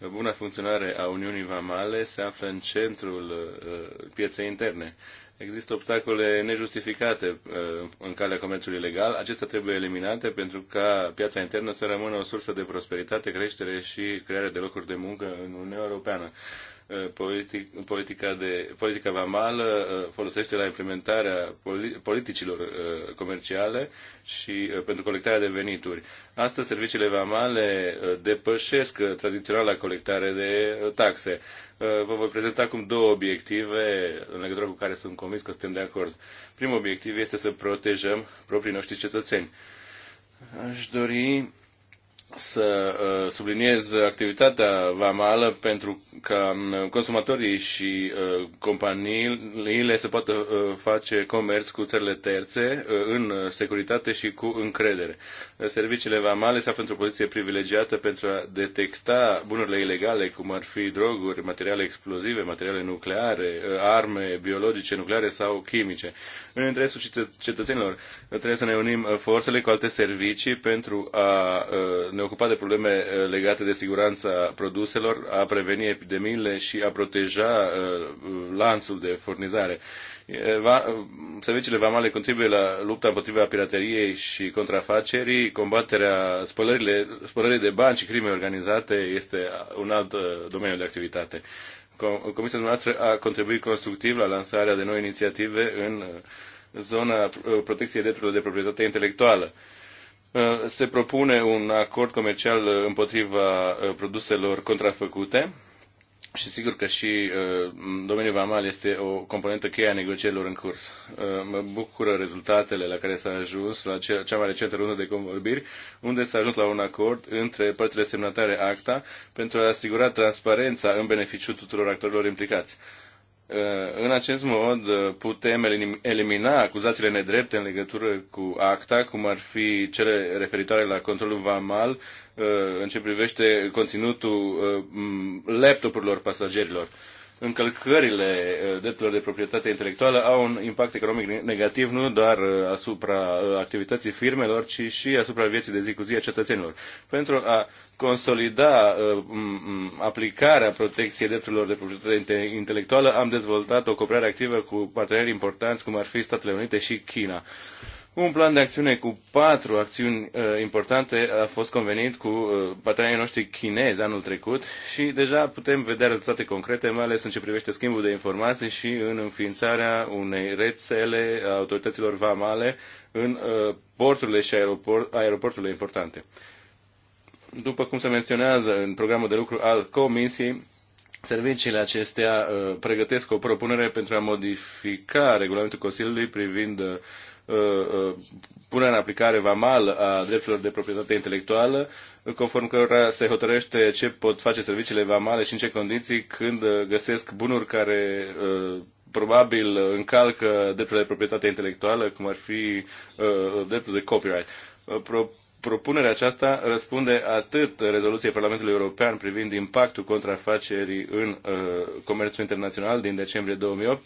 B: Buna funcționare a Uniunii Vamale se află în centrul uh, pieței interne. Există obstacole nejustificate uh, în calea comerțului legal. Acestea trebuie eliminate pentru ca piața internă să rămână o sursă de prosperitate, creștere și creare de locuri de muncă în Uniunea Europeană. Uh, politic, politica, de, politica vamală uh, folosește la implementarea politicilor uh, comerciale și pentru colectarea de venituri. Astăzi, serviciile vamale depășesc tradiționala colectare de taxe. Vă voi prezenta acum două obiective în legătură cu care sunt convins că suntem de acord. Primul obiectiv este să protejăm proprii noștri cetățeni. Aș dori să uh, subliniez activitatea vamală pentru ca uh, consumatorii și uh, companiile să poată face comerț cu țările terțe în securitate și cu încredere. Serviciile vamale se află într-o poziție privilegiată pentru a detecta bunurile ilegale, cum ar fi droguri, materiale explozive, materiale nucleare, arme biologice, nucleare sau chimice. În interesul cetățenilor trebuie să ne unim forțele cu alte servicii pentru a ne ocupat de probleme eh, legate de siguranța produselor, a preveni epidemiile și a proteja eh, lanțul de furnizare. Va, serviciile vamale contribuie la lupta împotriva pirateriei și contrafacerii, combaterea spălării de bani și crime organizate este un alt eh, domeniu de activitate. Comisia noastră a contribuit constructiv la lansarea de noi inițiative în zona protecției drepturilor de proprietate intelectuală Uh, se propune un acord comercial uh, împotriva uh, produselor contrafăcute și sigur că și domeniul vamal este o componentă cheie a negocierilor în curs. Mă bucură rezultatele la care s-a ajuns la cea mai recentă rundă de convorbiri, unde s-a ajuns la un acord între părțile semnatare ACTA pentru a asigura transparența în beneficiul tuturor actorilor implicați. Uh, în acest mod uh, putem elimina acuzațiile nedrepte în legătură cu acta, cum ar fi cele referitoare la controlul vamal uh, în ce privește conținutul laptopurilor pasagerilor încălcările uh, drepturilor de proprietate intelectuală au un impact economic negativ nu doar uh, asupra uh, activității firmelor, ci și asupra vieții de zi cu zi a cetățenilor. Pentru a consolida aplicarea protecției drepturilor de proprietate intelectuală, am dezvoltat o cooperare activă cu parteneri importanți, cum ar fi Statele Unite și China. Un plan de acțiune cu patru acțiuni uh, importante a fost convenit cu uh, partenerii noștri chinezi anul trecut și deja putem vedea rezultate concrete, mai ales în ce privește schimbul de informații și în înființarea unei rețele a autorităților vamale în uh, porturile și aeroport, aeroporturile importante. După cum se menționează în programul de lucru al Comisiei, Serviciile acestea uh, pregătesc o propunere pentru a modifica regulamentul Consiliului privind uh, Uh, uh, punerea în aplicare vamală a drepturilor de proprietate intelectuală, conform cărora se hotărăște ce pot face serviciile vamale și în ce condiții când uh, găsesc bunuri care probabil încalcă drepturile de proprietate intelectuală, cum ar fi dreptul de copyright. Pro- propunerea aceasta răspunde atât rezoluției Parlamentului European privind impactul contrafacerii în uh, comerțul internațional din decembrie 2008,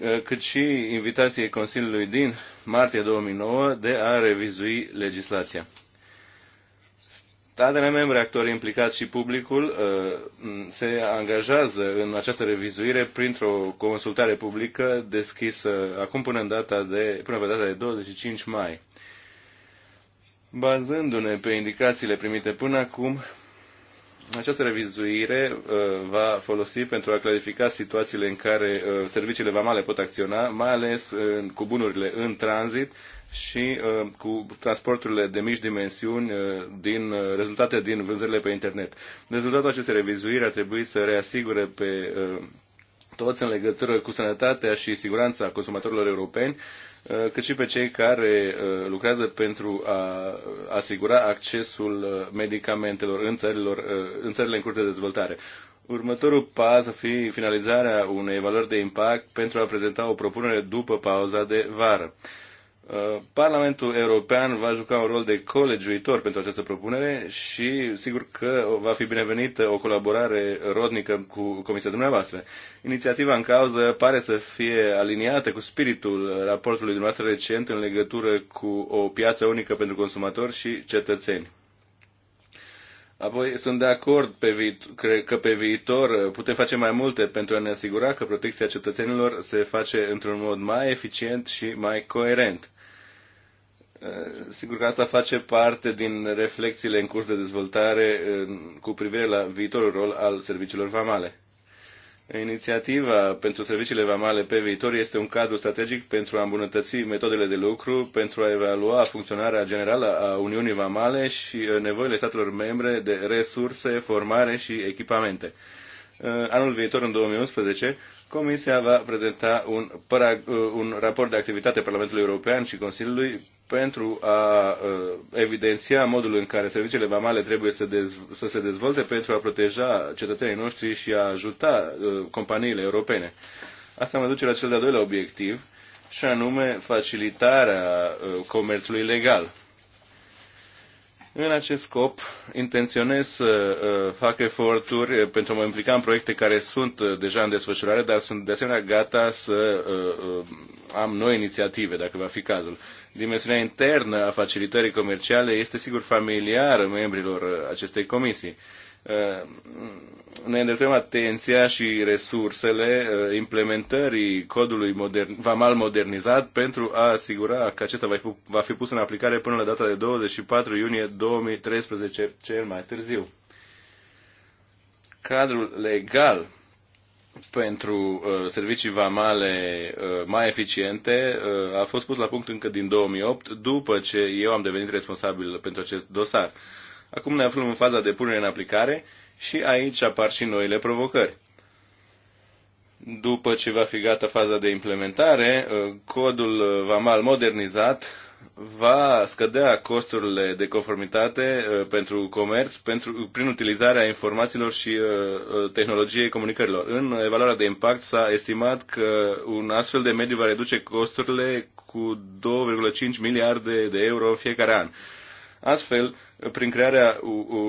B: Eh, cât și invitației Consiliului din martie 2009 de a revizui legislația. Statele membre, actorii implicați și publicul eh, se angajează în această revizuire printr-o consultare publică deschisă acum până, în data de, până pe data de 25 mai. Bazându-ne pe indicațiile primite până acum, această revizuire uh, va folosi pentru a clarifica situațiile în care uh, serviciile vamale pot acționa, mai ales uh, cu bunurile în tranzit și cu transporturile de mici dimensiuni din rezultate din vânzările pe internet. Rezultatul acestei revizuiri ar trebui să reasigure pe toți în legătură cu sănătatea și siguranța consumatorilor europeni Uh, cât și pe cei care uh, lucrează pentru a uh, asigura accesul medicamentelor în, țărilor, în țările în curs de dezvoltare. Următorul pas va fi finalizarea unei valori de impact pentru a prezenta o propunere după pauza de vară. Uh, Parlamentul European va juca un rol de colegiuitor pentru această propunere și sigur că va fi binevenită o colaborare rodnică cu Comisia dumneavoastră. Inițiativa în cauză pare să fie aliniată cu spiritul raportului dumneavoastră recent în legătură cu o piață unică pentru consumatori și cetățeni. Apoi sunt de acord pe viitor, cred că pe viitor putem face mai multe pentru a ne asigura că protecția cetățenilor se face într-un mod mai eficient și mai coerent. Eh, sigur că asta face parte din reflexiile în curs de dezvoltare eh, cu privire la viitorul rol al serviciilor vamale. Inițiativa pentru serviciile vamale pe viitor este un cadru strategic pentru a îmbunătăți metodele de lucru, pentru a evalua funcționarea generală a Uniunii Vamale și eh, nevoile statelor membre de resurse, formare și echipamente anul viitor, în 2011, Comisia va prezenta un, parag, uh, un raport de activitate Parlamentului European și Consiliului pentru a uh, evidenția modul în care serviciile vamale trebuie să, dez, să se dezvolte pentru a proteja cetățenii noștri și a ajuta uh, companiile europene. Asta mă duce la cel de-al doilea obiectiv, și anume facilitarea comerțului legal. În acest scop, intenționez să uh, fac eforturi uh, pentru a mă implica în proiecte care sunt uh, deja în desfășurare, dar sunt de asemenea gata să am noi inițiative, dacă va fi cazul. Dimensiunea internă a facilitării comerciale este sigur familiară membrilor acestei comisii. Uh, ne îndreptăm atenția și resursele uh, implementării codului modern, VAMAL modernizat pentru a asigura că acesta va fi, pus în aplicare până la data de 24 iunie 2013, cel mai târziu. Cadrul legal pentru uh, servicii vamale uh, mai eficiente uh, a fost pus la punct încă din 2008, după ce eu am devenit responsabil pentru acest dosar. Uh, Acum ne aflăm în faza de punere în aplicare și aici apar și noile provocări. După ce va fi gata faza de implementare, uh, codul uh, VAMAL modernizat va scădea costurile de conformitate uh, pentru comerț pentru, prin utilizarea informațiilor și tehnologiei comunicărilor. În evaluarea de impact s-a estimat că un astfel de mediu va reduce costurile cu 2,5 miliarde de euro fiecare an. Astfel, prin crearea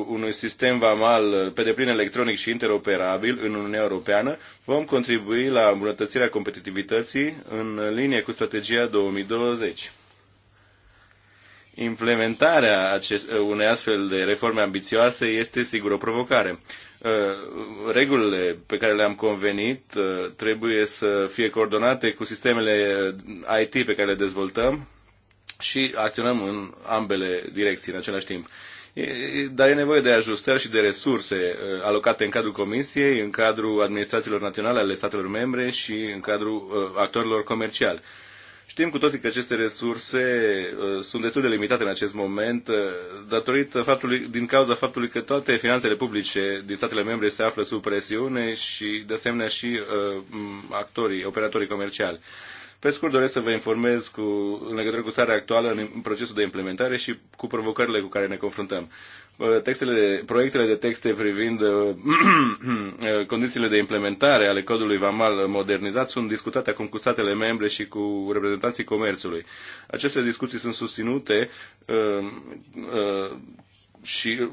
B: unui sistem vamal pe deplin electronic și interoperabil în Uniunea Europeană, vom contribui la îmbunătățirea competitivității în linie cu strategia 2020. Implementarea acest, unei astfel de reforme ambițioase este sigur o provocare. Uh, regulile pe care le-am convenit uh, trebuie să fie coordonate cu sistemele uh, IT pe care le dezvoltăm, și acționăm în ambele direcții în același timp. Dar e nevoie de ajustări și de resurse alocate în cadrul Comisiei, în cadrul administrațiilor naționale ale statelor membre și în cadrul actorilor comerciali. Știm cu toții că aceste resurse sunt destul de limitate în acest moment, datorită faptului, din cauza faptului că toate finanțele publice din statele membre se află sub presiune și, de asemenea, și actorii, operatorii comerciali. Pe scurt, doresc să vă informez cu, în legătură cu starea actuală în procesul de implementare și cu provocările cu care ne confruntăm. Textele, proiectele de texte privind uh, condițiile de implementare ale codului VAMAL modernizat sunt discutate acum cu statele membre și cu reprezentanții comerțului. Aceste discuții sunt susținute uh, uh, și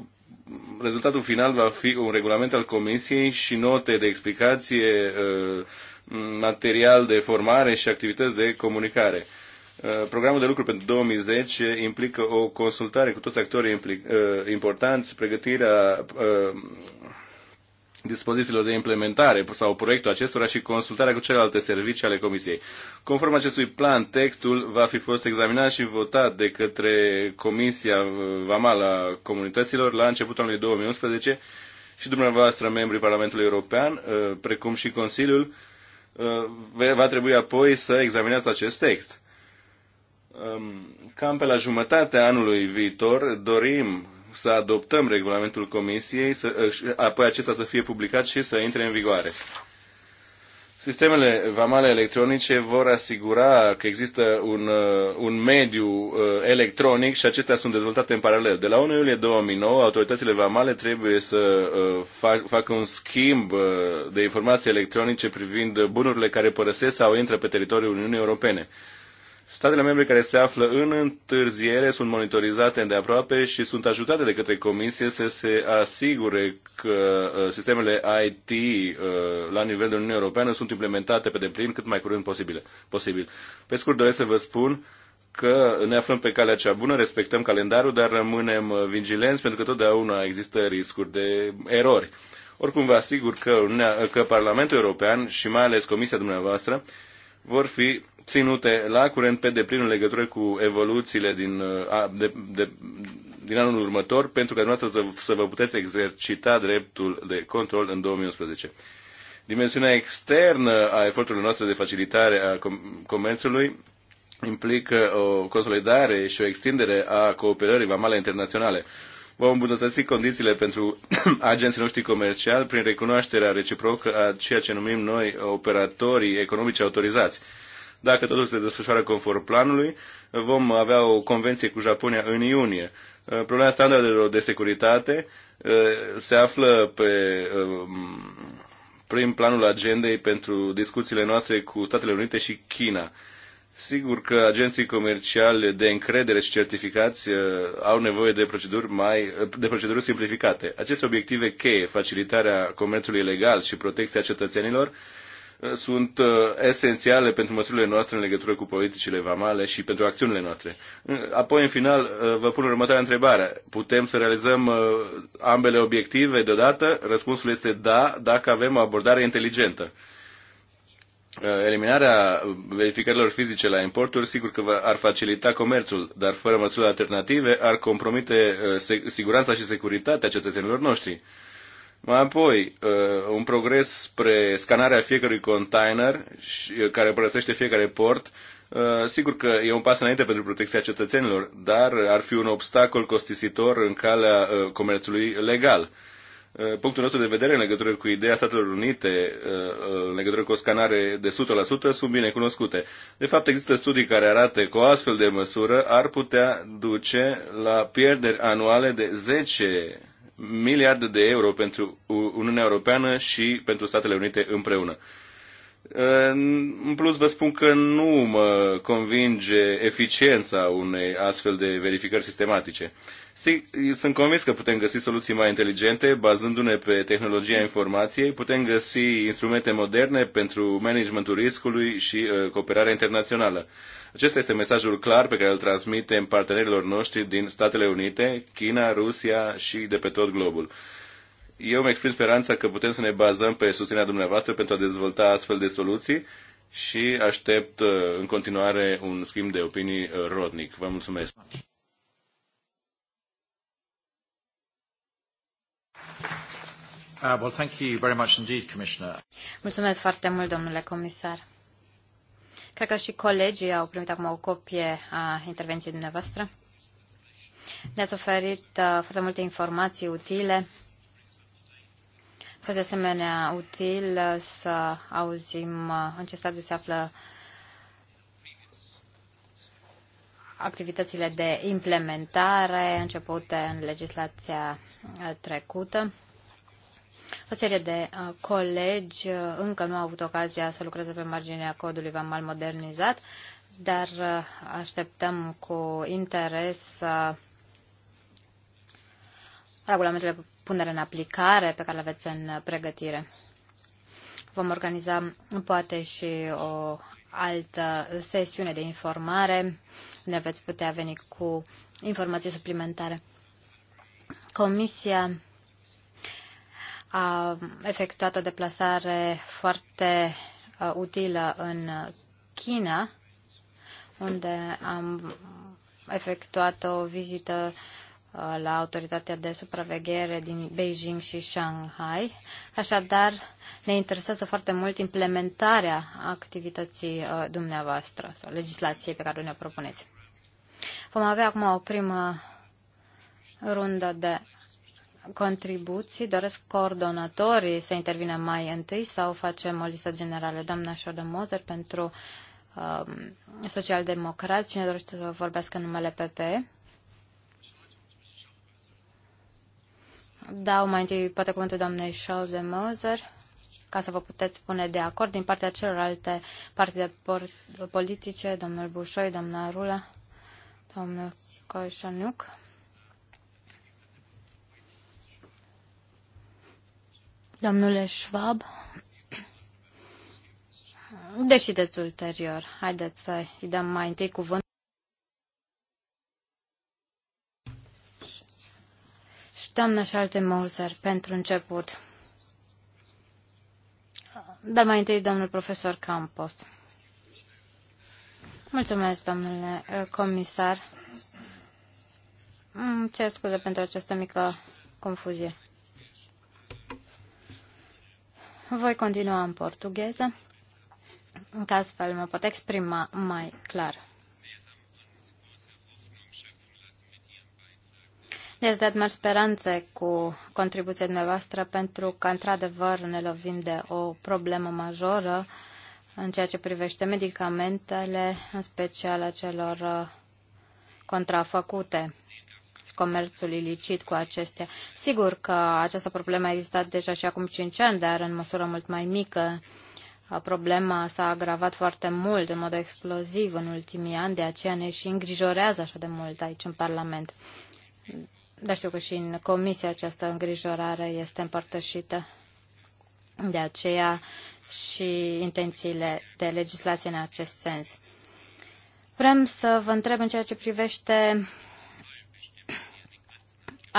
B: rezultatul final va fi un regulament al Comisiei și note de explicație uh, material de formare și activități de comunicare. Uh, programul de lucru pentru 2010 implică o consultare cu toți actorii uh, importanți, pregătirea uh, dispozițiilor de implementare sau proiectul acestora și consultarea cu celelalte servicii ale Comisiei. Conform acestui plan, textul va fi fost examinat și votat de către Comisia Vamala Comunităților la începutul anului 2011 și dumneavoastră, membrii Parlamentului European, precum și Consiliul, Uh, va trebui apoi să examinați acest text. Um, cam pe la jumătatea anului viitor dorim să adoptăm regulamentul Comisiei, să, uh, apoi acesta să fie publicat și să intre în vigoare. Sistemele vamale electronice vor asigura că există un, uh, un mediu uh, electronic și acestea sunt dezvoltate în paralel. De la 1 iulie 2009, autoritățile vamale trebuie să uh, fac, facă un schimb de informații electronice privind bunurile care părăsesc sau intră pe teritoriul Uniunii Europene. Statele membre care se află în întârziere sunt monitorizate îndeaproape și sunt ajutate de către Comisie să se asigure că uh, sistemele IT uh, la nivel de Uniunea Europeană sunt implementate pe deplin cât mai curând posibil. posibil. Pe scurt, doresc să vă spun că ne aflăm pe calea cea bună, respectăm calendarul, dar rămânem uh, vigilenți pentru că totdeauna există riscuri de erori. Oricum vă asigur că, că Parlamentul European și mai ales Comisia dumneavoastră vor fi ținute la curent pe deplin în legătură cu evoluțiile din, uh, de, de, din anul următor, pentru că dumneavoastră să, să vă puteți exercita dreptul de control în 2011. Dimensiunea externă a eforturilor noastre de facilitare a com- comerțului implică o consolidare și o extindere a cooperării vamale internaționale. Vom îmbunătăți condițiile pentru agenții noștri comerciali prin recunoașterea reciprocă a ceea ce numim noi operatorii economici autorizați. Dacă totul se desfășoară conform planului, vom avea o convenție cu Japonia în iunie. Eh, problema standardelor de securitate eh, se află pe eh, prim planul agendei pentru discuțiile noastre cu Statele Unite și China. Sigur că agenții comerciali de încredere și certificați uh, au nevoie de proceduri, mai, uh, de proceduri simplificate. Aceste obiective cheie, facilitarea comerțului legal și protecția cetățenilor, uh, sunt esențiale pentru măsurile noastre în legătură cu politicile vamale și pentru acțiunile noastre. Apoi, în final, vă pun următoarea întrebare. Putem să realizăm ambele obiective deodată? Răspunsul este da, dacă avem o abordare inteligentă. Uh, eliminarea uh, verificărilor fizice la importuri, sigur că ar facilita comerțul, dar fără măsuri alternative ar compromite uh, siguranța și securitatea cetățenilor noștri. Mai apoi, un progres spre scanarea fiecărui container care părăsește fiecare port, sigur că e un pas înainte pentru protecția cetățenilor, dar ar fi un obstacol costisitor în calea comerțului legal. Eh, punctul nostru de vedere în legătură cu ideea Statelor Unite, eh, în legătură cu o scanare de 100%, sunt bine cunoscute. De fapt, există studii care arată că o astfel de măsură ar putea duce la pierderi anuale de 10 miliarde de euro pentru Uniunea Europeană și pentru Statele Unite împreună. Eh, în plus, vă spun că nu mă convinge eficiența unei astfel de verificări sistematice. Sunt convins că putem găsi soluții mai inteligente, bazându-ne pe tehnologia informației, putem găsi instrumente moderne pentru managementul riscului și uh, cooperarea internațională. Acesta este mesajul clar pe care îl transmitem partenerilor noștri din Statele Unite, China, Rusia și de pe tot globul. Eu îmi exprim speranța că putem să ne bazăm pe susținerea dumneavoastră pentru a dezvolta astfel de soluții și aștept uh, în continuare un schimb de opinii uh, rodnic. Vă mulțumesc!
A: Uh, well, thank you very much indeed, Commissioner.
C: Mulțumesc foarte mult, domnule comisar. Cred că și colegii au primit acum o copie a intervenției dumneavoastră. Ne-ați oferit uh, foarte multe informații utile. A fost de asemenea util uh, să auzim uh, în ce stadiu se află activitățile de implementare începute în legislația trecută. O serie de uh, colegi uh, încă nu au avut ocazia să lucreze pe marginea codului VAMAL modernizat, dar uh, așteptăm cu interes regulamentul punere în aplicare pe care le aveți în pregătire. Vom organiza poate și o altă sesiune de informare. Ne veți putea veni cu informații suplimentare. Comisia a efectuat o deplasare foarte uh, utilă în China, unde am efectuat o vizită uh, la autoritatea de supraveghere din Beijing și Shanghai. Așadar, ne interesează foarte mult implementarea activității uh, dumneavoastră sau legislației pe care ne-o propuneți. Vom avea acum o primă rundă de contribuții. Doresc coordonatorii să intervină mai întâi sau facem o listă generală? Doamna Mozer pentru um, socialdemocrați. Cine dorește să vorbească în numele PP? Dau mai întâi poate cuvântul doamnei Mozer ca să vă puteți pune de acord din partea celorlalte partide politice, domnul Bușoi, doamna Rula, domnul Coșaniuc. Domnule Schwab, Deșideți ulterior. Haideți să-i dăm mai întâi cuvânt. Și și alte Moser, pentru început. Dar mai întâi domnul profesor Campos. Mulțumesc, domnule uh, comisar. Îmi cer scuze pentru această mică confuzie. Voi continua în portugheză, în caz fel, mă pot exprima mai clar. Deci, dat mari speranțe cu contribuția dumneavoastră pentru că, într-adevăr, ne lovim de o problemă majoră în ceea ce privește medicamentele, în special a celor uh, contrafăcute comerțul ilicit cu acestea. Sigur că această problemă a existat deja și acum 5 ani, dar în măsură mult mai mică. Problema s-a agravat foarte mult, în mod exploziv, în ultimii ani, de aceea ne și îngrijorează așa de mult aici în Parlament. Dar știu că și în comisie această îngrijorare este împărtășită. De aceea și intențiile de legislație în acest sens. Vrem să vă întreb în ceea ce privește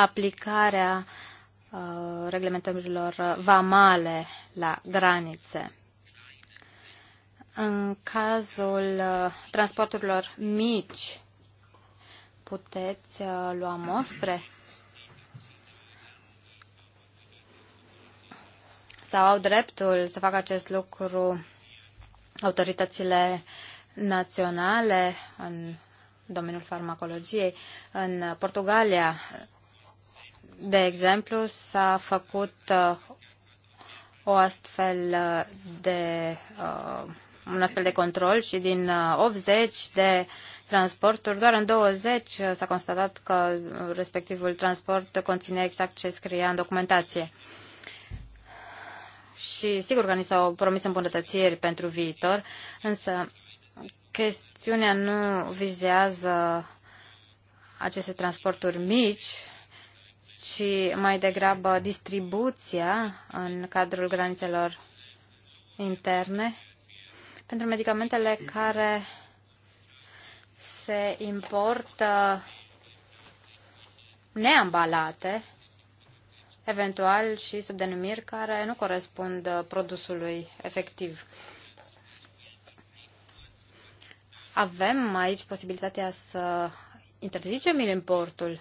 C: aplicarea uh, reglementărilor vamale la granițe. În cazul uh, transporturilor mici, puteți uh, lua mostre sau au dreptul să facă acest lucru autoritățile naționale în domeniul farmacologiei. În Portugalia de exemplu, s-a făcut uh, o astfel uh, de, uh, un astfel de control și din 80 de transporturi, doar în 20 s-a constatat că respectivul transport conține exact ce scria în documentație. Și sigur că ni s-au promis îmbunătățiri pentru viitor, însă chestiunea nu vizează aceste transporturi mici, ci mai degrabă distribuția în cadrul granițelor interne pentru medicamentele care se importă neambalate, eventual și sub denumiri care nu corespund produsului efectiv. Avem aici posibilitatea să interzicem importul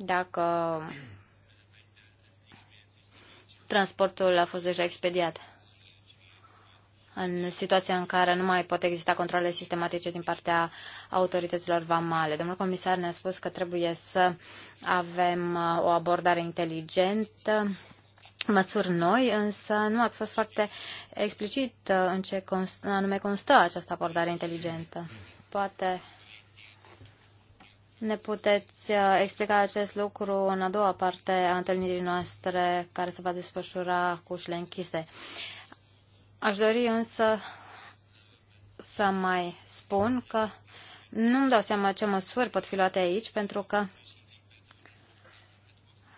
C: dacă transportul a fost deja expediat în situația în care nu mai pot exista controle sistematice din partea autorităților vamale. Domnul comisar ne-a spus că trebuie să avem uh, o abordare inteligentă, măsuri noi, însă nu ați fost foarte explicit uh, în ce anume constă această abordare inteligentă. Poate ne puteți uh, explica acest lucru în a doua parte a întâlnirii noastre care se va desfășura cu ușile închise. Aș dori însă să mai spun că nu-mi dau seama ce măsuri pot fi luate aici, pentru că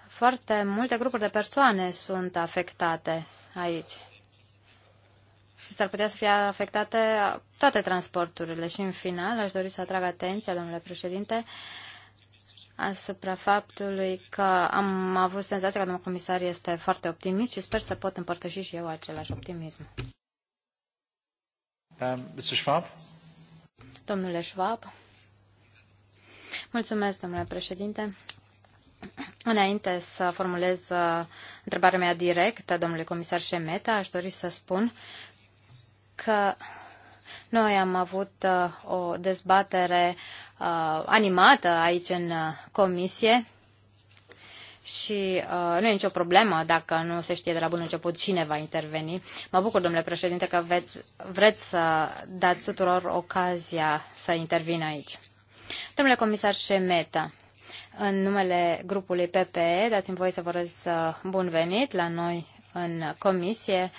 C: foarte multe grupuri de persoane sunt afectate aici și s-ar putea să fie afectate toate transporturile. Și în final aș dori să atrag atenția, domnule președinte, asupra faptului că am avut senzația că domnul comisar este foarte optimist și sper să pot împărtăși și eu același optimism.
A: Um, Mr. Schwab?
C: Domnule Schwab. Mulțumesc, domnule președinte. Înainte să formulez uh, întrebarea mea directă domnului comisar Șemeta, aș dori să spun că noi am avut uh, o dezbatere uh, animată aici în uh, comisie și uh, nu e nicio problemă dacă nu se știe de la bun început cine va interveni. Mă bucur, domnule președinte, că veți, vreți să dați tuturor ocazia să intervină aici. Domnule comisar Șemeta, în numele grupului PPE, dați-mi voie să vă răz bun venit la noi în comisie. Uh,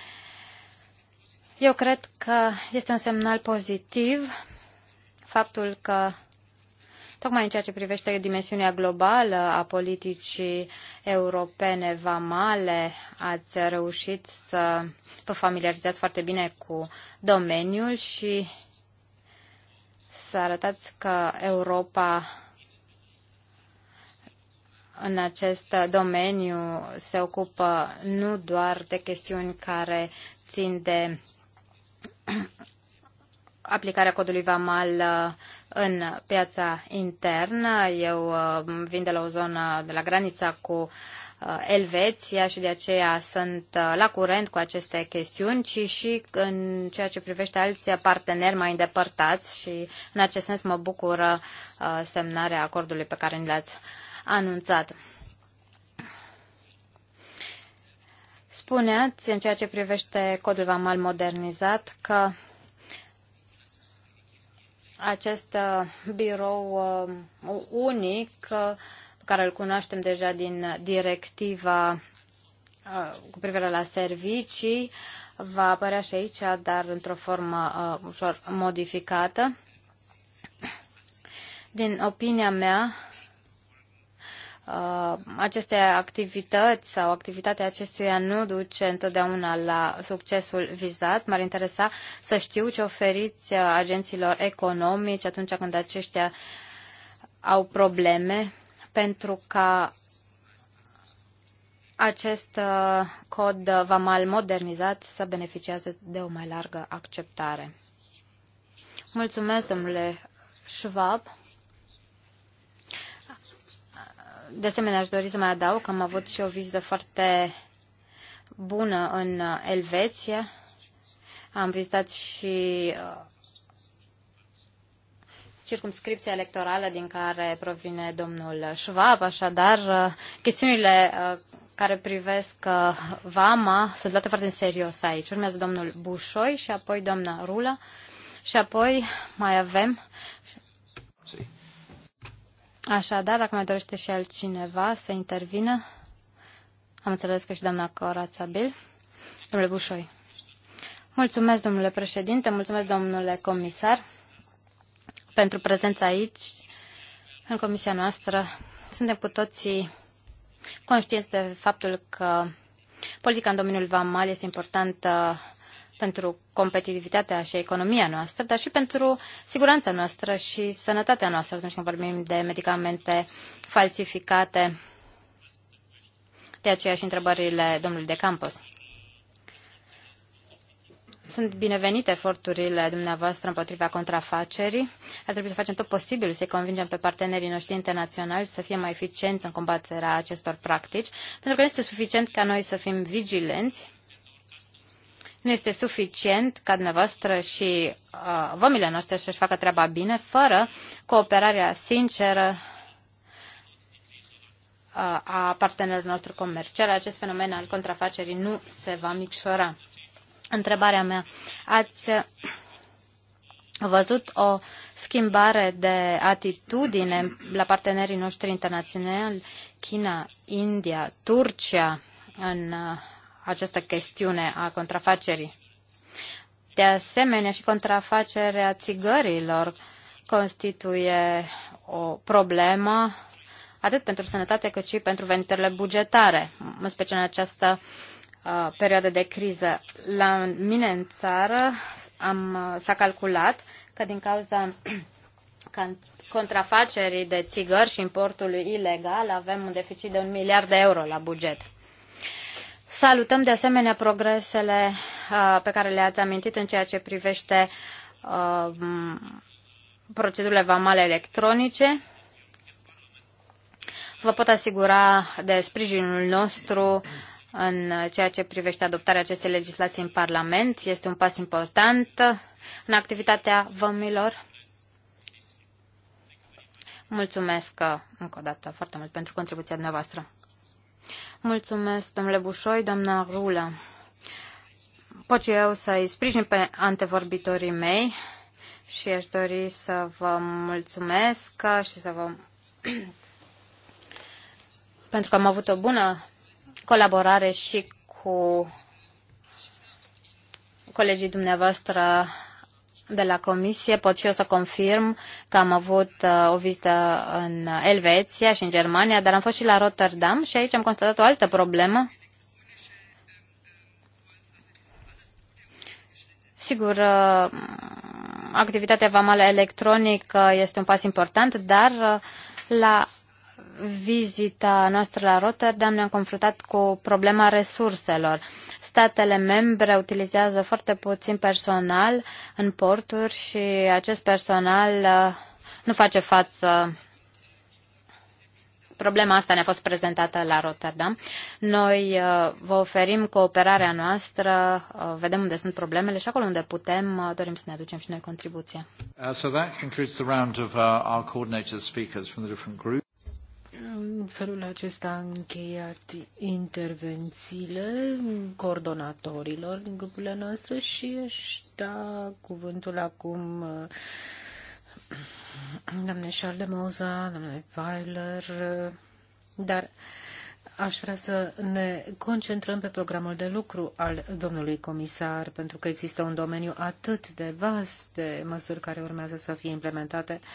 C: eu cred că este un semnal pozitiv faptul că tocmai în ceea ce privește dimensiunea globală a politicii europene vamale, ați reușit să vă familiarizați foarte bine cu domeniul și să arătați că Europa în acest domeniu se ocupă nu doar de chestiuni care țin de aplicarea codului VAMAL uh, în piața internă. Eu uh, vin de la o zonă de la granița cu uh, Elveția și de aceea sunt la curent cu aceste chestiuni, ci și în ceea ce privește alți parteneri mai îndepărtați și în acest sens mă bucură semnarea acordului pe care ni l-ați anunțat. Spuneați, în ceea ce privește codul vamal modernizat, că acest uh, birou uh, unic, pe uh, care îl cunoaștem deja din directiva cu privire la servicii, va apărea și aici, dar într-o formă ușor modificată. Din opinia mea, Uh, aceste activități sau activitatea acestuia nu duce întotdeauna la succesul vizat. M-ar interesa să știu ce oferiți uh, agenților economici atunci când aceștia au probleme pentru ca acest uh, cod vamal modernizat să beneficieze de o mai largă acceptare. Mulțumesc, domnule Schwab. De asemenea, aș dori să mai adaug că am avut și o vizită foarte bună în uh, Elveția. Am vizitat și uh, circumscripția electorală din care provine domnul Schwab, așadar uh, chestiunile care privesc vama sunt luate foarte în serios aici. Urmează domnul Bușoi și apoi doamna Rula și apoi mai avem Așadar, dacă mai dorește și altcineva să intervină, am înțeles că și doamna Corața Bil. Domnule Bușoi. Mulțumesc, domnule președinte, mulțumesc, domnule comisar, pentru prezența aici, în comisia noastră. Suntem cu toții conștienți de faptul că politica în domeniul VAMAL este importantă pentru competitivitatea și economia noastră, dar și pentru siguranța noastră și sănătatea noastră atunci când vorbim de medicamente falsificate. De aceea și întrebările domnului de Campos. Sunt binevenite eforturile dumneavoastră împotriva contrafacerii. Ar trebui să facem tot posibilul să-i convingem pe partenerii noștri internaționali să fie mai eficienți în combaterea acestor practici, pentru că nu este suficient ca noi să fim vigilenți nu este suficient ca dumneavoastră și uh, vămile noastre să-și facă treaba bine fără cooperarea sinceră uh, a partenerilor nostru comercial. Acest fenomen al contrafacerii nu se va micșora. Întrebarea mea, ați văzut o schimbare de atitudine la partenerii noștri internaționali, China, India, Turcia, în uh, această chestiune a contrafacerii. De asemenea, și contrafacerea țigărilor constituie o problemă atât pentru sănătate cât și pentru veniturile bugetare, în special în această uh, perioadă de criză. La mine în țară am, uh, s-a calculat că din cauza contrafacerii de țigări și importului ilegal avem un deficit de un miliard de euro la buget. Salutăm de asemenea progresele uh, pe care le-ați amintit în ceea ce privește uh, procedurile vamale electronice. Vă pot asigura de sprijinul nostru în ceea ce privește adoptarea acestei legislații în Parlament. Este un pas important în activitatea vămilor. Mulțumesc uh, încă o dată foarte mult pentru contribuția dumneavoastră. Mulțumesc, domnule Bușoi, doamna Rulă. Pot și eu să-i sprijin pe antevorbitorii mei și aș dori să vă mulțumesc și să vă... pentru că am avut o bună colaborare și cu colegii dumneavoastră de la comisie pot și eu să confirm că am avut uh, o vizită în uh, Elveția și în Germania, dar am fost și la Rotterdam și aici am constatat o altă problemă. Sigur, uh, activitatea vamală electronică este un pas important, dar la vizita noastră la Rotterdam ne-am confruntat cu problema resurselor. Statele membre utilizează foarte puțin personal în porturi și acest personal uh, nu face față problema asta ne-a fost prezentată la Rotterdam. Noi uh, vă oferim cooperarea noastră, uh, vedem unde sunt problemele și acolo unde putem, dorim să ne aducem și noi contribuția.
A: Uh, so that concludes the round of our coordinated speakers from the different groups.
C: În felul acesta am încheiat
D: intervențiile coordonatorilor din grupurile noastre și își da cuvântul acum uh, doamne Charles Moza, doamne Weiler, uh, dar aș vrea să ne concentrăm pe programul de lucru al domnului comisar, pentru că există un domeniu atât de vast de măsuri care urmează să fie implementate uh,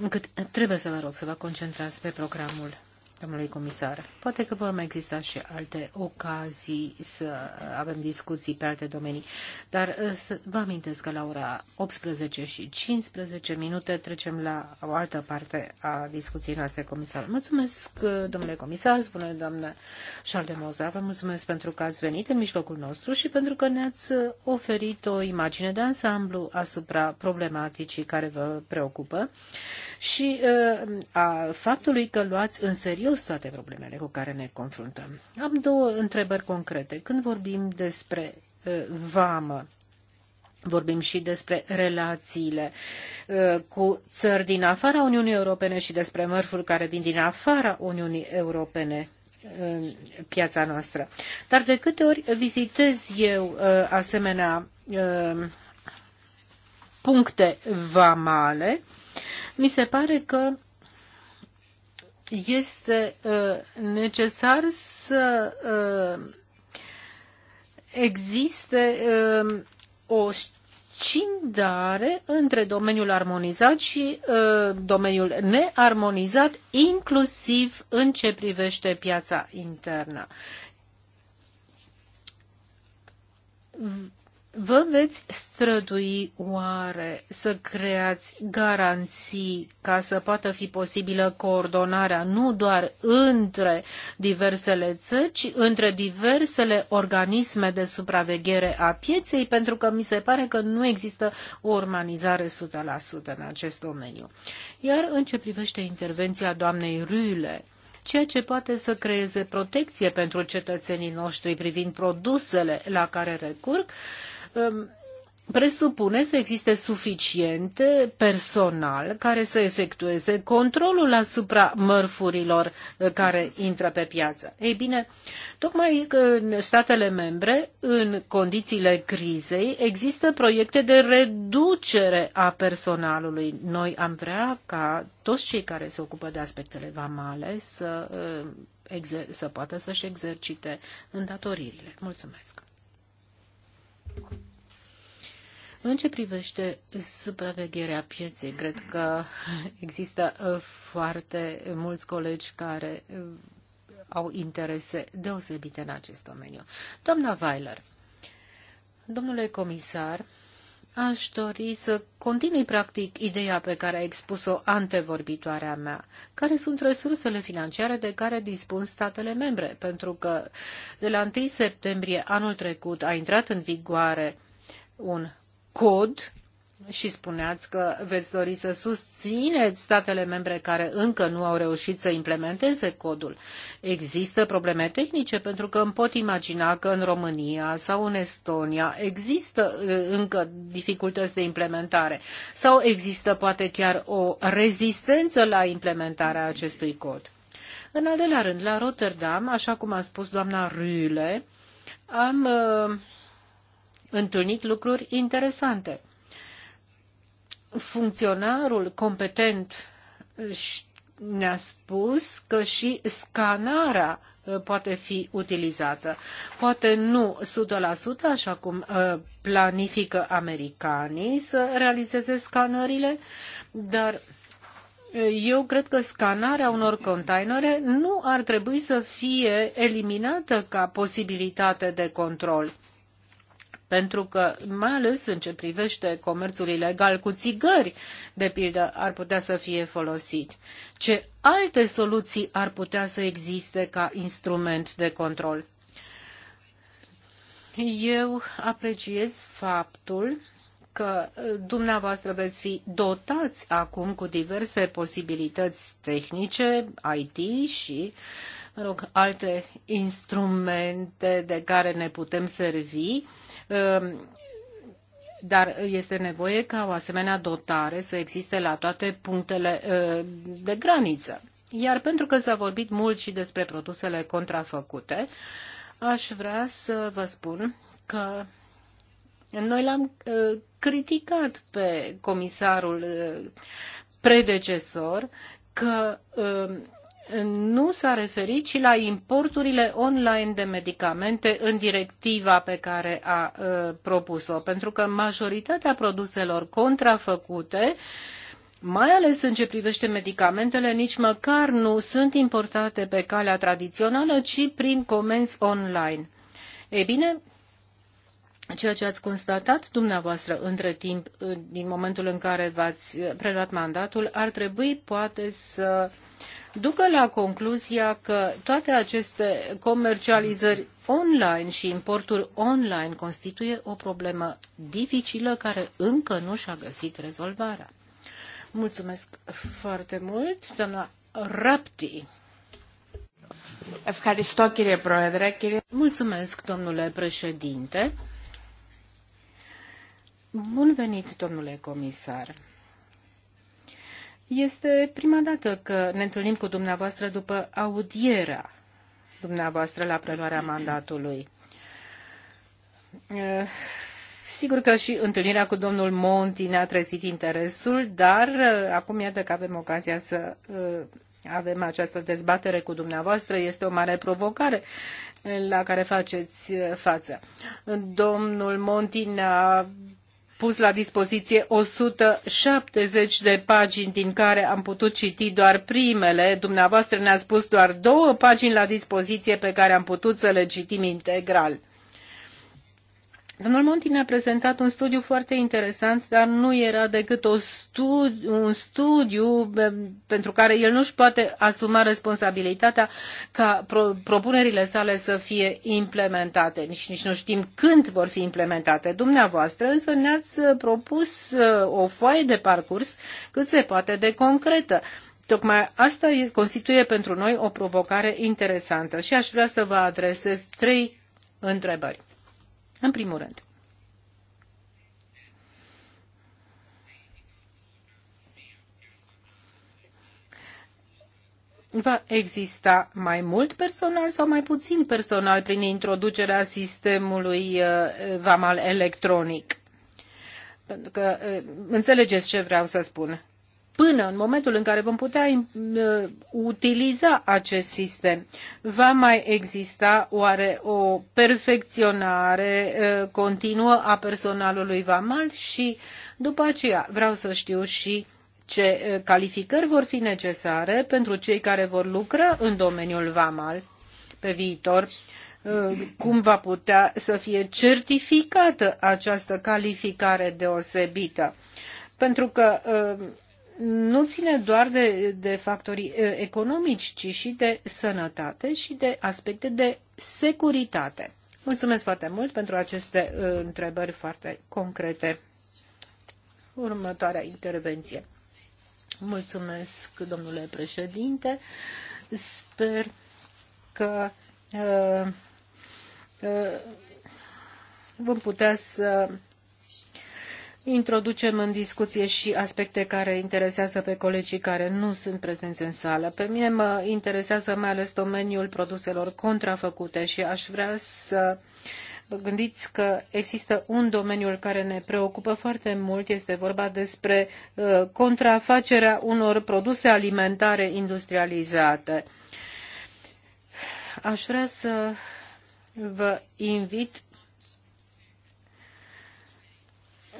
D: încât trebuie să vă rog să vă concentrați pe programul domnului comisar. Poate că vor mai exista și alte ocazii să avem discuții pe alte domenii, dar uh, să vă amintesc că la ora 18 și 15 minute trecem la o altă parte a discuției noastre, comisar. Mulțumesc, uh, domnule comisar, spune doamna Șaldemoza, vă mulțumesc pentru că ați venit în mijlocul nostru și pentru că ne-ați uh, oferit o imagine de ansamblu asupra problematicii care vă preocupă și a faptului că luați în serios serios toate problemele cu care ne confruntăm. Am două întrebări concrete. Când vorbim despre uh, vamă, Vorbim și despre relațiile uh, cu țări din afara Uniunii Europene și despre mărfuri care vin din afara Uniunii Europene în piața noastră. Dar de câte ori vizitez eu uh, asemenea uh, puncte vamale, mi se pare că este uh, necesar să uh, existe um, o scindare între domeniul armonizat și uh, domeniul nearmonizat, inclusiv în ce privește piața internă Vă veți strădui oare să creați garanții ca să poată fi posibilă coordonarea nu doar între diversele țări, ci între diversele organisme de supraveghere a pieței, pentru că mi se pare că nu există o urbanizare 100% în acest domeniu. Iar în ce privește intervenția doamnei Rüle, ceea ce poate să creeze protecție pentru cetățenii noștri privind produsele la care recurg, presupune să existe suficient personal care să efectueze controlul asupra mărfurilor uh, care intră pe piață. Ei bine, tocmai în statele membre, în condițiile crizei, există proiecte de reducere a personalului. Noi am vrea ca toți cei care se ocupă de aspectele vamale să, uh, să poată să-și exercite îndatoririle. Mulțumesc! În ce privește supravegherea pieței, cred că există uh, foarte mulți colegi care uh, au interese deosebite în acest domeniu. Doamna Weiler, domnule comisar, Aș dori să continui practic ideea pe care a expus-o antevorbitoarea mea. Care sunt resursele financiare de care dispun statele membre? Pentru că de la 1 septembrie anul trecut a intrat în vigoare un cod și spuneați că veți dori să susțineți statele membre care încă nu au reușit să implementeze codul. Există probleme tehnice pentru că îmi pot imagina că în România sau în Estonia există încă dificultăți de implementare sau există poate chiar o rezistență la implementarea acestui cod. În al doilea rând, la Rotterdam, așa cum a spus doamna Rühle, am uh, întâlnit lucruri interesante. Funcționarul competent ne-a spus că și scanarea uh, poate fi utilizată. Poate nu 100%, așa cum uh, planifică americanii să realizeze scanările, dar uh, eu cred că scanarea unor containere nu ar trebui să fie eliminată ca posibilitate de control. Pentru că, mai ales în ce privește comerțul ilegal cu țigări, de pildă, ar putea să fie folosit. Ce alte soluții ar putea să existe ca instrument de control? Eu apreciez faptul că uh, dumneavoastră veți fi dotați acum cu diverse posibilități tehnice, IT și uh, mă rog, alte instrumente de care ne putem servi, um, dar este nevoie ca o asemenea dotare să existe la toate punctele uh, de graniță. Iar pentru că s-a vorbit mult și despre produsele contrafăcute, aș vrea să vă spun că noi l-am uh, criticat pe comisarul uh, predecesor că nu s-a referit și la importurile online de medicamente în directiva pe care a uh, propus-o, pentru că majoritatea produselor contrafăcute mai ales în ce privește medicamentele, nici măcar nu sunt importate pe calea tradițională, ci prin comenzi online. Ei bine, ceea ce ați constatat dumneavoastră între timp, din momentul în care v-ați preluat mandatul, ar trebui poate să uh, ducă la concluzia că toate aceste comercializări online și importuri online constituie o problemă dificilă care încă nu și-a găsit rezolvarea. Mulțumesc foarte mult, doamna Rapti. Mulțumesc, domnule președinte. Bun venit, domnule comisar. Este prima dată că ne întâlnim cu dumneavoastră după audierea dumneavoastră la preluarea mandatului. Eh, sigur că și întâlnirea cu domnul Monti ne-a trezit interesul, dar eh, acum iată că avem ocazia să eh, avem această dezbatere cu dumneavoastră. Este o mare provocare la care faceți față. Domnul Monti ne-a pus la dispoziție 170 de pagini, din care am putut citi doar primele. Dumneavoastră ne-ați pus doar două pagini la dispoziție pe care am putut să le citim integral. Domnul Monti ne-a prezentat un studiu foarte interesant, dar nu era decât o studi- un studiu eh, pentru care el nu-și poate asuma responsabilitatea ca pro- propunerile sale să fie implementate. Nici, nici nu știm când vor fi implementate. Dumneavoastră însă ne-ați propus eh, o foaie de parcurs cât se poate de concretă. Tocmai asta constituie pentru noi o provocare interesantă și aș vrea să vă adresez trei întrebări. În primul rând, va exista mai mult personal sau mai puțin personal prin introducerea sistemului uh, vamal electronic. Pentru că uh, înțelegeți ce vreau să spun până în momentul în care vom putea uh, utiliza acest sistem. Va mai exista oare o perfecționare uh, continuă a personalului VAMAL și după aceea vreau să știu și ce uh, calificări vor fi necesare pentru cei care vor lucra în domeniul VAMAL pe viitor cum va putea să fie certificată această calificare deosebită. Pentru că nu ține doar de, de factorii uh, economici, ci și de sănătate și de aspecte de securitate. Mulțumesc foarte mult pentru aceste uh, întrebări foarte concrete. Următoarea intervenție. Mulțumesc, domnule președinte. Sper că uh, uh, vom putea să introducem în discuție și aspecte care interesează pe colegii care nu sunt prezenți în sală. Pe mine mă interesează mai ales domeniul produselor contrafăcute și aș vrea să vă gândiți că există un domeniu care ne preocupă foarte mult, este vorba despre uh, contrafacerea unor produse alimentare industrializate. Aș vrea să vă invit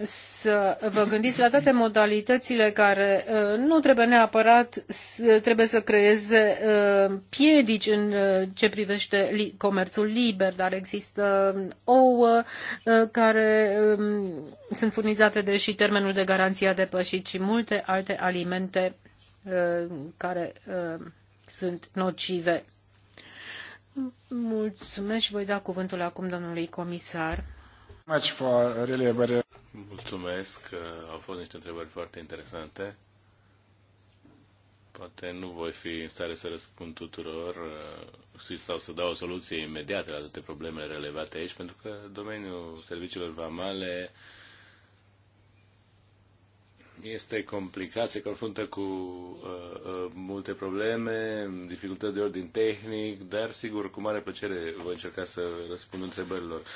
D: să vă gândiți la toate modalitățile care uh, nu trebuie neapărat trebuie să creeze uh, piedici în uh, ce privește comerțul liber, dar există ouă care um, sunt furnizate deși termenul de garanție a depășit și multe alte alimente care sunt nocive. Mulțumesc și voi da cuvântul acum domnului comisar.
B: Mulțumesc, uh, au fost niște întrebări foarte interesante. Poate nu voi fi în stare să răspund tuturor uh, sau să dau o soluție imediată la toate problemele relevate aici, pentru că domeniul serviciilor vamale este complicat, se confruntă cu uh, uh, multe probleme, dificultăți de ordin tehnic, dar sigur, cu mare plăcere voi încerca să răspund întrebărilor. Uh,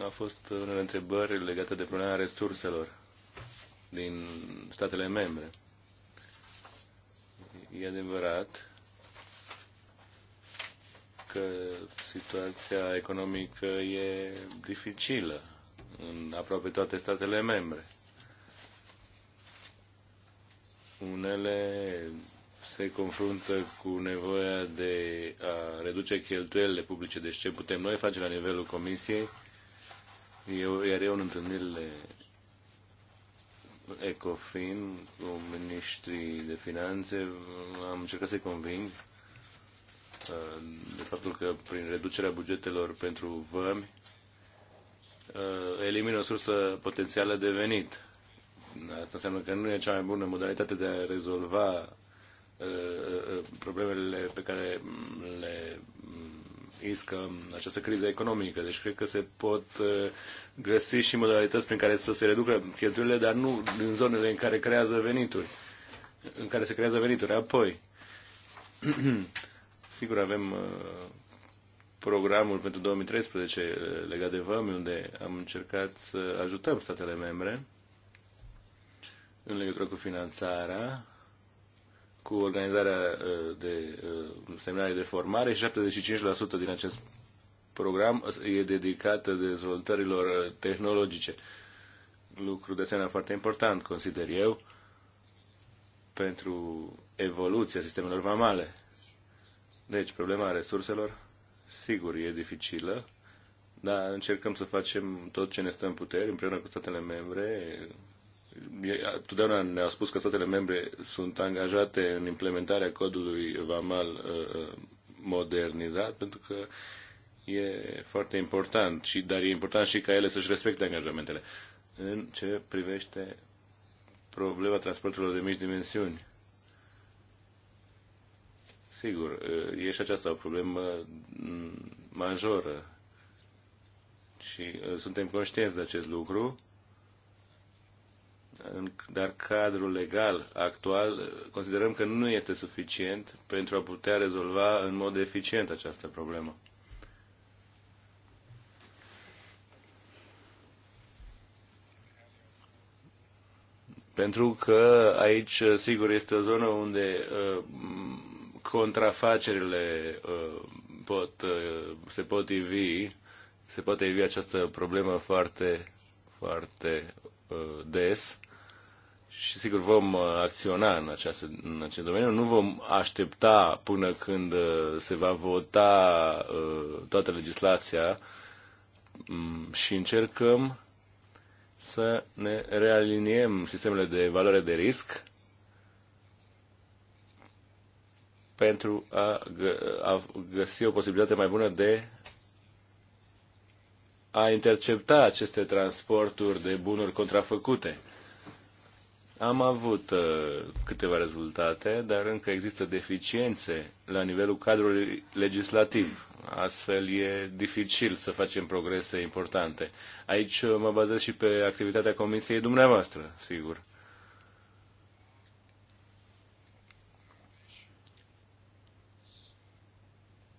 B: a fost unele întrebări legate de problema resurselor din statele membre. E adevărat că situația economică e dificilă în aproape toate statele membre. Unele se confruntă cu nevoia de a reduce cheltuielile publice. Deci ce putem noi face la nivelul Comisiei? Eu, iar eu în întâlnirile ECOFIN cu ministrii de finanțe am încercat să-i conving uh, de faptul că prin reducerea bugetelor pentru vămi uh, elimină o sursă potențială de venit. Asta înseamnă că nu e cea mai bună modalitate de a rezolva Uh, uh, problemele pe care le iscă această criză economică. Deci cred că se pot uh, găsi și modalități prin care să se reducă cheltuielile, dar nu din zonele în care creează venituri, în care se creează venituri. Apoi, sigur avem programul pentru 2013 legat de VAMI, unde am încercat să ajutăm statele membre în legătură cu finanțarea cu organizarea uh, de uh, seminarii de formare și 75% din acest program e dedicată dezvoltărilor uh, tehnologice. Lucru de asemenea foarte important, consider eu, pentru evoluția sistemelor vamale. Deci, problema resurselor, sigur, e dificilă, dar încercăm să facem tot ce ne stă în putere, împreună cu statele membre, totdeauna ne-au spus că statele membre sunt angajate în implementarea codului VAMAL uh, uh, modernizat, pentru că e foarte important, și, dar e important și ca ele să-și respecte angajamentele. În ce privește problema transporturilor de mici dimensiuni. Sigur, uh, e și aceasta o problemă majoră și suntem conștienți de acest lucru dar cadrul legal actual considerăm că nu este suficient pentru a putea rezolva în mod eficient această problemă. Pentru că aici, sigur, este o zonă unde uh, contrafacerile uh, pot, uh, se pot ivi, se poate ivi această problemă foarte, foarte uh, des și sigur vom uh, acționa în, această, în acest domeniu. Nu vom aștepta până când uh, se va vota uh, toată legislația mm, și încercăm să ne realiniem sistemele de valoare de risc pentru a, gă- a găsi o posibilitate mai bună de a intercepta aceste transporturi de bunuri contrafăcute am avut uh, câteva rezultate, dar încă există deficiențe la nivelul cadrului legislativ. Astfel e dificil să facem progrese importante. Aici uh, mă bazez și pe activitatea comisiei dumneavoastră, sigur.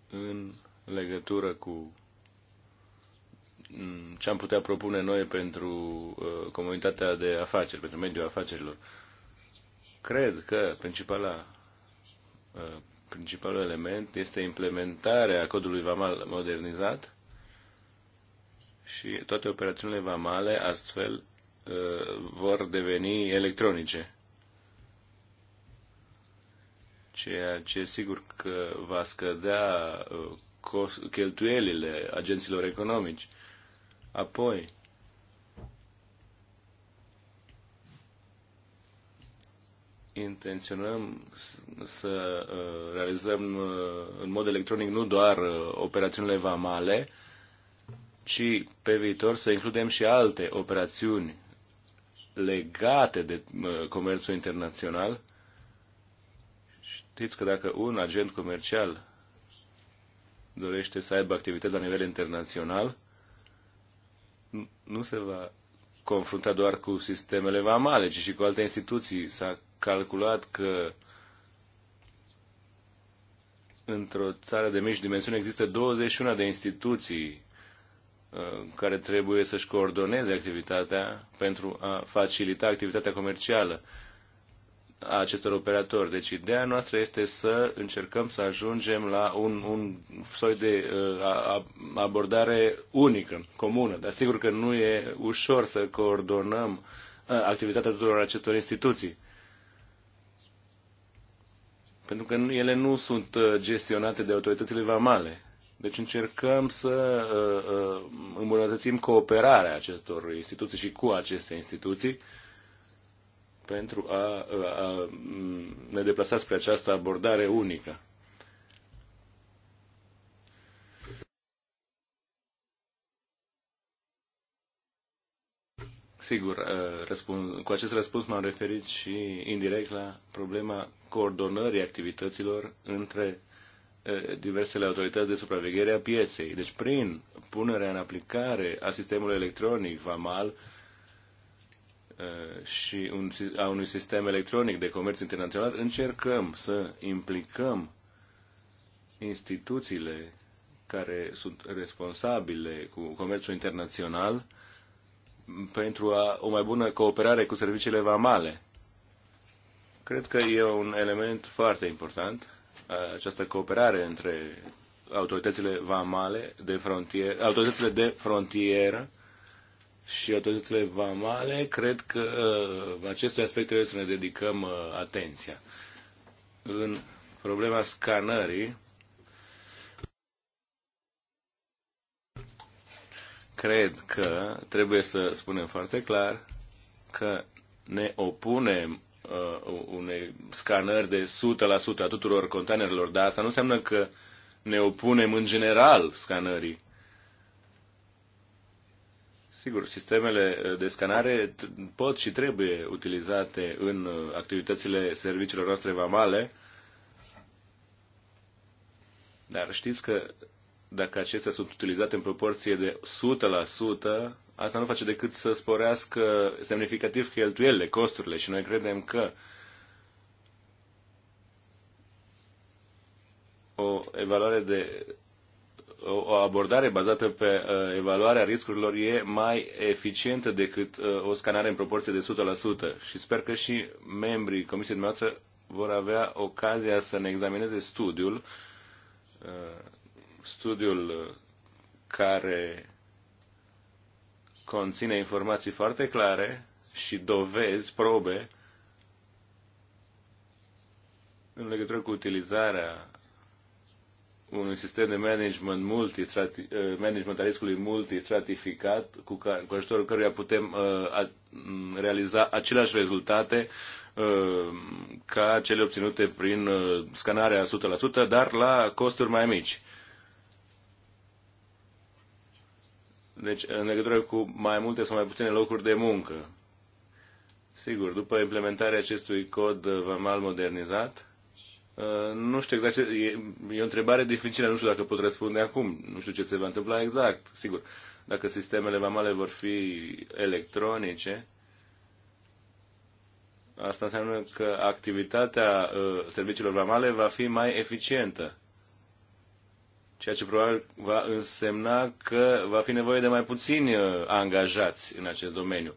B: În legătură cu Mm, ce am putea propune noi pentru uh, comunitatea de afaceri, pentru mediul afacerilor. Cred că principala, uh, principalul element este implementarea codului VAMAL modernizat și toate operațiunile VAMALE astfel uh, vor deveni electronice. Ceea ce sigur că va scădea uh, cheltuielile agenților economici Apoi, intenționăm să uh, realizăm uh, în mod electronic nu doar uh, operațiunile vamale, ci pe viitor să includem și alte operațiuni legate de comerțul internațional. Știți că dacă un agent comercial dorește să aibă activități la nivel internațional, nu se va confrunta doar cu sistemele vamale, ci și cu alte instituții. S-a calculat că într-o țară de mici dimensiuni există 21 de instituții uh, care trebuie să-și coordoneze activitatea pentru a facilita activitatea comercială a acestor operatori. Deci ideea noastră este să încercăm să ajungem la un, un soi de uh, a, abordare unică, comună. Dar sigur că nu e ușor să coordonăm uh, activitatea tuturor acestor instituții. Pentru că ele nu sunt uh, gestionate de autoritățile vamale. Deci încercăm să uh, uh, îmbunătățim cooperarea acestor instituții și cu aceste instituții pentru a, a ne deplasa spre această abordare unică. Sigur, răspuns, cu acest răspuns m-am referit și indirect la problema coordonării activităților între diversele autorități de supraveghere a pieței. Deci, prin punerea în aplicare a sistemului electronic VAMAL, Eh, și un, a unui sistem electronic de comerț internațional, încercăm să implicăm instituțiile care sunt responsabile cu comerțul internațional pentru a, o mai bună cooperare cu serviciile vamale. Cred că e un element foarte important, această cooperare între autoritățile vamale de frontieră, autoritățile de frontieră și autoritățile vamale, cred că uh, în acestui aspect trebuie să ne dedicăm uh, atenția. În problema scanării, cred că trebuie să spunem foarte clar că ne opunem uh, unei scanări de 100% a tuturor containerelor, dar asta nu înseamnă că ne opunem în general scanării. Sigur, sistemele uh, de scanare pot și trebuie utilizate în uh, activitățile serviciilor noastre vamale, dar știți că dacă acestea sunt utilizate în proporție de 100%, asta nu face decât să sporească semnificativ cheltuielile, costurile și noi credem că o evaluare de o abordare bazată pe uh, evaluarea riscurilor e mai eficientă decât uh, o scanare în proporție de 100% și sper că și membrii comisiei dumneavoastră vor avea ocazia să ne examineze studiul, uh, studiul care conține informații foarte clare și dovezi, probe, în legătură cu utilizarea unui sistem de management, multi, eh, management a riscului multistratificat, cu, care, cu ajutorul căruia putem uh, a, realiza aceleași rezultate uh, ca cele obținute prin uh, scanarea 100%, dar la costuri mai mici. Deci, în legătură cu mai multe sau mai puține locuri de muncă. Sigur, după implementarea acestui cod VAMAL modernizat, Uh, nu știu exact ce, e, e o întrebare dificilă, nu știu dacă pot răspunde acum, nu știu ce se va întâmpla exact, sigur. Dacă sistemele vamale vor fi electronice, asta înseamnă că activitatea uh, serviciilor vamale va fi mai eficientă. Ceea ce probabil va însemna că va fi nevoie de mai puțini uh, angajați în acest domeniu.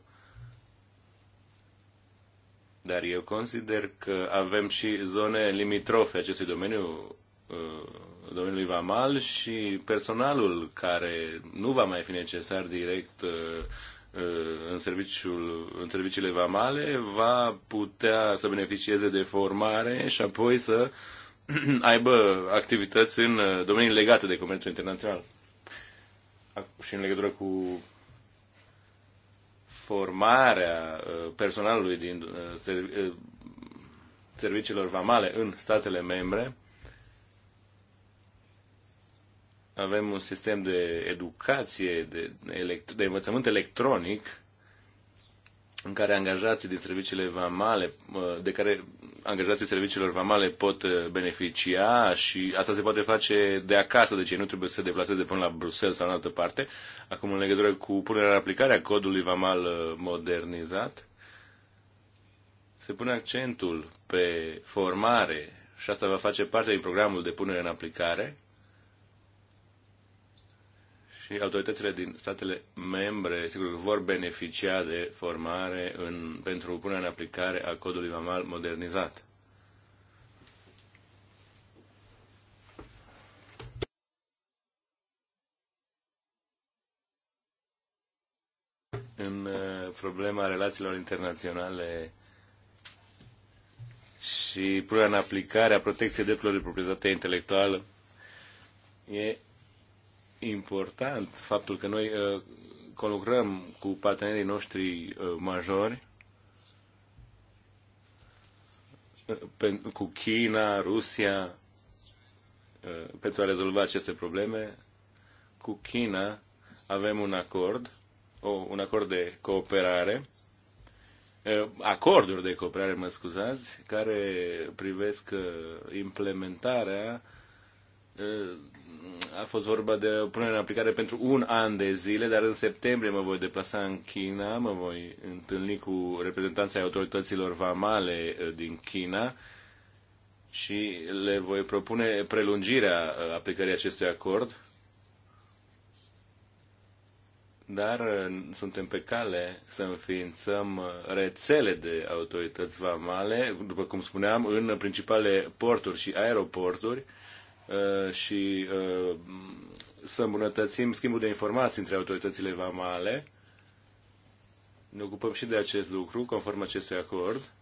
B: Dar eu consider că avem și zone limitrofe acestui domeniu, uh, domeniului Vamal și personalul care nu va mai fi necesar direct uh, uh, în, serviciul, în serviciile Vamale va putea să beneficieze de formare și apoi să aibă activități în domenii legate de comerțul internațional și în legătură cu formarea uh, personalului din uh, uh, serviciilor vamale în statele membre, avem un sistem de educație, de, de, de învățământ electronic, în care angajații din serviciile vamale, de care angajații serviciilor vamale pot uh, beneficia și asta se poate face de acasă, deci ei nu trebuie să se deplaseze până la Bruxelles sau în altă parte. Acum, în legătură cu punerea în aplicare a codului vamal uh, modernizat, se pune accentul pe formare și asta va face parte din programul de punere în aplicare și autoritățile din statele membre, sigur, vor beneficia de formare în, pentru punerea în aplicare a codului vamal modernizat. În uh, problema relațiilor internaționale și punerea în aplicare a protecției drepturilor de proprietate intelectuală, e important faptul că noi uh, colucrăm cu partenerii noștri uh, majori uh, cu China, Rusia, pentru a rezolva aceste probleme. Cu China avem un acord, un acord de cooperare, acorduri de cooperare, mă scuzați, care privesc implementarea Eh, a fost vorba de o punere în aplicare pentru un an de zile, dar în septembrie mă voi deplasa în China, mă voi întâlni cu reprezentanții autorităților vamale eh, din China și le voi propune prelungirea eh, aplicării acestui acord. Dar suntem pe cale să înființăm rețele de autorități vamale, după cum spuneam, în principale porturi și aeroporturi, Uh, și uh, să îmbunătățim schimbul de informații între autoritățile vamale. Ne ocupăm și de acest lucru, conform acestui acord.